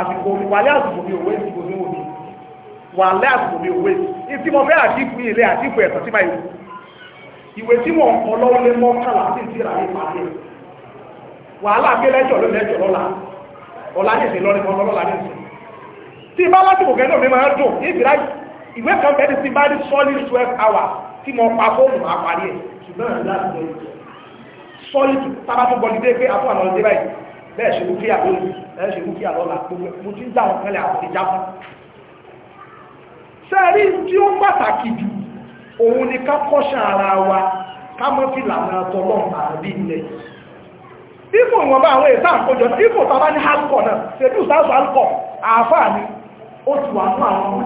àsìkò wàlẹ́ àsìkò mi òwe ìsìkò ní òní wàlẹ́ àsìkò mi òwe ìtí mo fẹ́ àdínkù ilé àdínkù ẹ̀sán tí máa yẹ ìwé tí mo kọ lọ́wọ́ lé mọ́kànlá sí ti rà ní ìpàdé wàhálà gbé lẹ́jọ́ ló lẹ́jọ́ lọ́la ọ̀la ní ìsìn lọ́rin kan lọ́la ní ìsìn tí bá lásìkò kẹ́ńdọ̀ mi máa dùn ìgbìlá ìwé kan bẹ́ẹ̀ ti bá ní solid twelve hours tí mo pa fóònù máa parí bẹ́ẹ̀ ṣe mú kíyà lónìí bẹ́ẹ̀ ṣe mú kíyà lọ́la mo ti ń dá àwọn kẹlẹ̀ àwọn ìjà fún. sẹ́ẹ̀rí tí ó pàtàkì jù òun ni ká kọ́ṣà ara wa ká mọ́ tọlọ́mà àbí ilẹ̀ ipò àwọn àkójọ ipò tàbá ní náà àáfàá ni ó ti wà fún àwọn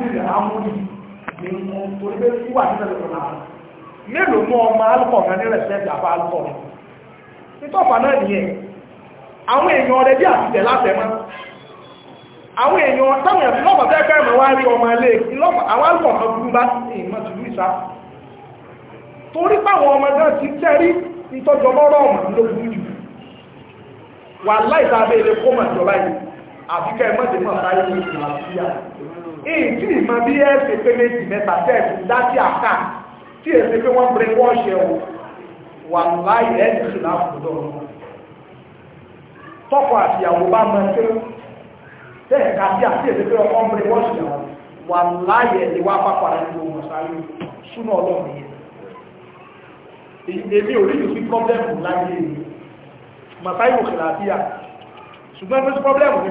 ní àwọn èèyàn rẹ̀ bí àtìtẹ̀ látẹ̀mọ́ àwọn èèyàn táwọn èèyàn lọ́pàá tẹ́ fẹ́ mọ̀ wá rí ọmọ ilé àwọn alùpọ̀ kan gúrú bá sí ìmọ̀ tìlú ìsá torí páwọn ọmọ náà ti tẹ́rí ìtọ́jọ lọ́rọ̀ ọmọ ló burú jù wà láìta abẹ́ ilé kó mọ̀ ìjọba yìí àfikẹ́ mọ́tẹ́ mọ̀ sáyé ní ìlú àbíyá èyí tí ìmọ̀ bí ẹ ṣe pé méjì tọ́kọ àtìyàwó bá mọ́ ṣe tẹ́ẹ̀ kàbí àti èdè pé ọkọ̀ mẹ́rẹ wọ́n sì yàwó wà láyẹ̀ lè wá pápára ní ohun ọ̀sáré súnà ọlọ́run yẹn èmi ò rí ìsí pọ́blẹ́mù láyé èyí màtáì òkèlà àti à ṣùgbọ́n ní pọ́blẹ́mù ní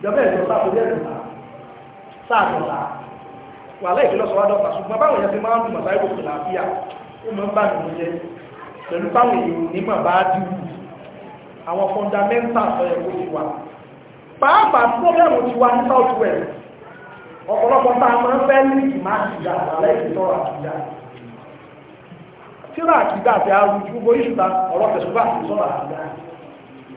ìjọba ẹ̀jọ́ sáà tó jẹ́ ìjọba sáà tó ta wà láì fílọ́sọ wá dọ́ta ṣùgbọ́n báwọn èèyàn ti máa ń dùn màbá ìgbòkè làáfíà ó máa ń bà nínú jẹ pẹ̀lú báwọn èèyàn ní màbá dìbò àwọn fọ́ndámẹ́ntà sọ yẹ kó ti wà pàápàá pọ́blẹ́mù ti wà ní south west ọ̀pọ̀lọpọ̀ tá a máa ń fẹ́ ní ìmá àkìdá àlẹ́ ìtọ́rọ̀ àkìdá tíra àkìdá àti arúgbó ìṣùta ọ̀rọ̀ tẹ̀sùbà àti sọ́rọ̀ àkìdá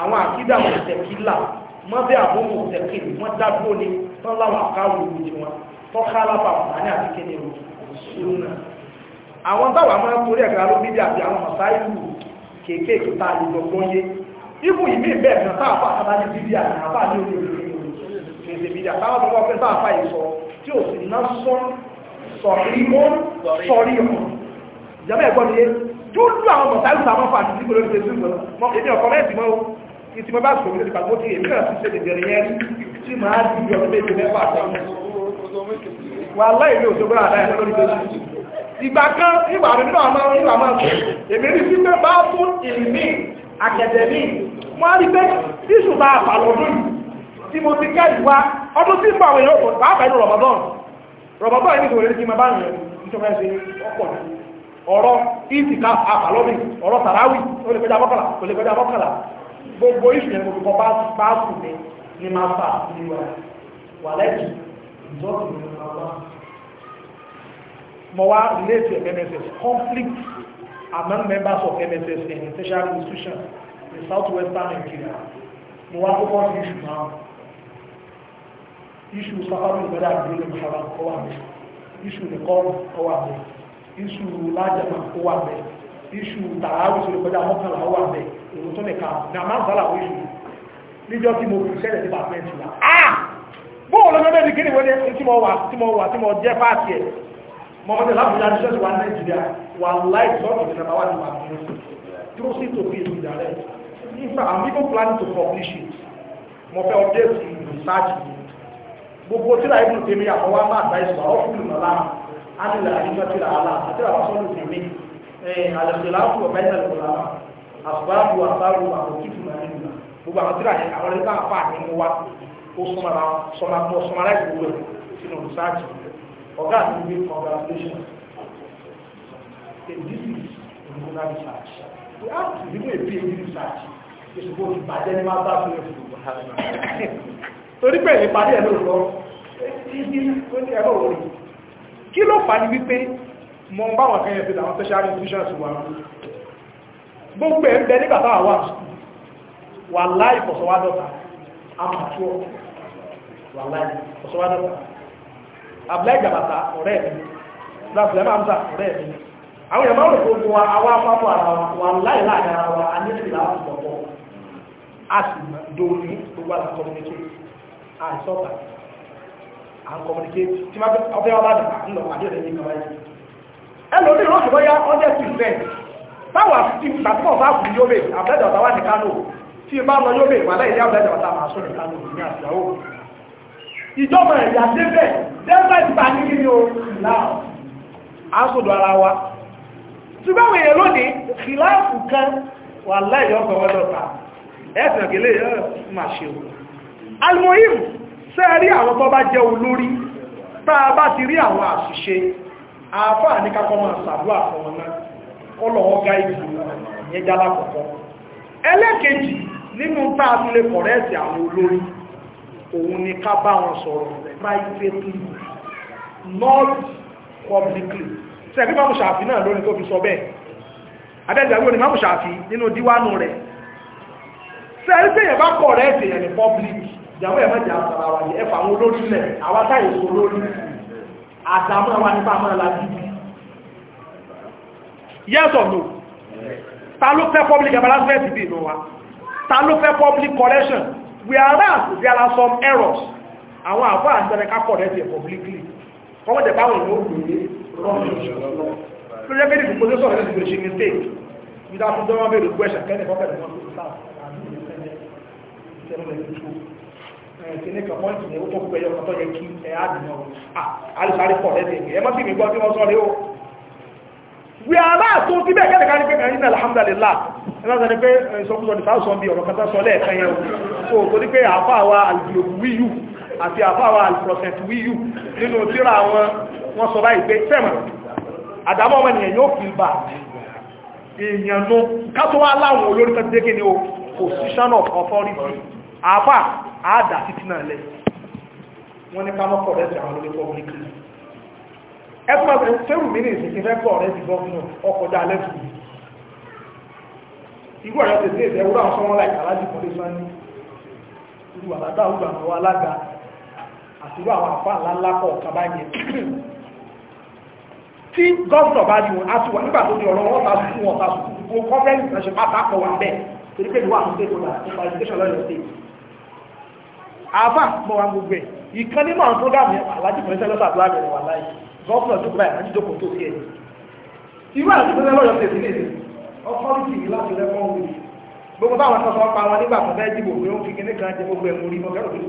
àwọn àkídà wọn tẹ̀kílà mọ́ bí àbúrò tẹ̀kílì wọ́n dágbó ni tán láwọn àkáwò ìlú ti wọn tọ́ká lápá àmàlẹ́ àti kéde òṣùnà àwọn táwà máa ń torí ẹ̀ka ló bídí àti àwọn mọ̀sáìlù kéékèèké tá a lè lọ gbọ́yé ibù ìmí bẹ́ẹ̀ kan tá a fà sábà ní bídí àti àbá ní orí orí orí bídí àtàwọn tó wọ́n a fà ìsọ tí ò sì ná sọ́n sọ̀rí mọ́ sọ̀rí ọ̀ ìjọba ẹ̀gbọ́n ni yé tó lù àwọn mọ̀sáìlù táwọn fà ìtì mo bá sọ̀rọ̀ lórí pàtó tí èmi náà ti ṣe dèjì ẹ̀yẹ rí tí màá di ìjọ tó méje mẹ́fà àtàwọn wà láì ní òṣogbo àdáyé lórí lórí ìgbà kan ìwà rẹ̀ nínú àmọ́ ìwà máa sọ èmi rí sí pé bá fún ìlmí àkẹ́dẹ̀mí wọ́n á rí pé tíṣù bá àpà lọ́dún tí mo ti kẹ́ ìwá ọdún tí ń bọ̀ àwọn èèyàn kò bá bẹ̀rù rọ̀bọ̀bọ̀n rọ̀bọ̀bọ̀n yìí nítorí kí ọ̀rọ̀ ìsìnká àpàlọ́bì ọ̀rọ̀ sàráwì ó mọ́kànlá gbogbo ìṣẹ̀lẹ̀ mo kọ páàsù mi ní máa fà sí wa wà lẹ́jì ìjọ́sìn ní máa wá mo wá relate to MSS conflict among members of MSS and essential institutions in southwestern Nigeria mo wá kókó sí issue náà issue safari ìgbẹ́dà ìgbẹ́lẹ̀ mọ̀ṣálá ó wà issue nìkan ó wà bẹ́ẹ̀ issue lájàmá ó wà bẹ́ẹ̀ issue tààrà ìṣòro ìgbẹ́dà mọ́kànlá ó wà bẹ́ẹ̀ èwo tó lè ka na máa ń sálà wọ́n yìí níjọ́ tí mo fi sẹ́lẹ̀ tí bá fẹ́ ti wà á bóò lọ́nà mẹ́rin kí ni wọ́n ní tí mo wà tí mo wà tí jẹ́ páàkì ẹ̀ mo mọ̀ tẹ́lá fún yàrá wa nàìjíríà wà láì sọ́ọ̀tù ìjọba wà ní wàhálà through sí to be with direct in fact i'm even planning to publish it mo fẹ́ update research gbogbo tí ra ibùdó tèmi àfọwọ́ máa gba ìṣòwò àwọn fúlù nàlá ánìlà àdìjọ́ tí ra àlà àti àwọn sọ́ọ̀tù tèmi àlẹ́sẹ̀ láàbù ọ̀bẹ́ni àlẹ́ àbábù àbábù àwọn òtútù náà nínú gbogbo àwọn tíra yẹn àwọn ẹgbẹ́ àfa àti mú wa ó súnmọ́ra sọmọ mọ́ sọmọ aláìsí gbogbo ẹ̀ sínú rìsáàjì ọ̀gá àti ìwé congratulations this is internal research we have to do a PhD research ìṣòro ìbàjẹ́ ní máa bá fún ẹ̀ torí pé ìpàdé ẹ̀ lóòótọ́ ẹ̀rọ òòrùn kí ló fà ní wípé mọ̀ ń báwọn kẹ́yẹ̀ fi àwọn special institutions wà gbogbo ẹ̀ ń bẹ nígbàtà àwà wà láì pọ̀sọ̀wádọ́ta àmàtúọ̀ wà láì pọ̀sọ̀wádọ́ta àbúlẹ́gbàbàtà ọ̀rẹ́ mi láfilẹ́mà ń sà ọ̀rẹ́ mi àwọn èèyàn máa ń rò fún wa àwọn apapọ̀ ara wa wà láì láàrin ara wa a ní ìlà àpọ̀pọ̀ a communicate àìsọ́ta à communicate tí máa fẹ́ ọbẹ̀ ọbàdàn elu lọ àdéhùn ẹ̀yìn báwa tí ìgbàtíkọ̀ bá kù yóbe àbẹ́dẹ̀ ọ̀tà wà ní kánò tí bá lọ yóbe wà láì ilé àbẹ́dẹ̀ ọ̀tà máa sọ ní kánò ní àtìyàwó ìjọba ẹ̀yà débẹ̀ débẹ̀ ti bá ní kí ni o láà á sọ̀dọ̀ ara wa tí báwọn èèyàn lónìí kìláàfù kan wà láì ọkọ̀ ọ̀dọ̀ta ẹ̀sìn òkèlè yóò máa ṣe o almohim sẹ́ẹ̀rí àwọn tó bá jẹ́ olórí tá a bá ti rí àwọn àṣìṣe àáfàá ní kakọ́ máa ṣàdúrà fún kọ́lọ̀wọ́ gáìdì yẹn jálá kọ̀kọ́ ẹlẹ́kejì nínú táàtúlé kọ̀rẹ́ẹ̀tì àwọn olórí òun ni ká bá wọn sọ̀rọ̀ privately not publicly sẹ́ẹ̀bí máa mú ṣàfi náà lórí tó fi sọ bẹ́ẹ̀ adẹ́gbẹ̀rún ni máa mú ṣàfi nínú díwánú rẹ̀ sẹ́ẹ̀rí tẹ́yẹ̀ bá kọ̀rẹ́ẹ̀tì yẹn ní public ìyàwó ẹ̀ mẹ́jẹ̀ àtàrà wà ní ẹfà àwọn olórí lẹ̀ àwọn táyẹ̀ sọ lórí àtàmọ́ wa nípa máa la bíbí yes or no ta ló fẹ́ public embarrassment bí inú wa ta ló fẹ́ public correction We are whereas there are some errors àwọn àfọ́ àjẹ́rẹ́ká correct here publicly wọ́n e. jẹ́ báwọn ìlú òkúrò rọ́ọ̀lọ́ọ̀lọ́ lójẹ́ bí i position rẹ̀ ti ṣe mistake without fún jọmọ́ bèèrè question kẹ́ni kọ́kẹ́ lọ́wọ́ tó sáà àbí ìrẹsẹ̀ ìṣẹ́lẹ̀ ìṣẹ́lẹ̀ kìíní kan pọ́ǹtì ní ó tó kú ẹyọ kan tó yẹ kí ẹ á dìnnà àlùsáré pọ̀ lẹ́sẹ̀ ẹ mọ́ sí mi gbọ́ tí wọ́n sọ rí ó we are not tó kí bẹ́ẹ̀ kẹ́ẹ̀kẹ́ ní pé ní alhamdulillah ẹlọ́sẹ̀ ni pé ìṣọ́kúsọ ní fáwọn bí ọ̀rọ̀ kẹta sọ lẹ́ẹ̀kan yẹn o tó ní pé àfáàwà alìbìlòwíyù àti àfáàwà alìprọ̀sẹ̀tìwíyù nínú tíra wọn wọ́n sọ báyìí pé fẹ́mọ̀ àdámọ́ ọmọ ènìyàn yóò fi bà èèyàn nú kátó wá láwọn olórí tẹ́tẹ́kẹ́ ni o position of authority àfà àádà títí náà lẹ wọ́n ní ká mọ́kọ̀ rẹ̀ sí àwọn olórí publicly ẹ̀fọ́ fẹ́rù mi ní ìsìnkí fẹ́kọ̀ rẹ̀ ti gọ́ọ̀nù ọkọ̀ dá lẹ́tù ìgbò ẹ̀rọ tètè ìdẹ̀wúrà ọ̀sán láì aláàjì kọ́lé sọ́ní irú àbádá ògbà àwọn alága àti irú àwọn àfáà ńláńlá pọ̀ kaba yẹn tí gọ́ọ̀nù bá di wọn àti wà nígbà tó di ọ̀rọ̀ wọn ta sùn wọn ta sùn gbogbo kọ́fẹ́ǹsì náà ṣe pátákọ̀ wà bẹ́ẹ̀ torí pé ìwà àtúndé kọ́lá nípa education lọ́yọ̀ state àfáà mọ̀ wá gbogbo ẹ̀ ìkan nínú àwọn program yẹn aláàjì kọ́lé sọ́ní lọ́sà gọ́ọ̀nà tó kọ́ báyìí àti ìjókòó tó tiẹ̀ irú àtúntẹ́ lọ́yọ̀ tẹ̀sí lè ọkọ̀lùkì yìí láti lẹ́kọ̀ọ́ wù gbogbo báwọn tó sọ pa wọn nígbà tó fẹ́ dìbò pé ó fi kíní kan jẹ gbogbo ẹ̀mú rí mọ́kẹ́rọ̀ pé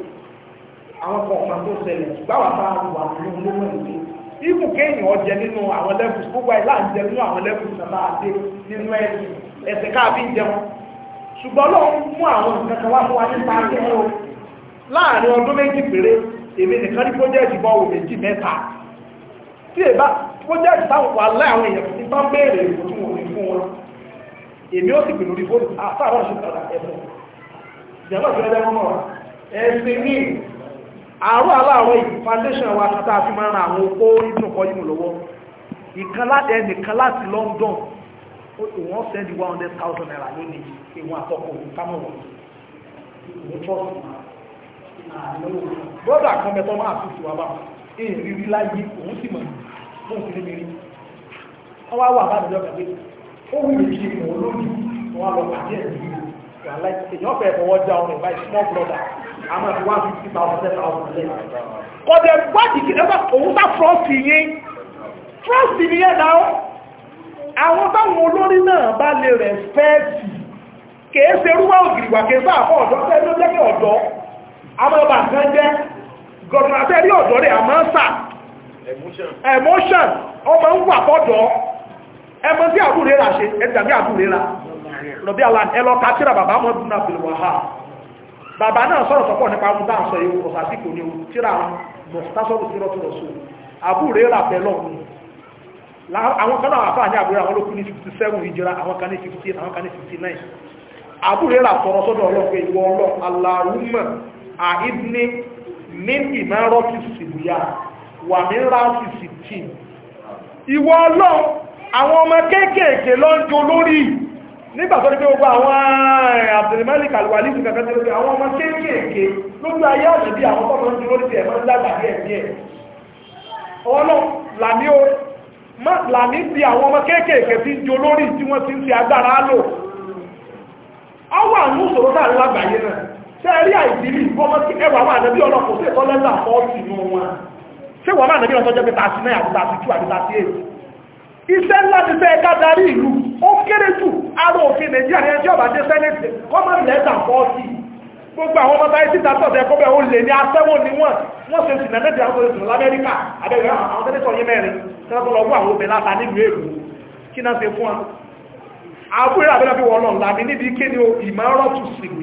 àwọn kan ọ̀pá tó ṣẹlẹ̀ báwa bá wà nínú olówó ẹ̀mú ibù kéèyàn ọjẹ nínú àwọn lẹ́kùn gbogbo ẹ̀ láà ń jẹ nínú àwọn lẹ́kùn sábà àti nínú ẹ̀sìn ẹ̀sìn káàbí ń jẹun ṣùgbọ́n lọ́wọ́ mú àwọn nǹkan kan wá fún wa nípa akẹ́kọ̀ọ́ láàrin ọdún méjì péré èmi nìkan ní pọ́jẹ́ẹ̀tì bọ́ọ̀wù méjì mẹ́ta tí èbá project táwọn wà láì àwọn èèyàn ti bá béèrè ìbò tí wọn ò ní fún wọn èmi ó sì pè lórí fóònù àfáàrọ̀ ṣe padà ẹ̀bùn ìjọba ìjọba ẹgbẹ́ mọ́ ẹ̀sìn ní àárọ̀ aláàrọ̀ yìí foundation wa kátà fi máa ra àwọn opó inú kọ́ yìí lọ́wọ́ ìkan láti ẹnìkan láti London ó sì wọ́n sẹ́ndì one hundred thousand naira lónìí ìwọ̀n àtọ́kọ̀ òkúkámọ̀wọ̀ ìwọ̀n tọ́sí brọ́dà kan mẹ́tọ́ máa fi sí wa báwọn èèrí rí láyé òun sì mọ̀ fún òfin mi rí wọ́n wá wà bá mi lọ́gbàgbé ó wù mí ṣe mọ̀ lónìí wọ́n lọ pàdé ẹ̀rí wàhálà èèyàn fẹ́ fọwọ́ já ọ̀rẹ́ báyìí small brother àmọ́ ti one fifty thousand ten thousand lẹ́yìn kọ̀dẹ̀ gbọ́dì kí ẹgbẹ́ òun bá frost yín frost yín náà àwọn táwọn olórí náà bá lè respect kèése rúwá ògìrìwà kèése àpọ̀ ọ̀dọ́ tẹ́lú jẹ́ ọ̀dọ́ àmọ́ ọba nǹkan jẹ́ gọ̀dọ̀nà àtẹ́rí ọ̀dọ́ rẹ̀ àmọ́ sà emotion ọmọ ń wà bọ́dọ̀ ẹmọ tí àbúrẹ́ rà ṣe ẹgbàmí àbúrẹ́ rà lọ́bí alan ẹlọ́ka tíra bàbá mọ́ dún náà pẹ̀lú wàhá bàbá náà sọ̀rọ̀ sọ́pọ̀ nípa ọdún dáa sọ ewu ọ̀sásíkò ní tíra mọ̀sításọ́rù tíra tó rọ̀sọ́ àbúrẹ́ rà pẹ̀lọ́ àwọn kan náà àfáà ní àbúrẹ́ àwọn olókùn ní 57 ìjọra àwọn kan ní 58 àwọn kan ní ní ìmọ̀rọ́kì sìbúyà wà ní ráàsì sìtì ìwọ ọlọ́run àwọn ọmọ kéékèèké ló ń jo lórí nígbà tó ní pé gbogbo àwọn eh, Abdulmalik alwali ti kẹfẹ́ tẹ́lẹ̀ àwọn ọmọ kéékèèké lójú ayé ọ̀nà bí àwọn tọ́mọ ń jo lórí ti ẹ̀mọ́ ń dàgbà ní ẹ̀mí ẹ̀ ọlọ́run làmí o làmí ti àwọn ọmọ kéékèèké ti ń jo lórí tí wọ́n ti ń ti agbára lò ọwọ́ àwọn òṣòro táà lágbàáyé náà ṣe rí àìdírí ìfọ́mọ́ sí ẹwà wà nàbí ọlọ́pọ̀ sí ẹ̀tọ́ lẹ́lá fọ́ọ̀tì nù wọn ṣe wà máa nàbí ọjọ́ jẹ́ pẹ̀tà sí náà àti two àti thirty eight iṣẹ́ ńlá ti fẹ́ ká darí ìlú ó kéré jù aró òfin nàìjíríà ẹjọ́ bá dé sẹ́nẹ̀tì kọ́mọ́ lẹ́tà fọ́ọ̀tì gbogbo àwọn ọmọ báyìí títà tọ̀tẹ̀ kọ́ bẹ́ẹ̀ ó lè ní aṣẹ́wó ni wọ́n wọ́n ṣe sì nàìjíríà àwọn ọmọ ìṣòro lamẹ́ríkà àbẹ̀rẹ̀ àwọn tẹ́lẹ̀tọ̀ yé mẹ́rin tẹ́lẹ̀tọ̀ lọ wọ́n àwọn obìnrin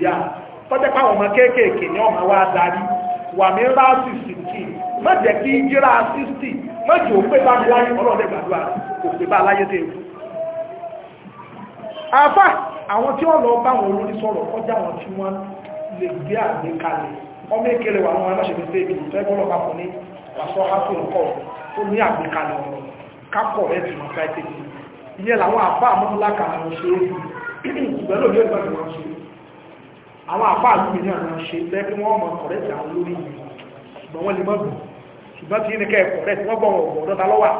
láta tọ́jẹ́ páwọn ọmọ kéékèèké ní ọmọ wa darí wà mí rá sísìtì má jẹ́ kí jíra sísìtì má jẹ́ òpé bá mi láyé ọlọ́dẹ gbàdúrà kò pé bá láyé dé ewu. afá àwọn tí wọ́n lọ bá wọn olórí sọ̀rọ̀ kọjá wọn tí wọ́n lè gbé àgbékalẹ̀ ọmọ ìkẹlẹ̀ wà wọn aláṣẹ fẹ́ ibi ìfẹ́ bọ́lọ̀ bá fún ní wàṣọ hásù ọkọ̀ tó ní àgbékalẹ̀ ọ̀rọ̀ kápọ̀ rẹ̀ tí wọ́n fẹ́ tẹ̀lé ìyẹn làwọn àfá àmọ́tòlákà àwọn ṣe é ìgbẹ́lò yóò gbàgbé ṣe é àwọn àfáà lómi ní àwọn ṣe lẹ́bí wọ́n mọ̀ kọ̀rẹ́tì àwọn lórí yìí ṣùgbọ́n wọ́n lè mọ́ gùn ṣùgbọ́n tí ní kẹ́ kọ̀rẹ́tì wọ́n gbọ́n ọ̀gbọ̀n ọ̀dọ́ta lọ́wà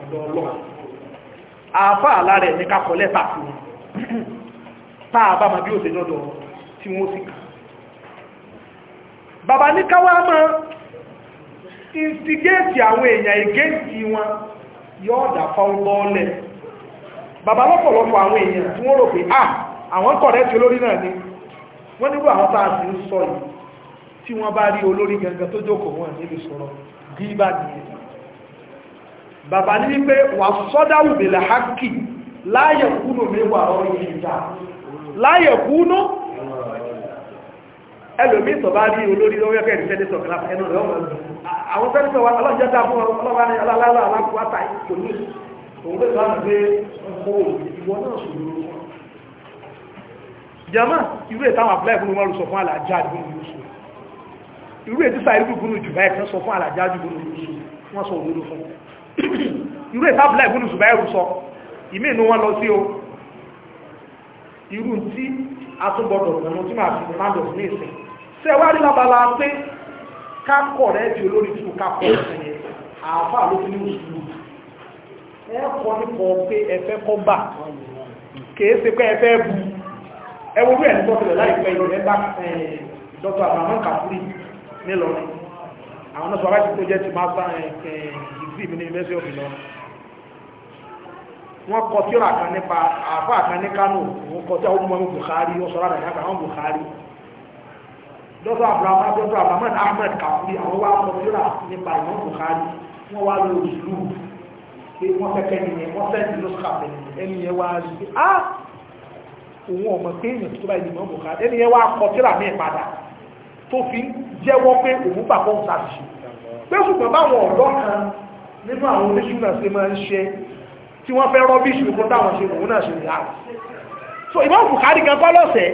ọ̀dọ̀ ọlọ́run àfáà lára ẹ̀ ní ká kọ̀ lẹ́tà sí wọn tá a bá ma bí òṣèlú tí wọ́n sì kà instigate àwọn èèyàn against wọn yóò dà fọ́ńlọ́ọ̀lẹ̀ bàbá lọ́pọ̀lọpọ̀ àwọn èèyàn tí wọ́n rò pé ah àwọn kọ̀rẹ́tì olórí náà ni wọ́n nígbà àwọn tá a sì ń sọ yìí tí wọ́n bá rí olórí gangan tó jókòó wọn nílùú sọ̀rọ̀ gíbà nìyẹn bàbá ní wípé wà sọ́dáwù bèèrè hákì láyẹ̀kúnò mẹ́wàá ọ̀rọ̀ ìjìdá láyẹ̀kúnò ẹlòmí ìtọ̀bá rí olórí lọ́wọ́ ẹ̀kẹ́ ìrìnṣẹ́dẹ́sọ̀ ẹnu rẹ̀ ọ̀rọ̀ àwọn sẹ́lẹ̀sọ̀ wà lọ́jọ́dá fún ọlọ́wọ́ ní aláàlá aláàkúwátà ìkòlú òun pẹ̀lú àwọn ọmọ ìwọ̀n náà sùúrù jama irú ètàwọn àpùlá ìbúnú wọn sọ fún alájá ìbúnú yusuf irú ètìsà ìbúnú jùbá ẹ̀kan sọ fún alájá ìbúnú yusuf wọ́n sọ òdodo fún irú ìtàbílà ìbúnú ṣùgbà ẹrù sọ ìmí inú wọn lọ sí o irú tí a tún gbọdọ̀ ọ̀nà tí máa fi máa lọ ní ìsìn ṣe wá rí lábala pé kákọ̀ rẹ̀ di olórí tí o kákọ̀ ẹ̀sìn yẹn àáfà ló fi ní oṣù ẹ kọ́ nípa pé ẹ fẹ́ kọ́ bà kìí ṣe pé ẹ fẹ́ bu ẹwọ bí ẹni tọ́tẹ̀lẹ̀ láìpẹ́ ìlọ rẹ̀ bá dr abdulhamid kafuri nílọrin àwọn náà sọ aláṣẹ tó jẹ́ ti master degree mi ní university of Ilorin wọ́n kọ tí ọ̀rọ̀ àkan nípa àfáà kan ní Kánò wọ́n kọ tí àwọn ọmọ ọmọ Buhari ọ̀sọ̀ rárá ìyá àwọn Buhari dr abdulhamid dr abdulhamid ahmed kafuri àwọn wá kọ tí ọ̀rọ̀ nípa ìwọ̀n Buhari wọ́n wá lórí ìlú pé wọ́n fẹ́kẹ́ nìyẹn wọ́n fẹ́ẹ́ òun ọmọ pé èèyàn tó bá ìlú mọ́ bùkà ẹni yẹn wá kọ tíra mi padà tó fi ń jẹ́wọ́ pé òun bà bọ́ ṣàṣì pé ṣùgbọ́n báwọn ọ̀dọ́ kan nínú àwọn oníṣúná ṣe máa ń ṣe tí wọ́n fẹ́ rọ́bí ìṣòro táwọn ṣe òun náà ṣe rí àrùn so ìmọ̀ bùkárí kan kọ́ lọ́sẹ̀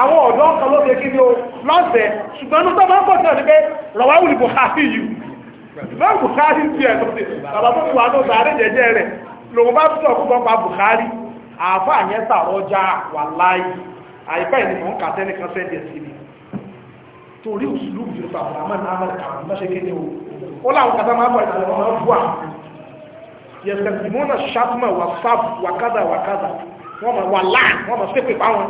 àwọn ọ̀dọ́ kan ló ṣe kí ni ó lọ́sẹ̀ ṣùgbọ́n ní tó máa ń pọ̀ sí ọ̀dọ́ pé rọ̀wáwùlì bùkárí yìí ìmọ̀ bùkárí ti ẹ̀ tó ti bàbá tó ti wà ní ọ̀sán àríjẹjẹ rẹ̀ lòun bá tún ọ̀kúkọ́ pa bùkárí àáfà yẹn sàrọ́jà wà láì àìpẹ́ ìní ń kà tẹ́lẹ̀ kan sí ni torí òṣìlú ìjọ sàbùrámà ní amẹ́ríkà mẹ́ṣẹ́ kéde o ó láwọn kata máa bọ̀ ìtàlẹ̀ ọmọ bua yẹ̀sẹ̀sìmọ́nà sàtúmọ̀ wà sáàbù wà kádà wà kádà wọ́n mọ̀ wà láà wọ́n mọ̀ sépè páwọn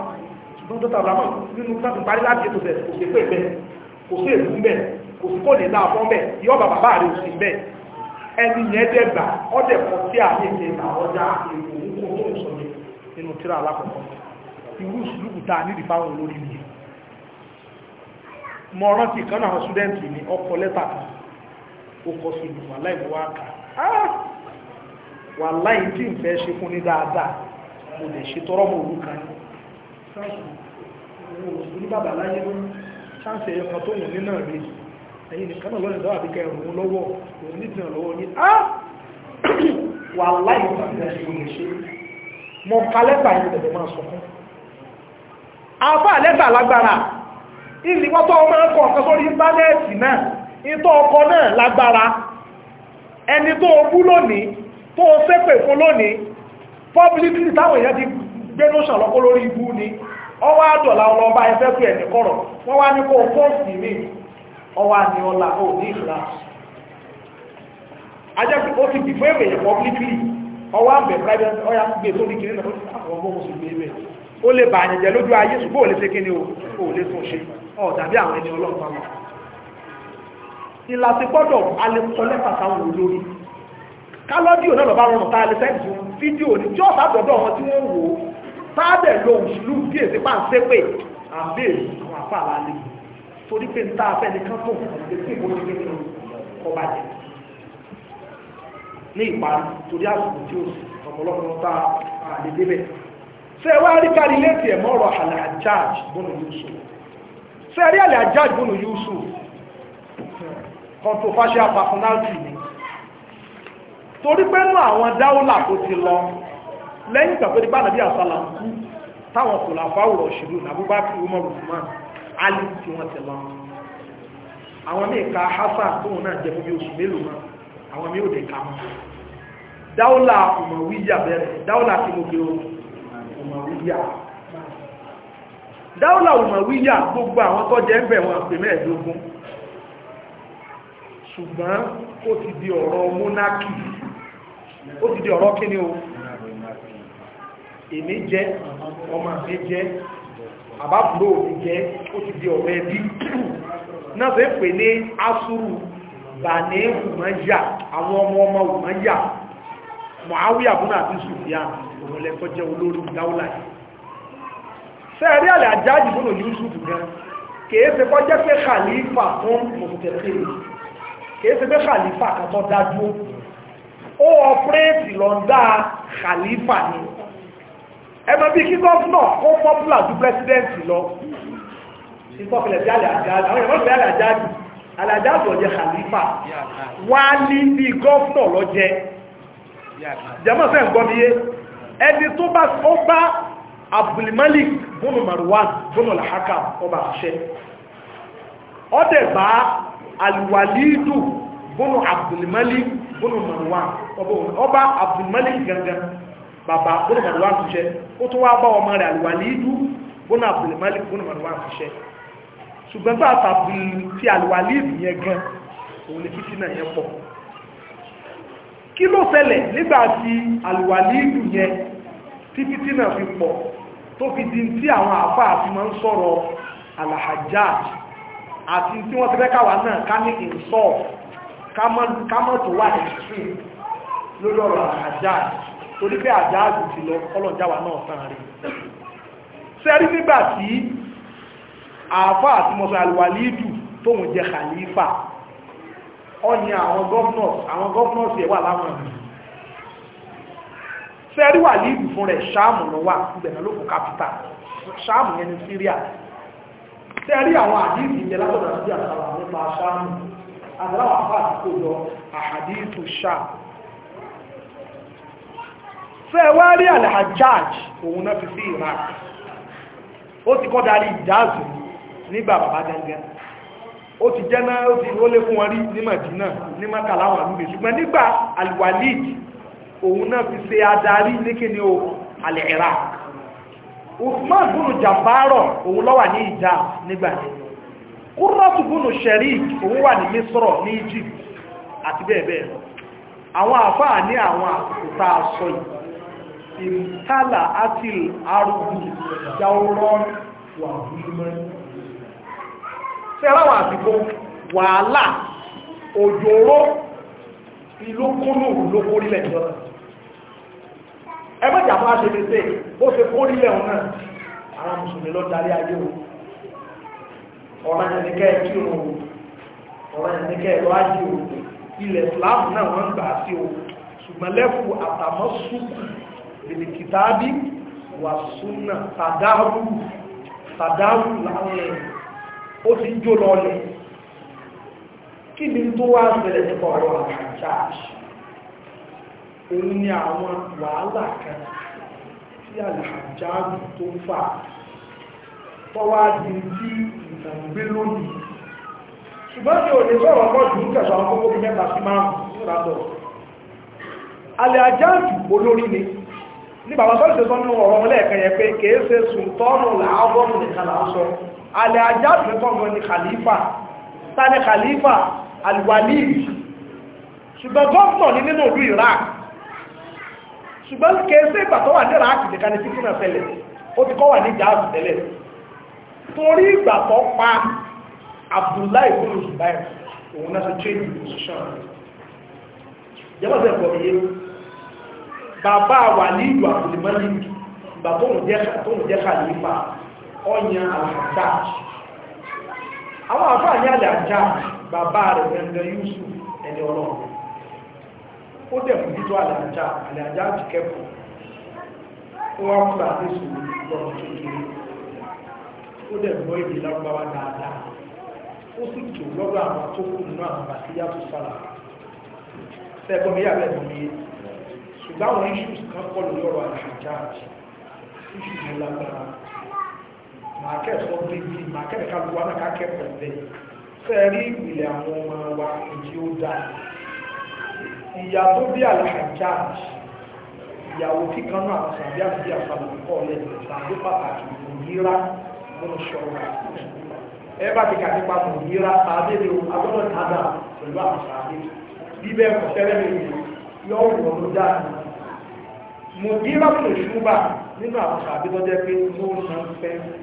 ṣùgbọ́n tó sàbùrámà nínú sáàbù parí láti ètò bẹ̀ kò nínú tíra alákọ̀ọ́kọ́ irú ìsìlúkù tá a nídìí fáwọn olórí mi mọ rántí kan náà ṣúdẹ́ǹtì ní ọkọ̀ lẹ́tà ó sí ìlú wàláì wá kà á ah! wàláì tí ń fẹ́ ṣe fún ní dáadáa mo lè ṣe tọrọ mọ òru kan mo ka lẹ́tà yìí tẹ̀lẹ̀ máa sọ fún afá lẹ́tà lágbára ìlú wọ́n tó ọmọ ẹ̀kọ́ ọ̀kan sórí íńtánẹ́ẹ̀tì náà ìtọ́ ọkọ náà lágbára ẹni tó bú lónìí tó ṣépè fún lónìí publicly táwọn èèyàn ti gbé lóṣàn lọ́kọ́ lórí ibú ni ọwọ́ àdọ̀lá ọlọ́ọba ẹfẹ́ pé ẹ̀mí kọ̀rọ̀ wọ́n wá ní kó fọ́ọ̀sì mi ọwọ́ àní ọlá ò ní ìlà ajẹ́ pé ó ti dìbò èèyàn ọwọ́ àbẹ̀ private ọya gbé sórí kiri náà àwọn ọmọ oṣù gbé ibẹ̀ ó lè bà àyẹ̀jẹ̀ lójú ayé ṣùgbọ́n ò lè ṣe kíni o lè tún ṣe ọ̀ tàbí àwọn ẹni ọlọ́run pa wọn. ìlà ti gbọ́dọ̀ alẹ́ kọ́lẹ́tà sáwọn olórí kálọ́díò náà lọ́ba rọrùn tá a lè sẹ́ǹtì fídíò ní jọ́ sábọ̀dọ̀ wọn tí wọ́n wò ó sáàbẹ̀ lo òṣìlú bí èsì pa ń sé pé àbẹ́ àwọn àfàlà lè torí pé ń tá a fẹ́ ní kápọ̀ àti pé kò ní kí ọba jẹ́ ní ìparí torí àsìkò tí ó sì ọ̀pọ̀lọpọ̀ tá a lè débẹ̀ ṣe wá rí kárí létí ẹ̀mọ́ ọ̀rọ̀ Al-Hajjaj bọ́nù Yusuf ṣe rí Al-Hajjaj bọ́nù Yusuf controversial personality ni torí pé nú àwọn dáúlà tó ti lọ lẹ́yìn ìgbà di bánàbí àsálà ń kú táwọn kò láfáwò rọ̀ṣìlú nàbúbákì Umar Usman Ali tí wọ́n ti lọ àwọn ní ìka Hasan tóun náà jẹ́ fún bí oṣù mélòó náà àwọn mi ò dẹ̀ ká mọ́ dáúlà ọmọwíyà bẹ̀rẹ̀ dáúlà tí mo gbèrò ọmọwíyà dáúlà ọmọwíyà gbogbo àwọn tó jẹ́ bẹ̀ wọn pè mẹ́ẹ̀dógún ṣùgbọ́n ó ti di ọ̀rọ̀ mónákì ó ti di ọ̀rọ̀ kíní o èmi jẹ́ ọmọ mi jẹ́ àbábúrò mi jẹ́ ó ti di ọ̀rọ̀ ẹbí náà fẹ́ pè ní asúrù bàní ùmọ̀yà àwọn ọmọ ọmọ ùmọ̀yà mọ̀háwí àbúnà àti sùfíà òun lẹ́kọ́ jẹ́ olórí dáúlà yìí sẹ́ẹ̀rí àlẹ́ àjájì bọ́nà Yusuf gan kìí ṣe kọ́ jẹ́ pé khalifa fún mọ̀tẹ̀kìrì kìí ṣe pé khalifa kàtọ́ dájú ó ọpẹ́ẹ̀tì lọ́ndà khalifa ni ẹmọ bí kí gọ́ọ̀nà kó pọ́pùlà ju pẹ́sidẹ́ǹtì lọ ìtọ́kìlẹ̀ sí àlẹ́ àjájì alájà àgbọ̀ jẹ́ khalifa wálí bí gọ́fúnà lọ jẹ́ jẹ́mọ́ fẹ́ gbọ́ mi yé ẹni tó bá ó bá abdulmalik bùnú marwan bùnú làhákà ọba àṣẹ ọdẹ̀ bá alwalidu bùnú abdulmalik bùnú marwan ọba abdulmalik gangan bàbá bùnú marwan ti ṣe ó tó wá bá ọmọ rẹ̀ alwalidu bùnú abdulmalik bùnú marwan ti ṣe ṣùgbọ́n bá àtàbí ti àlùwàlíìbì yẹn gan òun ni fìtínà yẹn pọ̀ kí ló ṣẹlẹ̀ nígbà tí àlùwàlíìbì yẹn tí fìtínà fi pọ̀ tó fi di tí àwọn àfà àti máa ń sọ̀rọ̀ alahajjaj àti tí wọ́n ti fẹ́ káwà náà ká ní ìsọ̀ àfá àti mọ́sán alwalidu tóun jẹ khalifa ọ̀nì àwọn governors àwọn governors yẹ wà láwọn ìlú sẹ́rí wàlídù fún rẹ̀ ṣáàmù lọ wà ìbẹ̀rẹ̀ lókùn kápítà ṣáàmù yẹn ní Syria sẹ́rí àwọn àdíìsì yẹ látọ̀dọ̀ àti àtàwà nípa ṣáàmù àtàwà àfá àti kò lọ àhàdíìsù ṣáàmù fẹ́ wá rí alhajjaj òun náà fi sí iraq ó ti kọ́ darí ìjáàzù nígbà bàbá gẹ́gẹ́ ó ti jẹ́ náà ó ti ó lé fún wọn rí ní Mádínà ní Mákà láwọn ṣùgbọ́n nígbà alwalid òun náà fi ṣe adarí ní ni o alẹ́ Iraq Usman bùnú jàmbárọ̀ òun lọ́wà ní ìjà nígbà yẹn Qurratu bùnú Sharik òun wà ní Misrọ̀ ní Egypt àti bẹ́ẹ̀ bẹ́ẹ̀ lọ sẹ́ráwà àsìkò wàhálà òjòrò ìlókúnù lókórílẹ̀ ìjọba ẹgbẹ́jà máa ṣe lè tẹ́ ó ṣe kórílẹ̀ ọ̀nà ara mùsùlùmí lọ darí ayé o ọ̀rọ̀ ẹ̀nìkẹ́ kí o ọ̀rọ̀ ẹ̀nìkẹ́ ẹ̀rọ ayé o ilẹ̀ Islam náà wọ́n ń gbà sí o ṣùgbọ́n lẹ́fù àtàmọ́ sùkù lèlè kìtàbí wà súnà tàdáwù tàdáwù láwọn ẹ̀yìn ó ti ń jó lọlẹ̀ kí ni tó wá bẹ̀rẹ̀ nípa ọ̀rọ̀ àjáàṣì òun ni àwọn wàhálà kan tí àjáàṣì tó ń fà tọ́wádìí tí ìtàgbé lónìí ṣùgbọ́n tí ò lè sọ̀rọ̀ pọ̀ jù ń kẹsọ̀ àwọn kókó bí mẹ́ta sí márùn-ún ní ìrànlọ́ alẹ́ àjáàṣì olórí ni ní bàbá sọ́lẹ̀ sọ́nà ọ̀rọ̀ ọlẹ́ẹ̀kan yẹ pé kèése sùn tọ́nù làágọ́nù nìkan làásọ alẹ́ ajá pẹ̀kọ̀ọ̀gọ́ ni khalifa tani khalifa alwalid ṣùgbọ́n gọ́ọ̀nà ní nínú ìlú iraq ṣùgbọ́n kèése ìgbà tó wà ní iraq nìkan ni títí náà fẹ́lẹ̀ ó ti kọ́ wà ní jáàbù tẹ́lẹ̀ torí ìgbà tó pa abdullahi ibn zubair òun náà ṣe change position jẹ́mọ́sẹ̀ pọ̀ iye bàbá wà ní ìlú ọ̀yàn àjà àwọn àfáà ní àlẹ́ àjà bàbá rẹ̀ gẹ́gẹ́ yusuf ẹni ọlọ́run ó dẹ̀ fún títọ́ àlẹ́ àjà àlẹ́ àjà ti kẹ́kọ̀ọ́ ó wá fún àti sùn lọ́rọ̀ kékeré ó dẹ̀ gbọ́ èdè lágbára dáadáa ó sì tò lọ́rọ̀ àwọn tó kù nínú àwọn àti yàtọ̀ sára sẹ́gbọ́n mi yàgbẹ́ mi yé ṣùgbọ́n àwọn issues kan kọ́ lórí ọ̀rọ̀ àlẹ́ àjà issues lágbára màá kẹ́kọ̀ọ́ bíbí màá kẹ́kọ̀ọ́ kálukú wa náà ká kẹ́kọ̀ọ́ bẹ́ẹ̀ sẹ́ẹ̀rí ìpìlẹ̀ àwọn ọmọ wa èjì ó dáa ìyá tó bí alhajjaj ìyàwó tí kan náà sàbí àti àsàbò pọ̀ lẹ́yìn sàbí pàtàkì òyìnbá lọ́nà ṣọ́ra ẹ bá ti kàdé pa òyìnbá sàbí ni agbọ́dọ̀ tàdà pẹ̀lú àwọn sàbí bíbẹ́ ẹ̀kọ́ sẹ́rẹ́ mi yìí yọ ọ̀rọ̀ ló dá mi mo dí lápò ìṣúbà nínú àwọn sàbí tó jẹ́ pé mo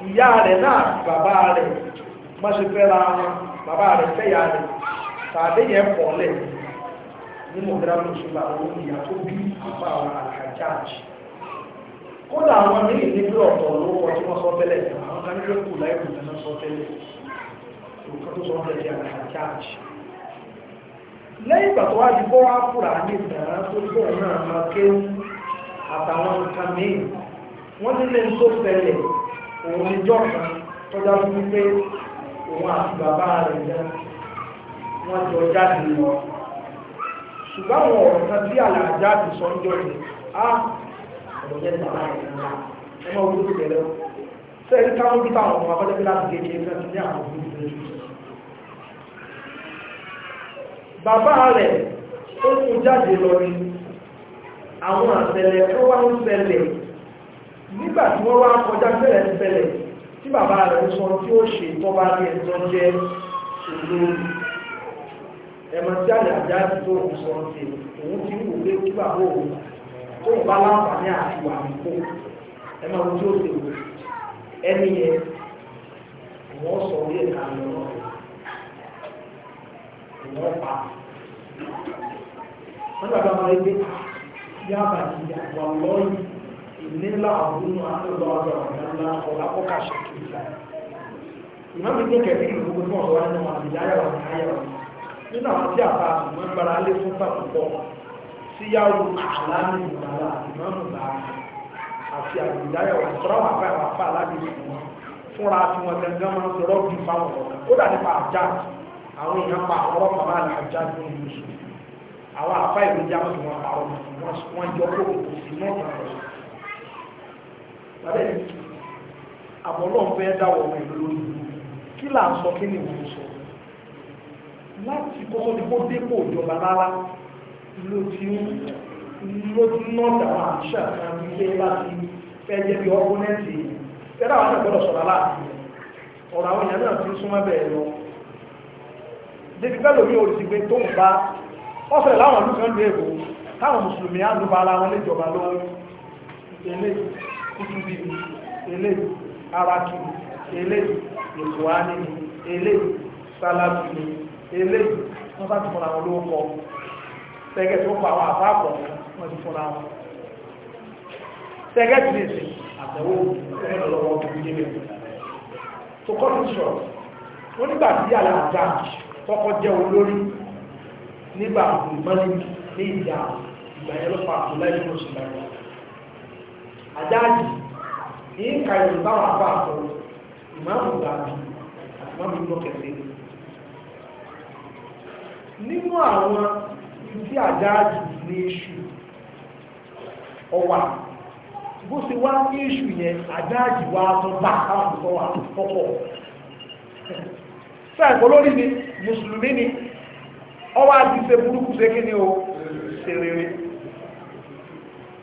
ìyá rẹ̀ náà bàbá rẹ̀ fẹ́ ra wọn bàbá rẹ̀ fẹ́yà rẹ̀ tàbí yẹn pọ̀ lẹ̀ nínú ìdáàbò ṣùgbà òun ìyá tó bí àpá àwọn àkàjáàjì kódà àwọn míì ní ọ̀tọ̀ tí wọ́n sọ tẹ́lẹ̀ àwọn ní kú láì kù sọ tẹ́lẹ̀ òkú tó sọ tẹ́lẹ̀ lẹ́yìn ìgbà tó wá òun ìjọ kan tọ́já fún wípé òun àti bàbá rẹ̀ jẹ́ wọ́n jọ jáde lọ ṣùgbọ́n àwọn ọ̀rọ̀ kan tí àlàjá ti sọ ń jọ ní á ọ̀rọ̀ jẹ́ bàbá rẹ̀ ńlá ọmọ ogun tó bẹ̀rẹ̀ sẹ́ẹ̀rí káwọn bí táwọn ọmọ akọ́jọ́ bí láti kékeré fẹ́ sí ní àwọn ogun tó bẹ̀rẹ̀ bàbá rẹ̀ ó kú jáde lọ ní àwọn àṣẹlẹ̀ tó wá ń ṣẹlẹ̀ nígbà tí wọ́n wá kọjá bẹ̀rẹ̀ tí bàbá rẹ̀ sọ tí ó ṣe tọ́ba ní ẹ̀tọ́ jẹ́ olóòrùn ẹ̀mọ̀ tí àlẹ́ àjá ń bá yá bàjẹ́ àwọn ọlọ́yìn nílá àbúrú àtọ́gbà ọjọ́ ọ̀nà ọ̀lápọ̀ká ṣàkíyà ìmọ̀mí tó kẹ̀kẹ́ ìlú gbogbo fún ọ̀rọ̀ ẹnu àbìdáyà ọ̀nà ayọ̀ nínú àwọn tí àbá àtùmọ̀ ń gbára lé fún pàtàkọ́ sí yáwó àlá ní ìgbàlá ìmọ̀mù bá àti àbìdáyà ọ̀sọ́rọ̀ wà fẹ́ wà fà láti ìgbìmọ̀ fúnra tí wọn gẹ́gẹ́ máa ń sọ̀rọ̀ bí fáwọn ọ̀kan kódà nípa àjá àwọn èèyàn pa ọmọ wọn jọ kó kò sí mọ́ta rẹ̀ abẹ́ àbọ̀lọ́n fẹ́ dáwọ̀ ọmọ ìlú lórí kí là ń sọ kí ni wọ́n sọ láti kókó ní kó dépò ìjọba rárá ló ti ló ti nọ́ọ̀dà wọn àṣà kan ilé láti fẹ́ jẹ́ bí ọ́pọ́nẹ́ǹtì fẹ́ dáwọn náà gbọ́dọ̀ sọ̀rọ̀ láti ọ̀rọ̀ àwọn èèyàn náà ti súnmọ́ bẹ́ẹ̀ lọ débi bẹ́ẹ̀ lómi orí ti gbé tó ń bá ọ̀fẹ́ láwọn ìlú kan lé èkó táwọn mùsùlùmí á ló ba ara wọn níjọba lọ́wọ́ ilé títí bí ilé araki ilé ìkùhání ilé sálábì ilé wọ́n bá ti fún àwọn olóòkọ́ tẹ́gẹ́ tó pa àwọn àbáàbọ̀ wọ́n ti fún àwọn tẹ́gẹ́ tí lè sí àtẹ̀wò ìrìnlọ́wọ́ ìgbìyànjú tó kọ́ tó sọ̀rọ̀ wọ́n nígbà tí aláàjá tọ́kọ́ jẹ́ olórí nígbà ìmọ́lẹ̀ ní ìjà ìgbà ẹlọ́pàá àtúnlẹ́yìn oṣù mẹ́rin àjáàjì ní ìka ìlú táwọn àbá àtọ ìmáàmù àti máàmù inú kẹsẹ nínú àwọn ibi àjáàjì ní iṣu ọwà bó ṣe wá ní iṣu yẹn àjáàjì wá tó bá àwọn àbùkọ wà mùsùlùmí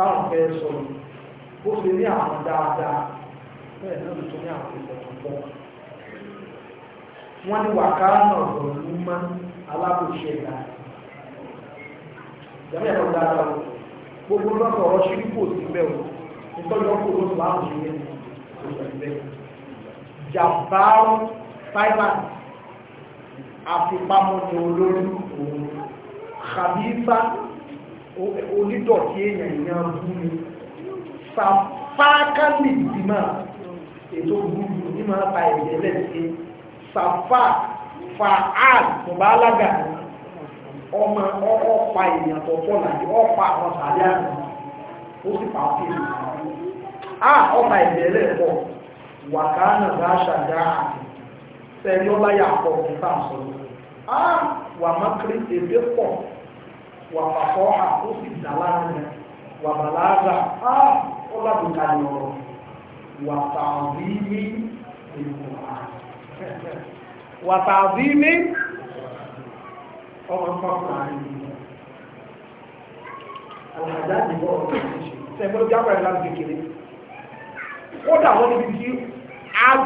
táwọn fẹ́ sọ yìí ó fi ní àwọn dáadáa bẹ́ẹ̀ náà ló tún ní àwọn ìbẹ̀rù pọ̀ wọ́n ní wàkárà náà lọ ní mọ́ alábòsí ẹ̀dá ìjọba ẹ̀rọ dáadáa o gbogbo lọ́sọ̀ ọ̀rọ̀ ṣe kíkò sí bẹ́ẹ̀ o nítorí wọn kò lóṣù láwọn ṣe yẹn kò sọ ìbẹ́ jàbáwọ́ fáìbà àfipamọ́ ní olórí òun kàbífà onídọ̀tí èèyàn èèyàn bú ni sàfáàkálì ìdìmọ̀ ètò gbúgbù ní máa ta ẹ̀jẹ̀ lẹ́sẹ̀ sàfá fàáàd bọ̀bá alága ọmọ ọ̀pá èèyàn tọ̀tọ̀ láti ọ̀pá àwọn sàárẹ́ àná ó sì pa ọ́pẹ́ à ọ̀pá ẹ̀jẹ̀ lẹ́pọ̀ wàkánà bá ṣàdá àti sẹ́yọ́láyà pọ̀ nípa àṣọ wà má kiri èdè pọ̀ wà pàtó hà ó sì dàlánà wà bàlágà á ó lábùkà ní ọ̀rọ̀ wà tàbí ní èkó à wà tàbí ní ọmọ pápá yìí wọ́n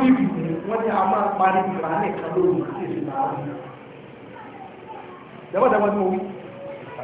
níbi a máa parí ìgbà nìkan lórí àti ìsìn àárín. Dẹ́gbọ́dẹ́gbọ́ ni mo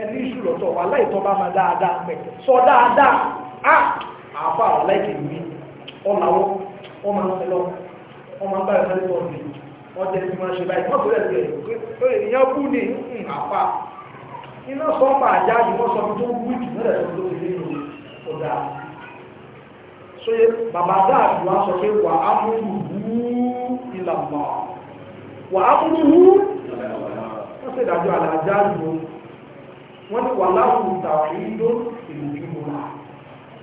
ẹni iṣu lọ́tọ̀ wà láìtọ́ bá máa dáadáa pẹ̀ sọ dáadáa á àfa àwọn mi ọ̀làwọ́ ọmọ ọ̀sẹ̀lọ́ ọmọ bá ẹ̀fẹ́ lọ́wọ́ mi wọ́n jẹ́ máa ṣe báyìí wọ́n bẹ̀rẹ̀ ẹ̀ èèyàn kú ní àfa iná sọ́pà àjá yìí wọ́n sọ fún tó wú ìdí mẹ́rẹ̀ tó ti bàbá wa sọ pé wà á mú ìwú ìlànà wọ́n ní wà láwùú tàwí ló ìlú jùmọ̀lá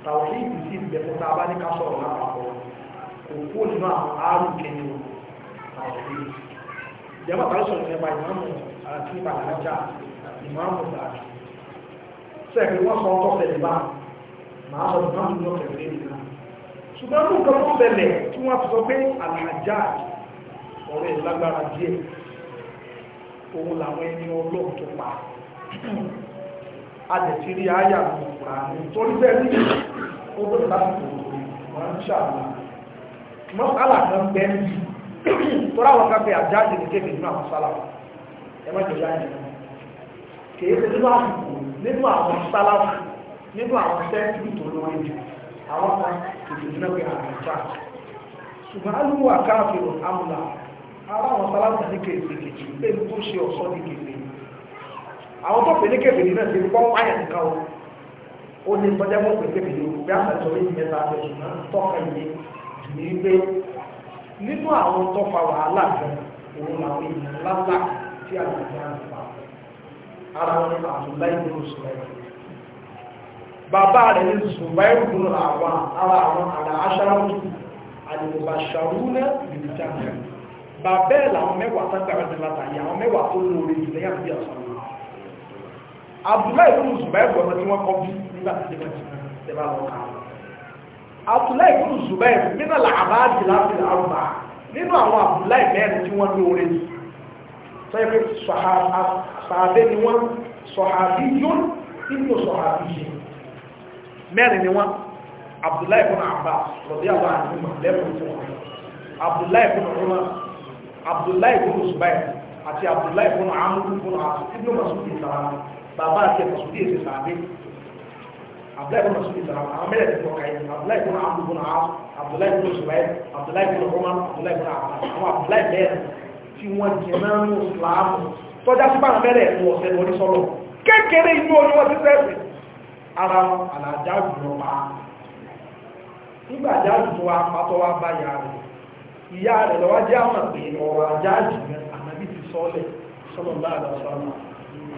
tàwí ìlú sí ìbẹ̀fẹ́ tá a bá ní ká sọ̀rọ̀ lápapọ̀ kò kó nínú àwọn àrùn kẹni o tàwí ìjọba kan sọ̀rọ̀ nípa ìmáàmù àti ìbàlájà ìmáàmù tàbí sẹ́ẹ̀kì wọ́n sọ ọkọ̀ tẹ̀lé bá máa sọ ìmáàmù ní ọ̀tẹ̀ lé nìkan ṣùgbọ́n ní nǹkan tó bẹ̀lẹ̀ tí wọ́n ti sọ pé àlàjá ọ̀rọ̀ ìlágbára díẹ̀ òun làwọn ẹni ọlọ́ọ̀ tó pa adẹ̀tìrí ayà ààrùn torí bẹ́ẹ̀ ní ọdún lásìkò wọn ń ṣàlùwà mọ́sálà kan bẹ́ẹ̀ ń bí tọ́ra wọn káfẹ́ àjáde ní kébè nínú àwọn sálà ẹ má jọjá yẹn kèé ṣe nínú àsìkò nínú àwọn sálà nínú àwọn sẹ́ńtì tó lórí jù àwọn kan kèké nínú pé àwọn ìjà ṣùgbọ́n alúwà káàfin àmúlà aláwọn sálà ní kèké kèké pé tó ṣe ọ̀sọ́ ní kèké àwọn tó pè ní kébìrì náà ti gbọ́ wáyà nìkan o ó ní tọ́jà mọ́ pé kébìrì o bí àmọ́ ìtọ́lé ìyẹn ta fẹ́ ṣùgbọ́n tọ́ka ìyẹn ní pé nínú àwọn tó fa wàhálà kan òun làwọn èèyàn lálá tí a lè dá nípa ara wọn nípa àtúndáì ní oṣù rẹ̀ bàbá rẹ̀ ní zùbáìrù dùn àwọn ara àwọn ara aṣáájú àdìbòbà ṣàrúnà ìlú jáde bàbá ẹ̀ làwọn mẹ́wàá tágbàrá tó lóore ìlẹ́yà abdullahi ibn zubair gbọ́nà tí wọ́n kọ́ bí nígbà tí ṣe bá lọ́ka abdullahi ibn zubair nínú làbáàdì láti àrùbà nínú àwọn abdullahi mẹ́rin tí wọ́n lóore ní sẹ́fẹ́ sàábé ni wọ́n sọ̀hábí yóò nínú sọ̀hábí yìí mẹ́rin ni wọ́n abdullahi ibn abbas rọ̀dí àwọn àdúgbò lẹ́fún fún wọn abdullahi ibn umar abdullahi ibn zubair àti abdullahi ibn amr ibn asu ibn masud ibn salam bàbá àti ẹ̀fọ́ sùdí èsì sàbí abdullahi bin masudi sara àwọn mẹ́rẹ̀ ti tọ́ka yẹn abdullahi bin abdu bin aas abdullahi bin subayi abdullahi bin umar abdullahi bin abbas àwọn abdullahi bẹ́ẹ̀ tí wọ́n jẹ náà ní ìsìlámù tọ́já sí báwọn mẹ́rẹ̀ ẹ̀fọ́ ọ̀sẹ̀ ní orí sọ́lọ̀ kékeré inú oní wọn ti sẹ́ẹ̀sì ara alájá jùlọ pa nígbà ajá jùlọ wa pátọ́ wa bá ya rẹ̀ ìyá rẹ̀ lọ́wọ́ jẹ́ àmọ̀ pé ọ̀rọ̀ ajá jùlọ àmàbí ti sọ́ọ̀lẹ̀ sọ́lọ̀ láàrín ọ̀sán náà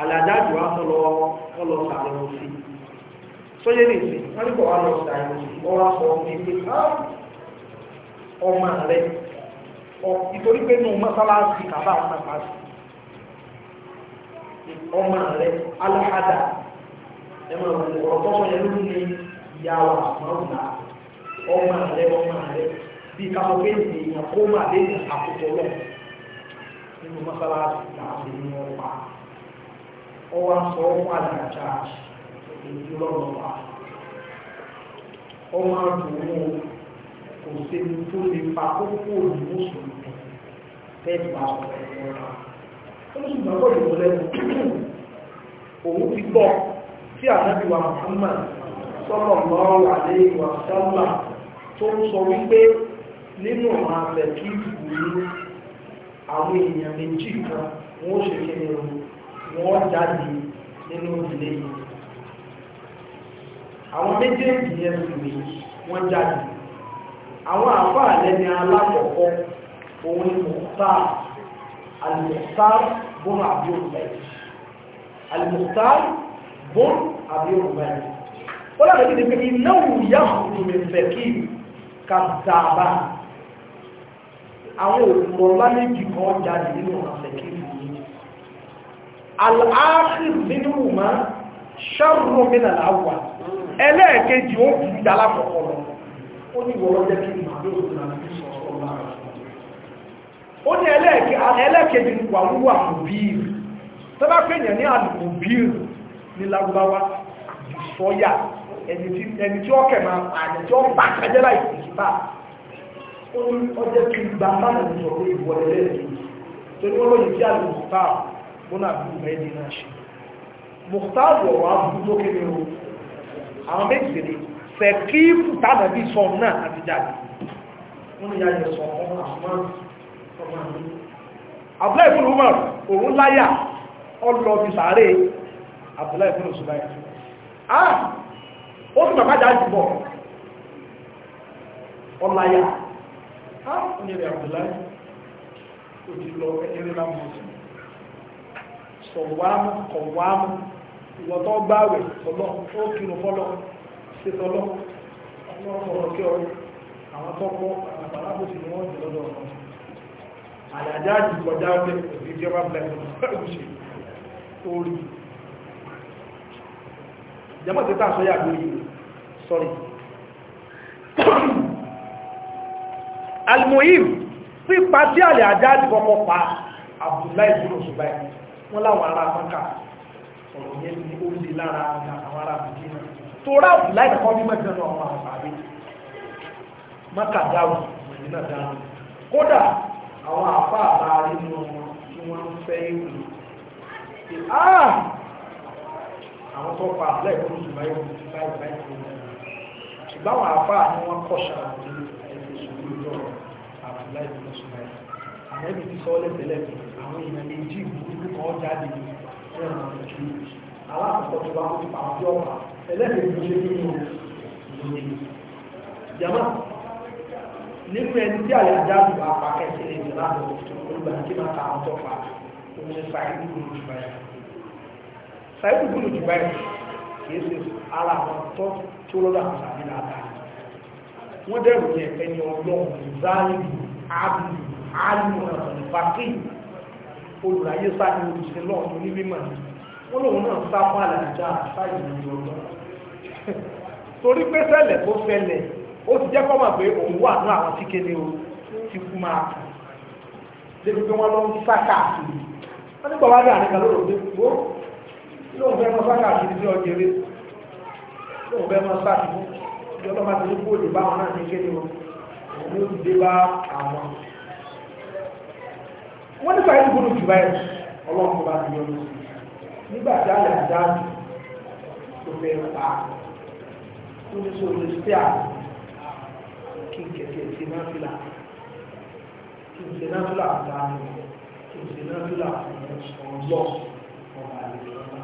àlàdáàjò wa tó lọ ọlọ sàlẹ̀wò sí sóyé lè sí wọ́n ní kọ̀ wá lọ sàlẹ̀wò sí ọ wá sọ ọmọ ìgbé ọmọ rẹ ìtorí pé nù mọ́sálásí kàbá ọmọ pàṣẹ ọmọ rẹ aláhàdà ẹmọ ọ̀rọ̀ tọ́sọ yẹn lórí ní ìyàwó àmọ́rùnà ọmọ rẹ ọmọ rẹ bí káfọ́ ọwa sọ ọkwa àdàjà èyí lọ́rọ̀ pa ọmọ àdùnmọ́ kò sẹ́ni tó lè pa kókó òyìnbó sọ̀rọ̀ tẹ́ẹ̀tì bá ọrụ ọrụ ọrụ ọrụ ọrụ ti ìwà tó ń sọ wípé nínú àwọn àwọn èèyàn méjì kan ṣe wọ́n jáde nínú ìdílé yìí àwọn méjèèjì yẹn sì ni wọ́n jáde àwọn àfáà lẹ́ni alákọ̀ọ́kọ́ òun ni Mukhtar Al-Mukhtar bọ́nà àbíòrùmẹ́ Al-Mukhtar bọ́nà àbíòrùmẹ́ ó lára kí ni pé ináwó yàtọ̀ mi fẹ́ kí kàtàbà àwọn òkúrọ̀ ńlá méjì kan jáde nínú àfẹ́kìrì al-akhir minhuma sharrun min al-awwal ẹlẹ́ẹ̀kejì ó kì í dálá kọ̀kọ́ lọ ó ní ìwọ̀rọ̀ jẹ́ kí ó ní ẹlẹ́ẹ̀kejì wà wúwà mòbíìrì tó bá pèèyàn ní àlùmòbíìrì ní Lárúbáwá sọ́yà ẹni tí ó kẹ̀ máa pàdé tí ó bá kẹjẹ́ láì ìsìnbá ó ní ọjẹ́ kí gbà máa nìsọ̀rọ̀ ìwọ̀lẹ̀lẹ́ bọ́nà àbúrò mẹ́ẹ̀dì náà ṣe mùtáwọ̀ wà bú tó kéré o àwọn méjìlélẹ̀ fẹ̀kífù tánà bí sọ náà àti jáde wọ́n ni yáyẹ sọ ọmọ àmọ́ àbúlá ìfún umar òun láyà ọlọ́ fi sàárè àbúlá ìfún òṣùláyà ah ó sì bàbá jáde bọ̀ ọláyà ah ó ní rẹ̀ àbúlá òjì lọ ẹni rí lámọ́ sí sọ̀wámù kọ̀wámù ìwọ̀tọ́ gbáwẹ̀ tọ́lọ́ ó kírun fọ́lọ́ ṣe tọ́lọ́ ọlọ́rọ̀ kí ọrọ̀ àwọn tọ́pọ̀ àgbàlábòsì ni wọ́n jẹ́ lọ́dọ̀ ọ̀rọ̀ àyàjá ìkọjá ọdẹ ìjọba bẹ̀rẹ̀ orí jẹmọ́ títà sọ́yà lórí sọ́rí almuhim pípa tí àlẹ́ àjá ìkọkọ pa Abdullahi bin Zubair wọ́n láwọn ará mọ́kà ọ̀rọ̀ yẹn ni ó lè lára àwọn ará mọ́kà tó ráwù láì kọ́ bí mẹ́jọ náà wọn àwọn àbí mọ́kà dáwù ìrìnà dáwù kódà àwọn àpá àbárí nínú wọn tí wọ́n ń fẹ́ ìwé ah! àwọn tó pa àbúlẹ̀ ìkó lóṣù báyìí wọ́n ti báyìí báyìí tó wọ́n ṣùgbọ́n àwọn àpá ni wọ́n kọ̀ṣà àti ẹ̀sìn ìṣòro ìjọ àbúlẹ̀ ìkó lóṣù báyìí àwọn ẹbí ti sọ ọ́ lẹ́sẹ̀ lẹ́sẹ̀ àwọn èèyàn méjì nípa ọjà lè ẹ̀rọ ìjú alákọ̀ọ́ tó bá kó ti pàwọn tí ọ̀pá ẹlẹ́gbẹ̀ẹ́ tó ṣe nínú ìlú jama nínú ẹni tí àyà jáde bá pa kẹsì lè jẹ láàbọ̀ olùgbà tí máa ta àwọn tọ́pa òun ni sàìdì gbòòrò jù báyìí sàìdì gbòòrò jù báyìí kìí ṣe ara àwọn tó tó lọ́dọ̀ àwọn sàìdì dáadáa wọ́n dẹ̀rù yẹn ẹni ọlọ́run záàlì àbùrù àlùmọ̀ràn fàkì olùráyé sáàkì olùsìn lọ́wọ́ ní onímọ̀ wọ́n lòun náà sá fún àlàjá sáàyè ìlú ọ̀dọ́ torí pé ṣẹlẹ̀ tó ṣẹlẹ̀ ó ti jẹ́ kọ́mọ̀ pé òun wà ní àwọn tí kéde o ti kú máa kà débi pé wọ́n lọ ń sá káàkiri wọ́n nígbà wá dà nígbà lóòrò pé wo lóun fẹ́ mọ́ sá káàkiri sí ọjẹ́rẹ́ lóun fẹ́ mọ́ sá ìjọba ti ní kóòlù báwọn náà ní kéde o òun ló ti dé bá àwọn wọ́n nípa ẹni gbọ́dọ̀ jù báyìí ọlọ́run tó bá ti yọ lóṣù nígbà tí àlẹ́ àdáàbò tó fẹ́ pa ó ní sọ lè ṣe à kí kẹ̀kẹ́ ṣe náà fi là kí ṣe náà fi là dá mi kí ṣe náà fi là ọlọ́ ọba àlejò ọba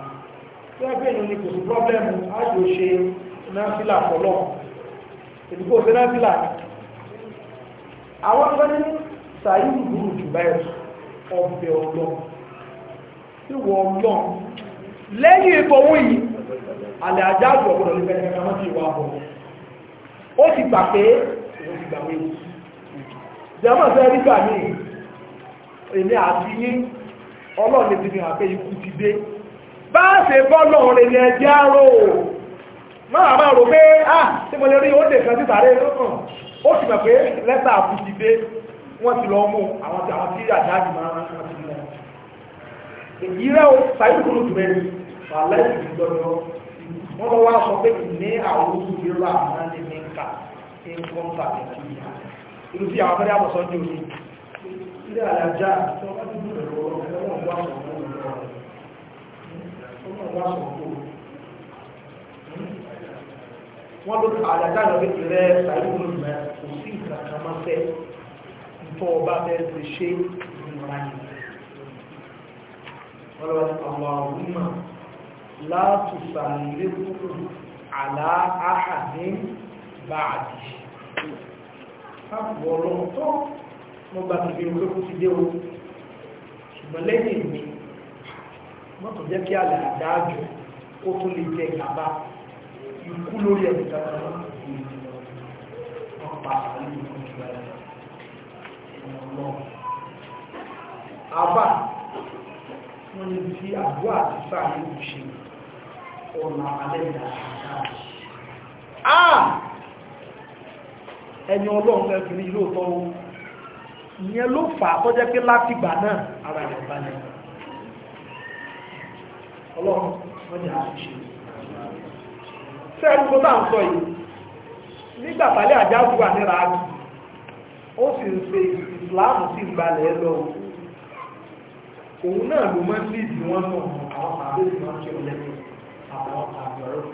tí wọ́n bẹ̀rẹ̀ ní kò sí pọ́blẹ́mù àjò ṣe náà fi là fọlọ́ ìdíkò ṣe náà fi là àwọn tó ní sàyìn gbùrù jù báyìí ọbẹ̀ ọlọ́run ìwọ ọlọ́run lẹ́yìn ètò owó yìí alẹ́ ajá àjọ ọ̀pọ̀lọ̀ lè fẹ́ẹ́ kẹta mọ́tì ìwà bọ̀ ó ti gbà pé òun ti gbà wé wù jẹ́mọ̀ fẹ́ nígbà míì èmi àti yín ọlọ́run lè ti fi hàn pé ikú ti dé bá a ṣe bọ́ lọ́run lè ní ẹjẹ́ àárò máa máa rò pé ah tí mo lè rí oúnjẹ kan títà wọ́n ti lọ mú àwọn tí àwọn tí àjáàjì máa ń wọ́n ti mú wọn. èyí rẹ̀ ó sáyé kúrò jù mẹ́rin wà lẹ́yìn ìjọjọ́ wọ́n lọ wá sọ pé ní àwọn olùdíra àwọn ní ní ká ní kọ́ńtà nàìjíríà ìlú tí àwọn fẹ́rẹ́ àbọ̀sọ́ ní òní ilé àlàjá tó wá ti dúró lọ́wọ́ ọlọ́run wá sọ̀rọ̀ wọ́n ló àlàjá lọ bí ìrẹ́ sáyé kúrò jù mẹ́rin kò sí ìkàkàmọ́fẹ́ tó ọba bẹ́ẹ̀ ti ṣe Allahumma la tusallitu ala ahadin ba'di káàkùn ọlọ́run tó mo gbà tàbí olókùn ti dé o ṣùgbọ́n lẹ́yìn mi mọ́tò Aba wọ́n ní fi àbúrò àti sáàrí ìṣe ọ̀nà alẹ́dà àà ẹni ọlọ́run ẹgbìnrin ilé òtọ́ ohun ìyẹn ló fà á tọ́jẹ́ pé láti náà ara rẹ̀ balẹ̀ ọlọ́run wọ́n ní àṣìṣe sẹ́ẹ̀rù tó ń sọ yìí nígbàtàlẹ́ islam sì gbalẹ̀ lọ òun náà ló máa ń lè dì wọ́n mọ̀ àwọn tàbí ìlú máa ń ṣe ọ̀lẹ́kùn àwọn tàbí ọ̀rọ̀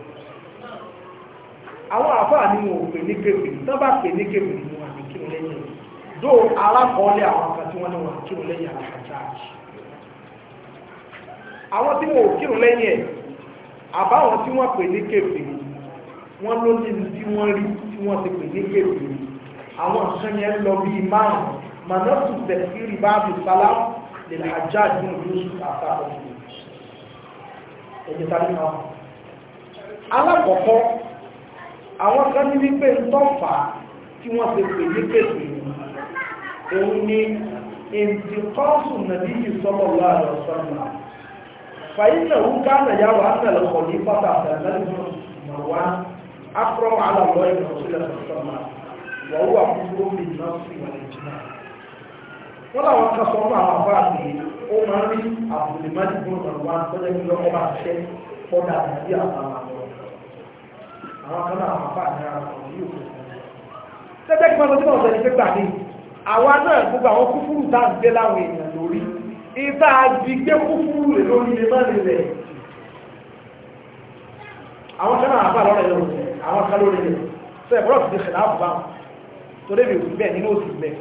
àwọn àfáà ni wọn ò pè ní kébè tán bá pè ní kébè ni wọn àti kírun lẹ́yìn dó alákọọlẹ àwọn kan tí wọn ní wọn kírun lẹ́yìn àwọn àjáàjì àwọn tí wọn ò kírun lẹ́yìn ẹ àbáwọn tí wọn pè ní kébè wọn ló ní tí wọn rí tí wọn ti pè ní kébè àwọn nǹkan lọ bíi márùn manọ́tù tẹ̀síìrì báàbù salam lè hajjá nínú yusuf àtàkùn ẹ̀jẹ̀ tàbí máa alákọ̀ọ́kọ́ àwọn kan ní wípé ń tọ́fà tí wọ́n ti pè ní pèsè òun ni ìntìkọ́sù nàbíyì sọ́lọ́lá rẹ̀ sọ́lọ́lá fàyínà ó gánà yà wà nà lọ́kọ̀ ní pátá àtàlẹ́gbọ̀n màwá akọ́rọ̀ alàlọ́ ìrọ̀sílẹ̀ sọ́lọ́lá wà wọ́n làwọn kan sọ fún àwọn àbá àti ó máa ń rí àbùdìmájì fún ọ̀nà wa tó jẹ́ kí lọ́kọ́ bá ṣẹ́ fọ́dà àti àwọn àwọn àwọn kan náà àbá àti àwọn àwọn yóò fún un. tẹ́tẹ́ kí wọ́n lọ sí ọ̀sẹ̀ ní pẹ́gbà ní àwa náà gbogbo àwọn kúfúrú tá à ń gbé láwọn èèyàn lórí ìta àgbègbè kúfúrú rẹ̀ lórí ilé má lè rẹ̀ àwọn kan náà àbá lọ́rẹ̀ lọ́rẹ̀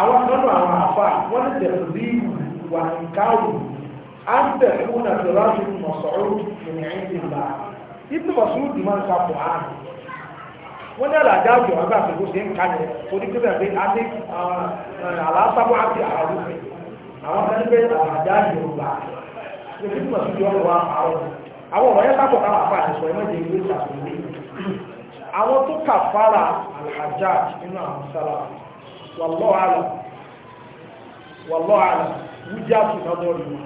àwọn nínú àwọn àfà wọ́n ní tẹ̀sí wà ní káwù á ń tẹ̀sí wọn àti láti mọ̀sọ̀rọ̀ ìrìn ìdí ńlá ibi mọ̀sọ̀rọ̀ ìdí máa ń sa pọ̀ á wọ́n ní àlàjá òjò ọgbà àti ìgbóṣe ń kalẹ̀ oníkẹ́sẹ̀ pé a ní àlàáfáwọ́ àti àrùn àwọn kan ní pé àlàjá sápọ̀ táwọn àfà àìsàn ẹ̀mọ́jẹ̀ ìwé ìṣàkóso àwọn tó kà fara àlàjá nínú àwọn sálàmù wàlọ́ àlà wàlọ́ àlà wújá tù lọ́dọ̀ rí wọn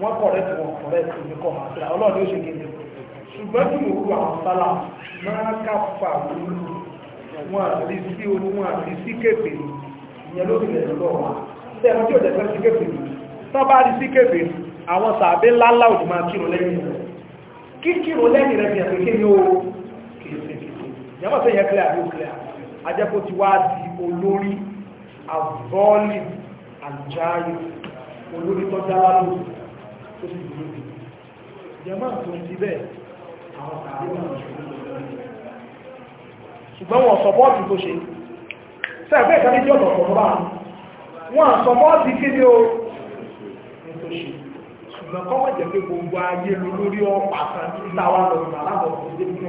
wọn kọ̀rẹ́ tí wọn kọ̀rẹ́ tí wọn kọ̀ máa tẹ̀lé ọlọ́run ló ṣe kéde ṣùgbọ́n kí òkú àwọn sálà máa káfà wúlú wọn àrí sí olú wọn àrí sí kéfè ìyẹn ló bẹ̀rẹ̀ lọ́wọ́ wa tẹ̀lé tí ò dẹ̀ fẹ́ sí kéfè tó bá rí sí kéfè àwọn sàbẹ̀ ńláńlá òdì máa kírun lẹ́yìn rẹ̀ kíkírun lẹ́yìn rẹ̀ fi hàn pé kí ni ó kìí ṣe kìí ṣe ìyàwó tó yẹ kílẹ̀ àbí ó kílẹ̀ àbí ajẹ́kó ti wá di olórí àbọ́ọ̀lì àjáyò olórí tó dá lálò tó sì dúró bí jẹmọ́ tó ń ti bẹ́ẹ̀ àwọn àríwá ṣùgbọ́n wọ́n sọpọ́ọ̀tì tó ṣe sẹ́ẹ̀fẹ́ ìkàlẹ̀ jẹ́ ọ̀tọ̀ tó bá wọ́n sọpọ́ọ̀tì kéde o tó ṣe ṣùgbọ́n kọ́mọ̀ jẹ́ pé gbogbo ayé lórí ọ̀pá kan títà wà lọ́rùn àlábọ̀ tó dé nínú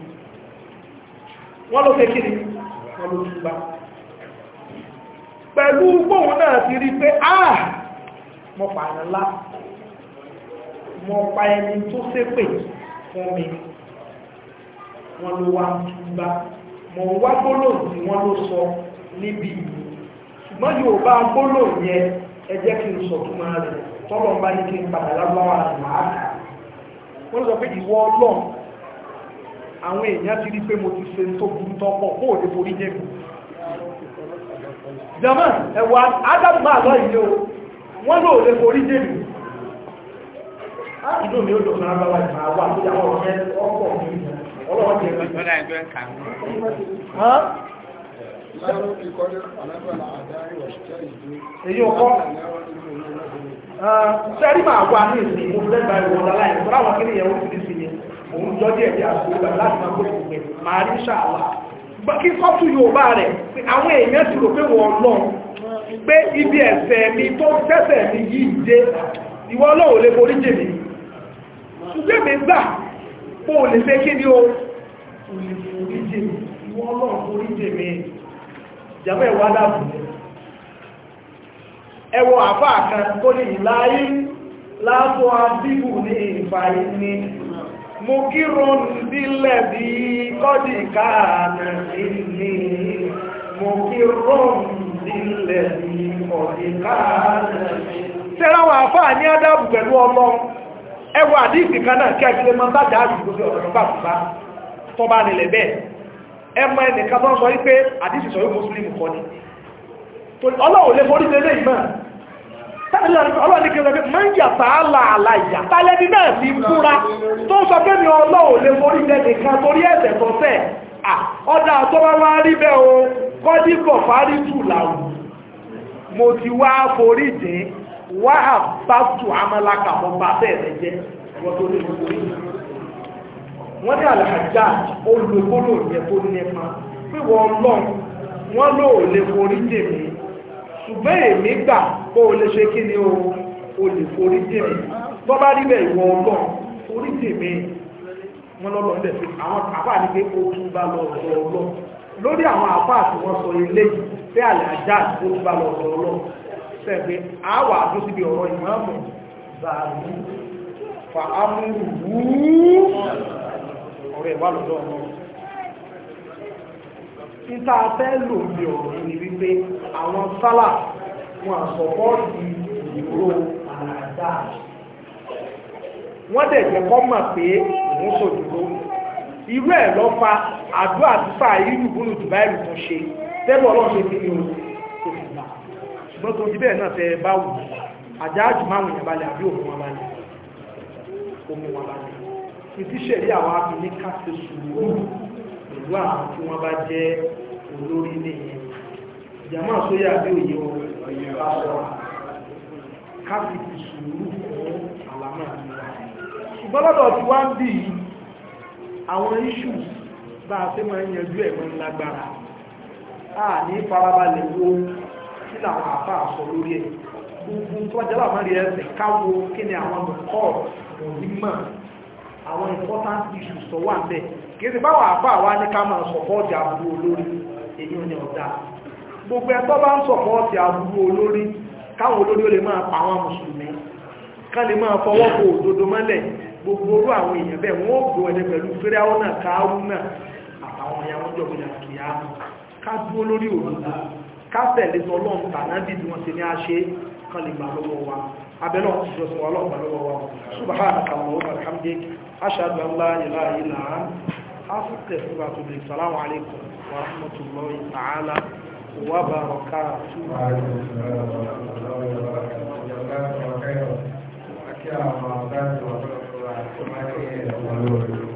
wọ́n ló fẹ́ kí ni wọ́n ló tún bá pẹ̀lú gbóhùn náà ti rí pé ah mo pa ńlá mo pa ẹni tó ṣépè fún mi wọ́n ló wá tún bá mo wá gbólóhùn tí wọ́n ló sọ níbi ìlú ṣùgbọ́n yóò bá gbólóhùn yẹn ẹ jẹ́ kí n sọ tó máa rẹ̀ tọ́lọ̀ ń bá ní kí n padà lágbára àti màá kà wọ́n sọ pé ìwọ ọlọ́run àwọn èèyàn ti rí pé mo ti ṣe tó burú tọ́pọ̀ kó ò lè jẹ́ mi jama ẹ̀wọ̀ adágbà lọ ìlé o wọ́n lò lè forí jẹ́ mi inú mi ó lọ máa bá wà ìmọ̀ àwọn àbújáwọ̀ ọ̀rẹ́ ọ̀pọ̀ ọlọ́wọ́ jẹ́ èyí ọkọ́ sẹ́rí òun jọ díẹ̀ bí àṣòwò láti máa kó ìpè máa rí ṣàlá kí sọ́tù yorùbá rẹ̀ àwọn èèyàn ti rò pé wọ́n lọ pé ibi ẹ̀ṣẹ̀ mi tó tẹ́ṣẹ̀ mi yìí dé ìwọ ọlọ́wọ́ lè borí jèmi ṣùgbẹ́ mi gbà kó o lè fẹ́ kí ni o lè borí jèmi ìwọ ọlọ́wọ́ borí jèmi ìjàmọ́ ẹ̀wọ́ adágún ẹwọ kan tó ní ìláyé látọ́ adíbù ní ìfàyè ní mukirun bílẹ̀bí kọ́dì káàna ìní mukirun bílẹ̀bí kọ́dì káàna tẹ́ráwọ̀ àfáà ní adábù pẹ̀lú ọmọ ẹwọ àdíìsì kan náà kí ẹgbẹ́ máa bá dáàbù ọ̀rọ̀ bá ọlọ́nìkẹ́lẹ́gbẹ́ máa ń yàtà àlàálà ìyàtà lẹ́ni náà sí fúra tó sọ pé mi ọlọ́wọ̀ lè forí lẹ́nì kan torí ẹ̀ṣẹ̀ tó fẹ́ ọdá tó bá wá rí bẹ́ o kọ́dípọ̀ fárí jù láwù mo ti wá forí dé wá àbátù amálaka mọ́ bá bẹ̀rẹ̀ jẹ́ wọ́n ní àlàájá olùgbólò yẹ tó nípa pé wọ́n lọ́ wọ́n lóò lè forí dè mí ṣùgbọ́n èmi gbà pé o lè ṣe kí ni o o lè forí jèmi tó bá rí bẹ́ẹ̀ ìwọ ọlọ́run forí jèmi wọn lọ́lọ́ ń dẹ̀sí àwọn àfáà ní pé o tún bá lọ ọ̀dọ̀ ọlọ́run lórí àwọn àfáà tí wọ́n sọ ilé pé àlẹ́ ajá o tún bá lọ ọ̀dọ̀ ọlọ́run sẹ́gbẹ́ àwà tó síbi ọ̀rọ̀ ìmọ̀ọ́mù bàálù fàámù wú ọ̀rẹ́ wà lọ́dọ̀ ọlọ́run títà fẹ́ lò ní ọ̀rọ̀ ni wípé àwọn sálà wọn àsọ̀pọ̀ọ̀tì ìró àràdá wọ́n dẹ̀ jẹ́ kọ́ mọ̀ pé òun sòdòdó irú ẹ̀ lọ fa àdó àtúfà irú búrú Dubai ìlú tó ṣe tẹ́lú ọlọ́run ṣe kíni o tó fi gbà ṣùgbọ́n tó ń jí bẹ́ẹ̀ náà fẹ́ bá wù àjáàjù márùn-ún yẹn balẹ̀ àbí òun wọn balẹ̀ òun wọn balẹ̀ ìtíṣẹ̀lẹ̀ àwọn abiníkà ti sùúrù pẹ̀lú àwọn tí wọ́n bá jẹ́ olórí nìyẹn ìjàmọ́ sóyà bí òye ọ̀yẹ̀ bá sọ káfí ti sùúrù fún àlámà ìwà ṣùgbọ́n lọ́dọ̀ tí wá ń bì í àwọn iṣu bá a ṣe máa ń yanjú ẹ̀mọ́ lágbára a ní farabalẹ̀ wo kí làwọn àfa àsọ lórí ẹ̀ gbogbo tó wájá láwọn rí ẹsẹ̀ káwo kí ni àwọn ọmọ kọ́ọ̀tù òní mọ̀ àwọn important issues tó wà bẹ́ẹ̀ kìí báwọn àbá wa ní ká máa sọ̀pọ̀ọ̀tì àbúrú olórí èyí ò ní ọ̀dá gbogbo ẹ̀tọ́ bá ń sọ̀pọ̀ọ̀tì àbúrú olórí káwọn olórí ó lè máa pa àwọn mùsùlùmí ká lè máa fọwọ́ òdodo mọ́lẹ̀ gbogbo orú àwọn èèyàn bẹ́ẹ̀ wọ́n ó pẹ̀lú náà àtàwọn wọn ká òdodo ká tẹ̀lé la after Khutbah today salamu alaikum wa rahmatullahi ta'ala wa barakatuh. Thank you.